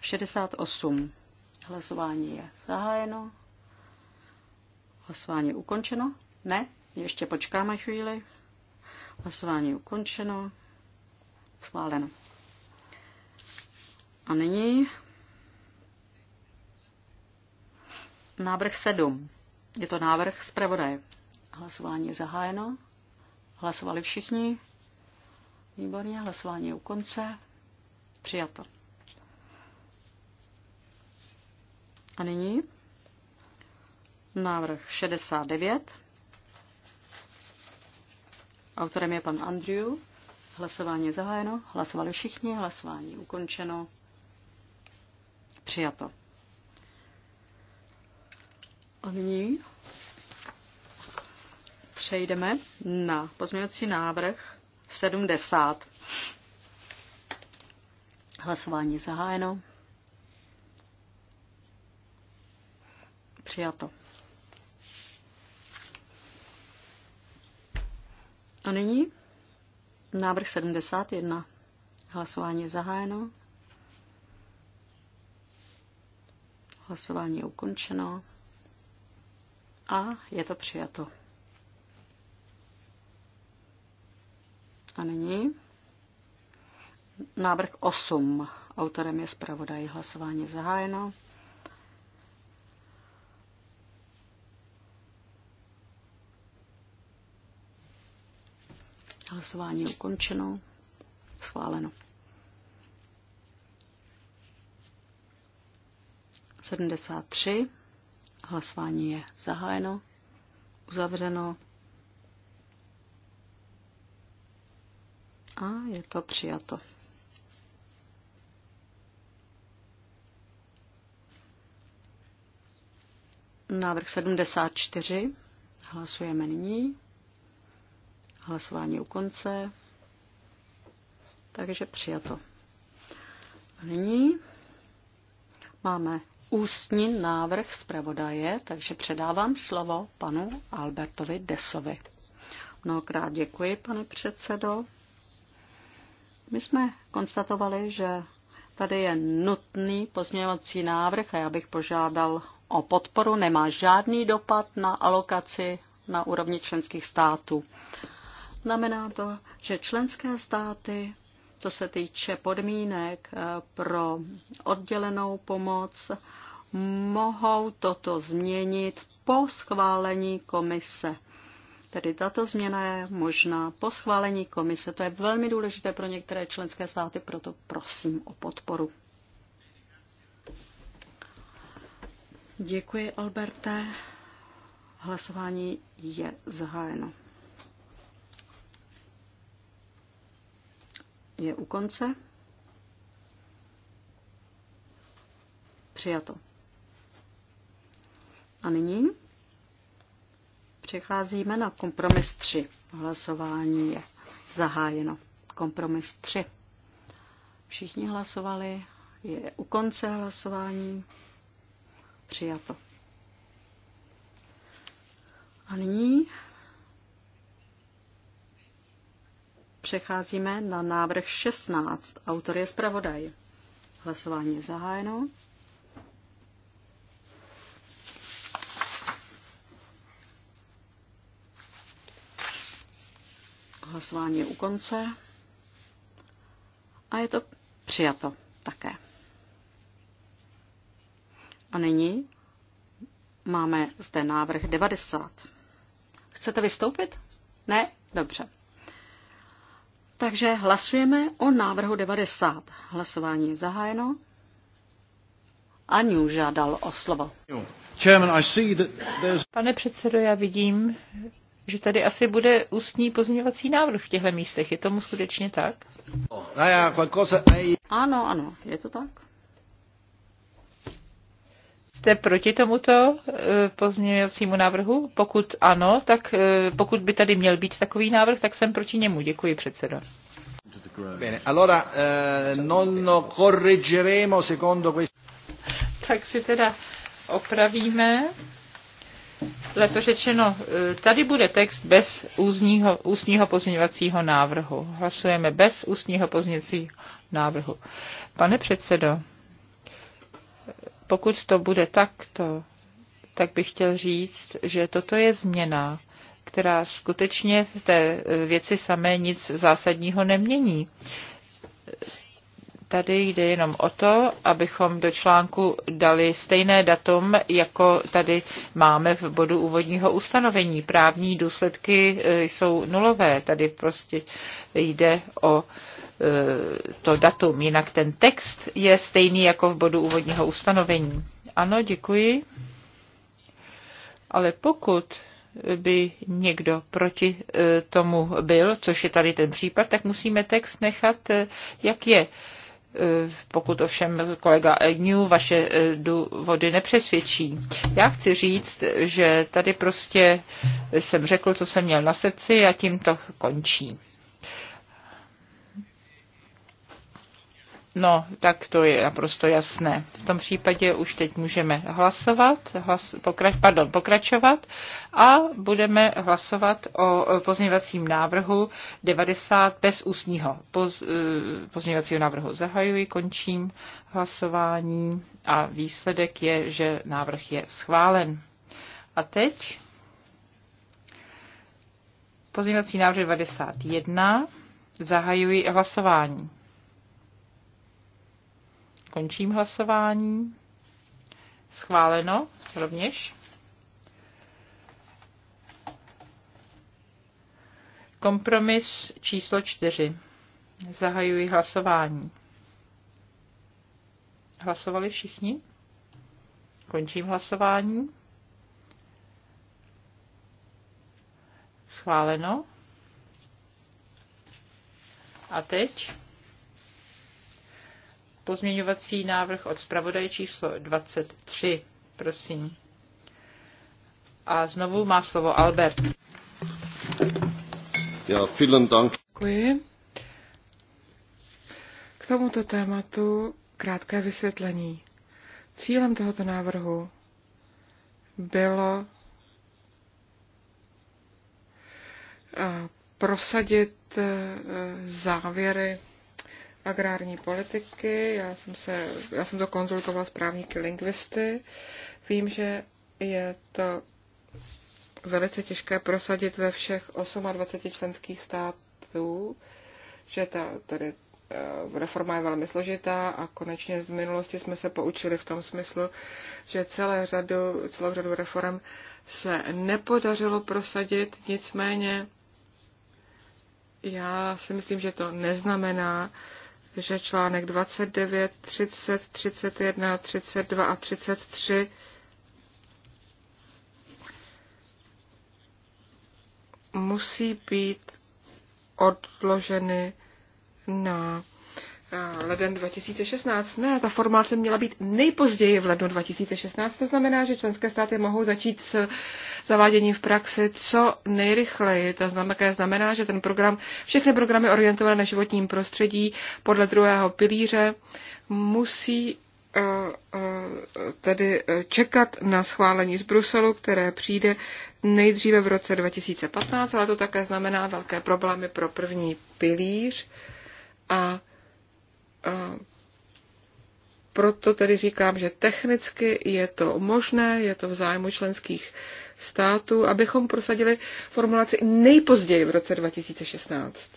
A: 68. Hlasování je zahájeno. Hlasování je ukončeno. Ne, ještě počkáme chvíli. Hlasování je ukončeno. Schváleno. A nyní Návrh 7. Je to návrh zpravodaje. Hlasování je zahájeno. Hlasovali všichni. Výborně, hlasování je u konce. Přijato. A nyní návrh 69. Autorem je pan Andrew. Hlasování je zahájeno. Hlasovali všichni. Hlasování je ukončeno. Přijato. A nyní přejdeme na pozměňovací návrh 70. Hlasování zahájeno. Přijato. A nyní návrh 71. Hlasování je zahájeno. Hlasování je ukončeno. A je to přijato. A nyní návrh 8. Autorem je zpravodaj. Hlasování zahájeno. Hlasování je ukončeno. Schváleno. 73. Hlasování je zahájeno, uzavřeno a je to přijato. Návrh 74. Hlasujeme nyní. Hlasování u konce. Takže přijato. A nyní máme ústní návrh zpravodaje, takže předávám slovo panu Albertovi Desovi. Mnohokrát děkuji, pane předsedo. My jsme konstatovali, že tady je nutný pozměňovací návrh a já bych požádal o podporu. Nemá žádný dopad na alokaci na úrovni členských států. Znamená to, že členské státy co se týče podmínek eh, pro oddělenou pomoc, mohou toto změnit po schválení komise. Tedy tato změna je možná po schválení komise. To je velmi důležité pro některé členské státy, proto prosím o podporu. Děkuji, Alberte. Hlasování je zahájeno. je u konce. Přijato. A nyní přecházíme na kompromis 3. Hlasování je zahájeno. Kompromis 3. Všichni hlasovali, je u konce hlasování přijato. A nyní Přecházíme na návrh 16. Autor je zpravodaj. Hlasování je zahájeno. Hlasování je u konce. A je to přijato také. A nyní máme zde návrh 90. Chcete vystoupit? Ne? Dobře. Takže hlasujeme o návrhu 90. Hlasování je zahájeno. Aniu žádal o slovo.
B: Pane předsedo, já vidím, že tady asi bude ústní pozměňovací návrh v těchto místech. Je tomu skutečně tak? Oh, jako- jako ano, ano, je to tak. Jste proti tomuto eh, pozměňovacímu návrhu? Pokud ano, tak eh, pokud by tady měl být takový návrh, tak jsem proti němu. Děkuji, předsedo. Bene, allora eh, non correggeremo secondo questo. Tak si teda opravíme. Lepo řečeno, tady bude text bez úzního, ústního pozměňovacího návrhu. Hlasujeme bez ústního pozměňovacího návrhu. Pane předsedo, pokud to bude takto, tak bych chtěl říct, že toto je změna, která skutečně v té věci samé nic zásadního nemění. Tady jde jenom o to, abychom do článku dali stejné datum, jako tady máme v bodu úvodního ustanovení. Právní důsledky eh, jsou nulové. Tady prostě jde o Eh, to datum. Jinak ten text je stejný jako v bodu úvodního ustanovení. Ano, děkuji. Ale pokud by někdo proti eh, tomu byl, což je tady ten případ, tak musíme text nechat, eh, jak je. Pokud ovšem kolega Agnew vaše důvody nepřesvědčí. Já chci říct, že tady prostě jsem řekl, co jsem měl na srdci a tím to končí. No, tak to je naprosto jasné. V tom případě už teď můžeme hlasovat, hlas, pokrač, pardon, pokračovat a budeme hlasovat o pozměňovacím návrhu 90 bez ústního poz, eh, pozměňovacího návrhu. Zahajuji, končím hlasování a výsledek je, že návrh je schválen. A teď pozměňovací návrh 91. Zahajuji hlasování. Končím hlasování. Schváleno rovněž. Kompromis číslo čtyři. Zahajuji hlasování. Hlasovali všichni? Končím hlasování. Schváleno. A teď? Pozměňovací návrh od zpravodaje číslo 23. Prosím. A znovu má slovo Albert. Ja, vielen Dank.
C: Děkuji. K tomuto tématu krátké vysvětlení. Cílem tohoto návrhu bylo eh, prosadit eh, závěry agrární politiky. Já jsem, se, já jsem to konzultovala s právníky lingvisty. Vím, že je to velice těžké prosadit ve všech 28 členských států, že ta tedy eh, reforma je velmi složitá a konečně z minulosti jsme se poučili v tom smyslu, že celé řadu, celou řadu reform se nepodařilo prosadit, nicméně já si myslím, že to neznamená, že článek 29, 30, 31, 32 a 33 musí být odloženy na leden 2016. Ne, ta formulace měla být nejpozději v lednu 2016. To znamená, že členské státy mohou začít s zaváděním v praxi co nejrychleji. To znamená, že ten program, všechny programy orientované na životním prostředí podle druhého pilíře musí eh, eh, tedy eh, čekat na schválení z Bruselu, které přijde nejdříve v roce 2015, ale to také znamená velké problémy pro první pilíř a proto tedy říkám, že technicky je to možné, je to v zájmu členských států, abychom prosadili formulaci nejpozději v roce 2016.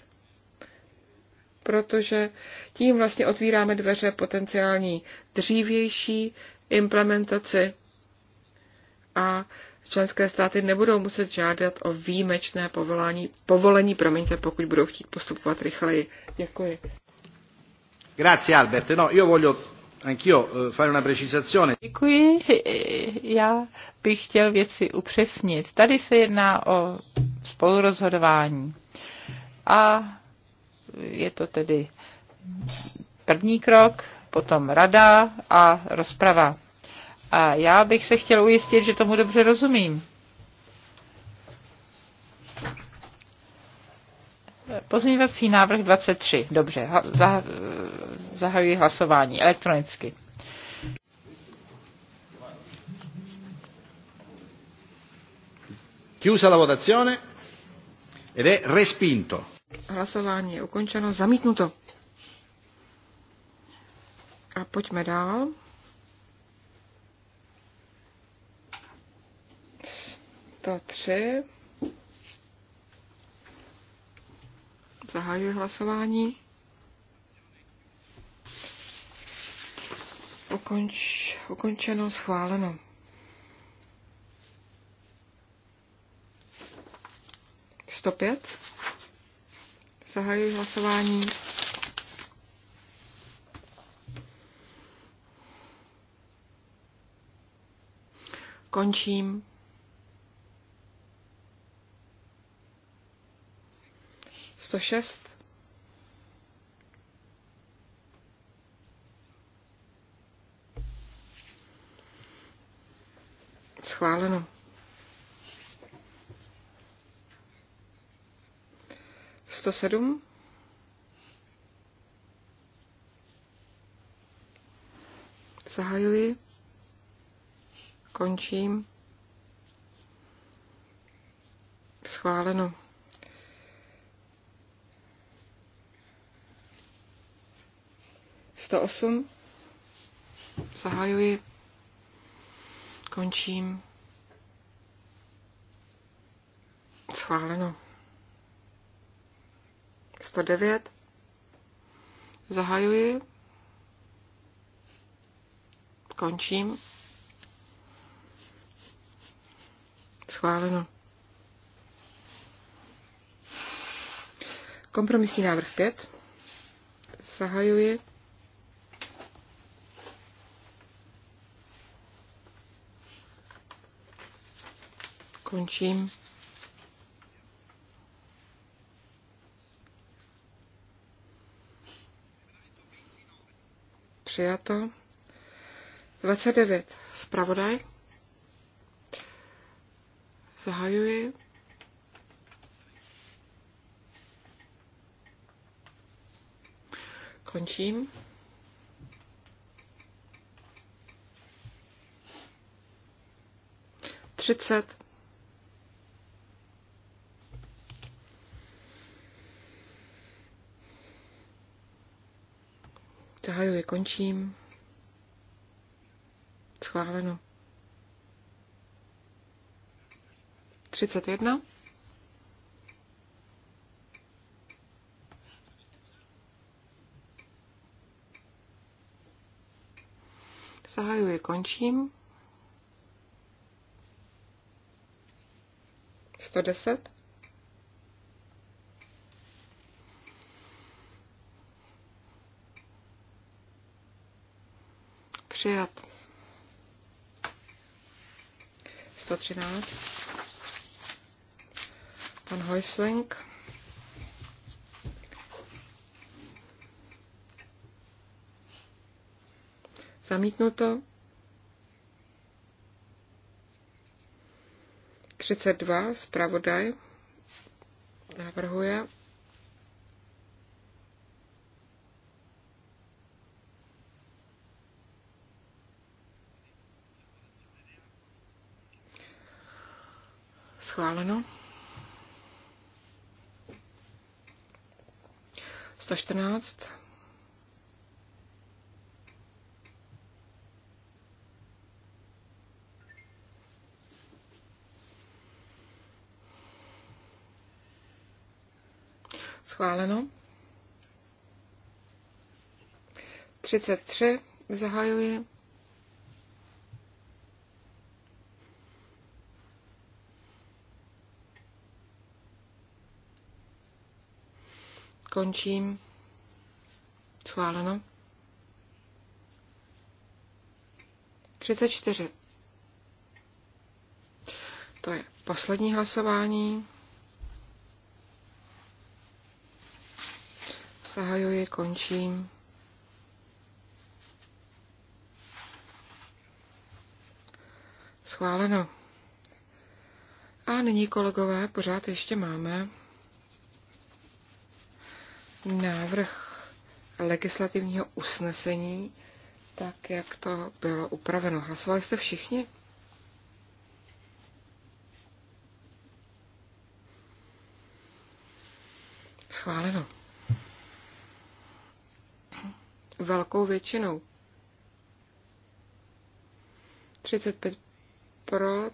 C: Protože tím vlastně otvíráme dveře potenciální dřívější implementaci a členské státy nebudou muset žádat o výjimečné povolání, povolení, promiňte, pokud budou chtít postupovat rychleji. Děkuji.
B: Grazie Albert. No, io voglio anch'io eh, fare una precisazione. Děkuji. Já bych chtěl věci upřesnit. Tady se jedná o spolurozhodování. A je to tedy první krok, potom rada a rozprava. A já bych se chtěl ujistit, že tomu dobře rozumím. Pozměňovací návrh 23. Dobře, Zahajuji hlasování elektronicky. Chiusa la votazione ed è respinto.
C: Hlasování je ukončeno, zamítnuto. A pojďme dál. tři. Zahajuji hlasování. Ukonč, ukončeno, schváleno. Sto pět. Zahajuji hlasování. Končím. Sto šest. schváleno. Sto sedm. Zahajuji. Končím. Schváleno. Sto osm. Zahajuji. Končím. Schváleno. 109. Zahajuji. Končím. Schváleno. Kompromisní návrh 5. Zahajuji. Končím. přijato. 29. Spravodaj. Zahajuji. Končím. Třicet. Hlasování končím. Schváleno. 31. Zahajuji, končím. 110. 113. Pan Heusling. Zamítnuto. 32. Zpravodaj navrhuje Schváleno. 114. Schváleno. 33. Zahajuji. Končím. Schváleno. 34. To je poslední hlasování. Zahajuji, končím. Schváleno. A nyní, kolegové, pořád ještě máme návrh legislativního usnesení, tak jak to bylo upraveno. Hlasovali jste všichni? Schváleno. Velkou většinou. 35 pro,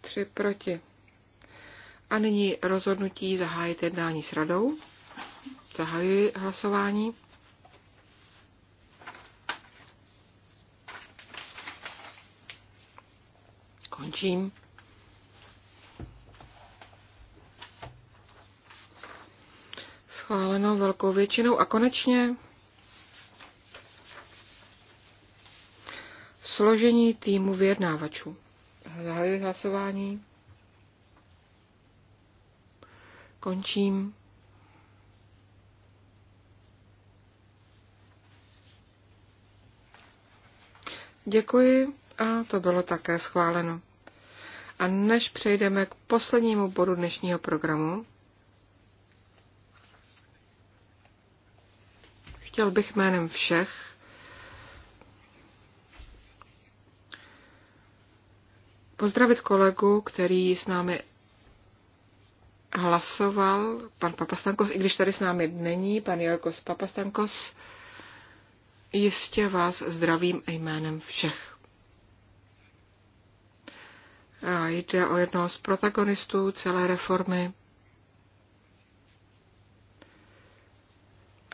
C: 3 proti. A nyní rozhodnutí zahájit jednání s radou. Zahajuji hlasování. Končím. Schváleno velkou většinou a konečně složení týmu vyjednávačů. Zahajuji hlasování. Končím. Děkuji a to bylo také schváleno. A než přejdeme k poslednímu bodu dnešního programu, chtěl bych jménem všech pozdravit kolegu, který s námi hlasoval, pan Papastankos, i když tady s námi není, pan Jorgos Papastankos, Jistě vás zdravím jménem všech. A jde o jednoho z protagonistů celé reformy.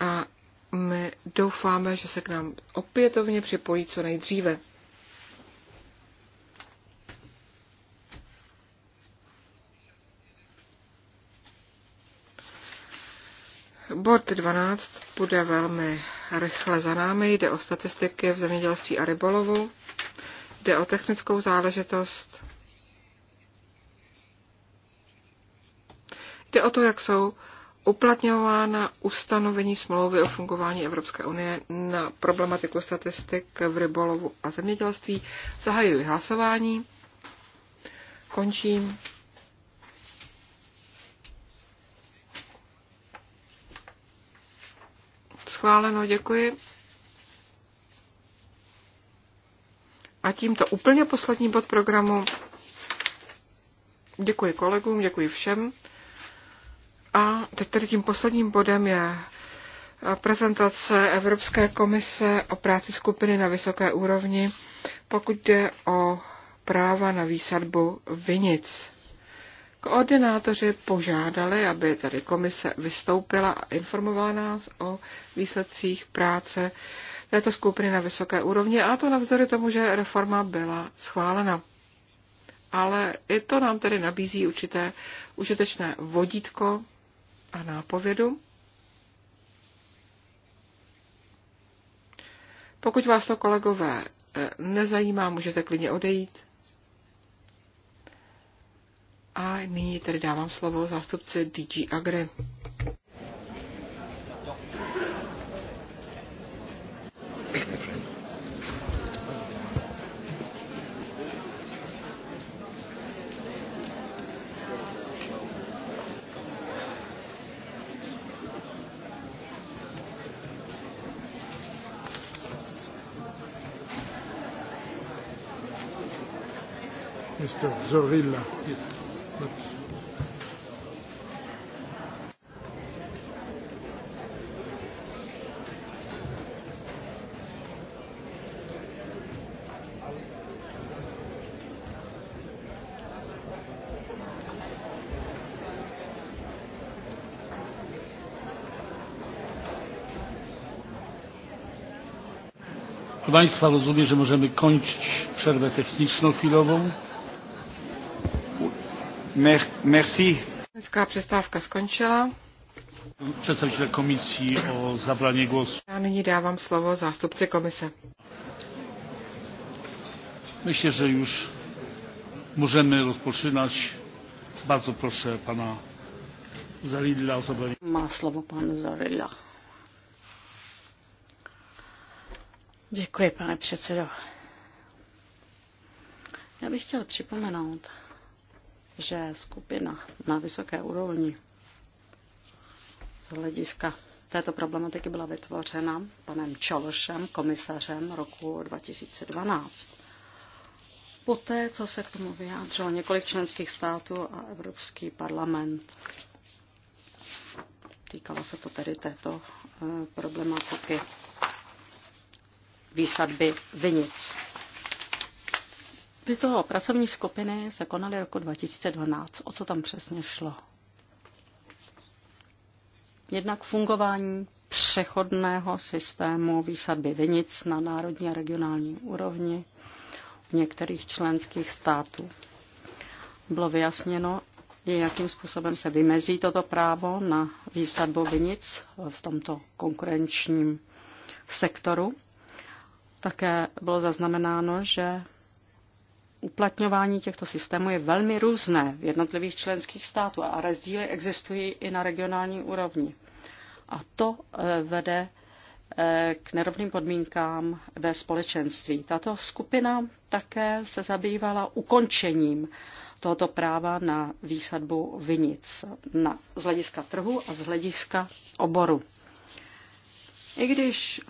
C: A my doufáme, že se k nám opětovně připojí co nejdříve. Bod 12 bude velmi rychle za námi. Jde o statistiky v zemědělství a rybolovu. Jde o technickou záležitost. Jde o to, jak jsou uplatňována ustanovení smlouvy o fungování Evropské unie na problematiku statistik v rybolovu a zemědělství. Zahajuji hlasování. Končím. Schváleno, děkuji. A tímto úplně poslední bod programu. Děkuji kolegům, děkuji všem. A teď tedy tím posledním bodem je prezentace Evropské komise o práci skupiny na vysoké úrovni, pokud jde o práva na výsadbu vinic. Koordinátoři požádali, aby tady komise vystoupila a informovala nás o výsledcích práce této skupiny na vysoké úrovni, a to navzdory tomu, že reforma byla schválena. Ale i to nám tedy nabízí určité užitečné vodítko a nápovědu. Pokud vás to, kolegové, nezajímá, můžete klidně odejít. A nyní tedy dávám slovo zástupce DG Agri. Mr. Zorilla. Yes proszę
A: państwa rozumie, że możemy kończyć przerwę techniczną chwilową
C: merci. Dneska přestávka skončila. Představitel
B: komisí o zabraní głosu.
C: Já nyní dávám slovo zástupci komise.
B: Myslím, že už můžeme rozpočínat.
A: Bardzo proszę pana Zarilla o zabranie. Má slovo pan Zarilla. Děkuji, pane předsedo. Já bych chtěl připomenout, že skupina na vysoké úrovni z hlediska této problematiky byla vytvořena panem Čološem, komisařem roku 2012. Poté, co se k tomu vyjádřilo několik členských států a Evropský parlament, týkalo se to tedy této eh, problematiky výsadby vinic. Tyto pracovní skupiny se konaly roku 2012. O co tam přesně šlo? Jednak fungování přechodného systému výsadby vinic na národní a regionální úrovni v některých členských států. Bylo vyjasněno, jakým způsobem se vymezí toto právo na výsadbu vinic v tomto konkurenčním sektoru. Také bylo zaznamenáno, že uplatňování těchto systémů je velmi různé v jednotlivých členských států a rozdíly existují i na regionální úrovni. A to eh, vede eh, k nerovným podmínkám ve společenství. Tato skupina také se zabývala ukončením tohoto práva na výsadbu vinic na, z hlediska trhu a z hlediska oboru. I když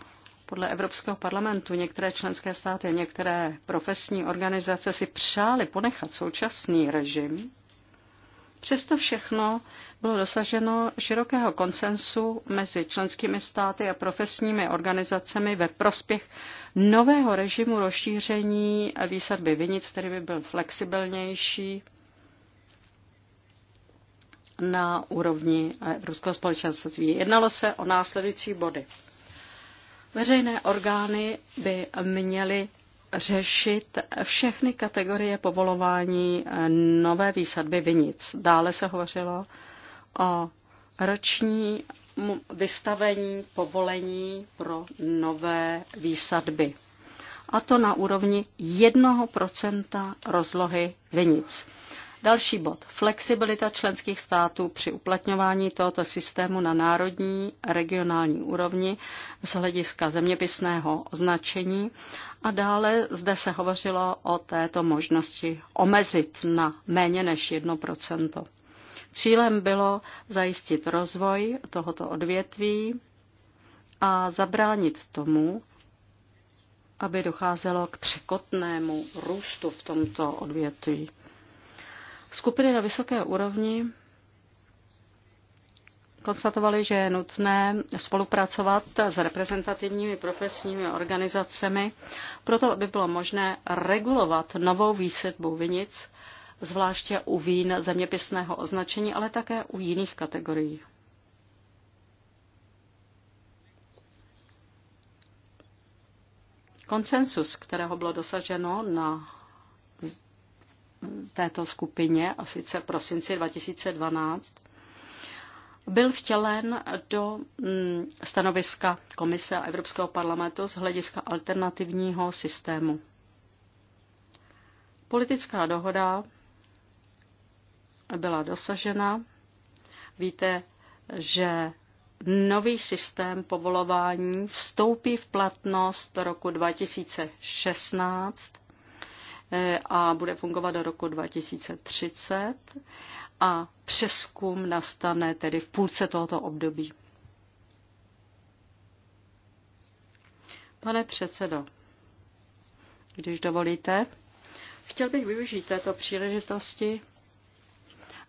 A: podle Evropského parlamentu některé členské státy a některé profesní organizace si přáli ponechat současný režim. Přesto všechno bylo dosaženo širokého konsensu mezi členskými státy a profesními organizacemi ve prospěch nového režimu rozšíření výsadby vinic, který by byl flexibilnější na úrovni Evropského společenství. Jednalo se o následující body. Veřejné orgány by měly řešit všechny kategorie povolování eh, nové výsadby vinic. Dále se hovořilo o roční vystavení povolení pro nové výsadby. A to na úrovni 1% rozlohy vinic. Další bod. Flexibilita členských států při uplatňování tohoto systému na národní, regionální úrovni z hlediska zeměpisného označení. A dále zde se hovořilo o této možnosti omezit na méně než 1%. Cílem bylo zajistit rozvoj tohoto odvětví a zabránit tomu, aby docházelo k překotnému růstu v tomto odvětví. Skupiny na vysoké úrovni konstatovali, že je nutné spolupracovat s reprezentativními profesními organizacemi, proto aby bylo možné regulovat novou výsadbu vinic, zvláště u vín zeměpisného označení, ale také u jiných kategorií. Konsensus, kterého bylo dosaženo na této skupině, a sice v prosinci 2012, byl vtělen do mm, stanoviska Komise a Evropského parlamentu z hlediska alternativního systému. Politická dohoda byla dosažena. Víte, že nový systém povolování vstoupí v platnost roku 2016 a bude fungovat do roku 2030 a přeskum nastane tedy v půlce tohoto období. Pane předsedo, když dovolíte, chtěl bych využít této příležitosti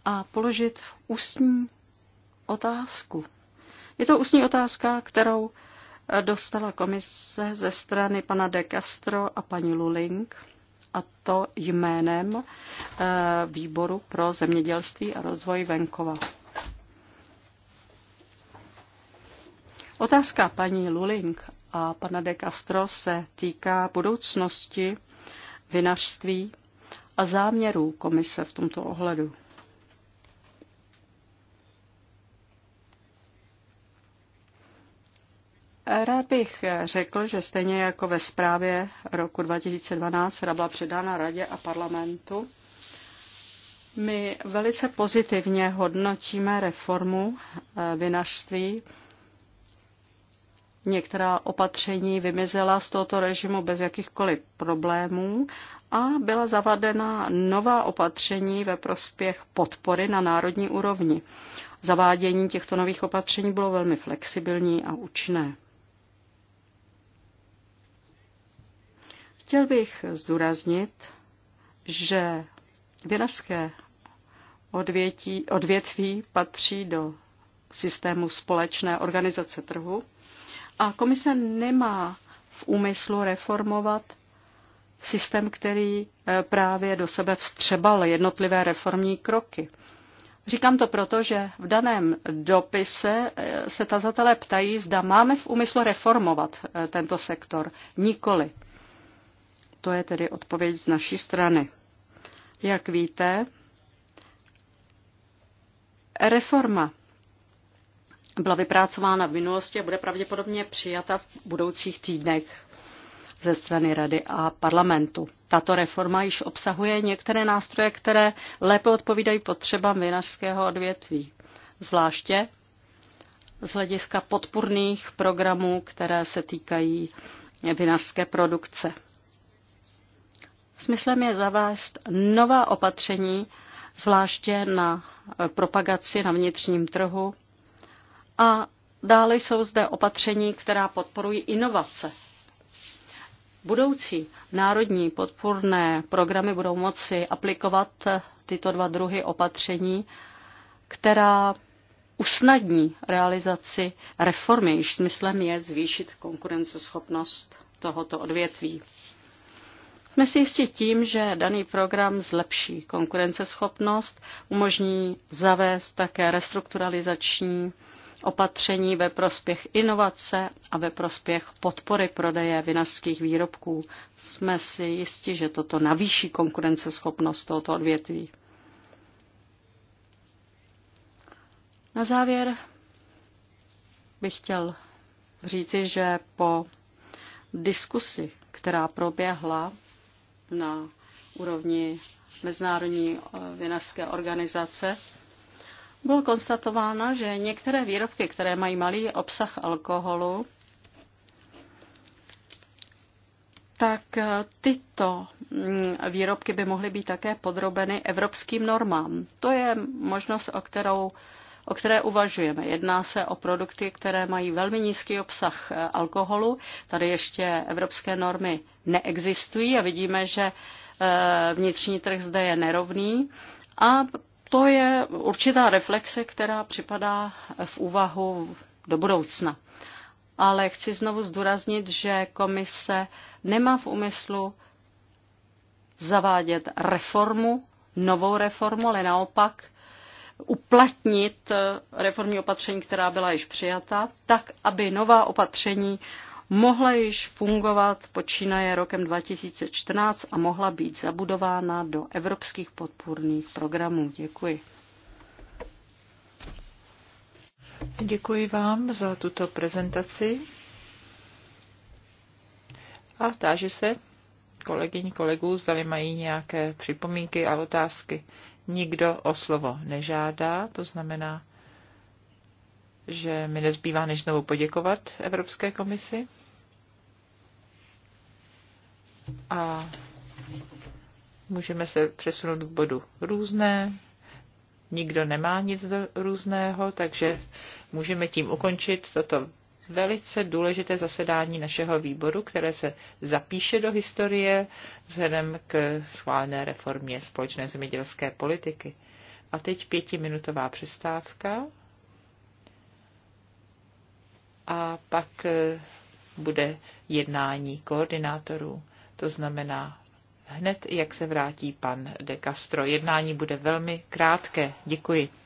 A: a položit ústní otázku. Je to ústní otázka, kterou eh, dostala komise ze strany pana De Castro a paní Luling a to jménem eh, Výboru pro zemědělství a rozvoj venkova. Otázka paní Luling a pana de Castro se týká budoucnosti vinařství a záměrů komise v tomto ohledu. Rád bych řekl, že stejně jako ve zprávě roku 2012, která byla předána Radě a parlamentu, my velice pozitivně hodnotíme reformu eh, vinařství. Některá opatření vymizela z tohoto režimu bez jakýchkoliv problémů a byla zavadena nová opatření ve prospěch podpory na národní úrovni. Zavádění těchto nových opatření bylo velmi flexibilní a účinné. Chtěl bych zdůraznit, že vinařské odvětí, odvětví patří do systému společné organizace trhu a komise nemá v úmyslu reformovat systém, který eh, právě do sebe vstřebal jednotlivé reformní kroky. Říkám to proto, že v daném dopise eh, se tazatelé ptají, zda máme v úmyslu reformovat eh, tento sektor. Nikoli. To je tedy odpověď z naší strany. Jak víte, reforma byla vypracována v minulosti a bude pravděpodobně přijata v budoucích týdnech ze strany Rady a parlamentu. Tato reforma již obsahuje některé nástroje, které lépe odpovídají potřebám vinařského odvětví, zvláště z hlediska podpůrných programů, které se týkají vinařské produkce. Smyslem je zavést nová opatření, zvláště na eh, propagaci na vnitřním trhu. A dále jsou zde opatření, která podporují inovace. Budoucí národní podpůrné programy budou moci aplikovat eh, tyto dva druhy opatření, která usnadní realizaci reformy, jejíž smyslem je zvýšit konkurenceschopnost tohoto odvětví. Jsme si jistí tím, že daný program zlepší konkurenceschopnost, umožní zavést také restrukturalizační opatření ve prospěch inovace a ve prospěch podpory prodeje vinařských výrobků. Jsme si jistí, že toto navýší konkurenceschopnost tohoto odvětví. Na závěr bych chtěl říci, že po diskusi, která proběhla na úrovni Mezinárodní eh, vinařské organizace, bylo konstatováno, že některé výrobky, které mají malý obsah alkoholu, tak eh, tyto mm, výrobky by mohly být také podrobeny evropským normám. To je možnost, o kterou o které uvažujeme. Jedná se o produkty, které mají velmi nízký obsah eh, alkoholu. Tady ještě evropské normy neexistují a vidíme, že eh, vnitřní trh zde je nerovný. A to je určitá reflexe, která připadá v úvahu do budoucna. Ale chci znovu zdůraznit, že komise nemá v úmyslu zavádět reformu, novou reformu, ale naopak uplatnit eh, reformní opatření, která byla již přijata, tak, aby nová opatření mohla již fungovat počínaje rokem 2014 a mohla být zabudována do evropských podpůrných programů. Děkuji.
B: Děkuji vám za tuto prezentaci. A táže se kolegyň kolegů, zda mají nějaké připomínky a otázky nikdo o slovo nežádá, to znamená, že mi nezbývá než znovu poděkovat Evropské komisi. A můžeme se přesunout k bodu různé. Nikdo nemá nic do různého, takže můžeme tím ukončit toto velice důležité zasedání našeho výboru, které se zapíše do historie vzhledem k schválené reformě společné zemědělské politiky. A teď pětiminutová přestávka. A pak eh, bude jednání koordinátorů. To znamená hned, jak se vrátí pan De Castro. Jednání bude velmi krátké. Děkuji.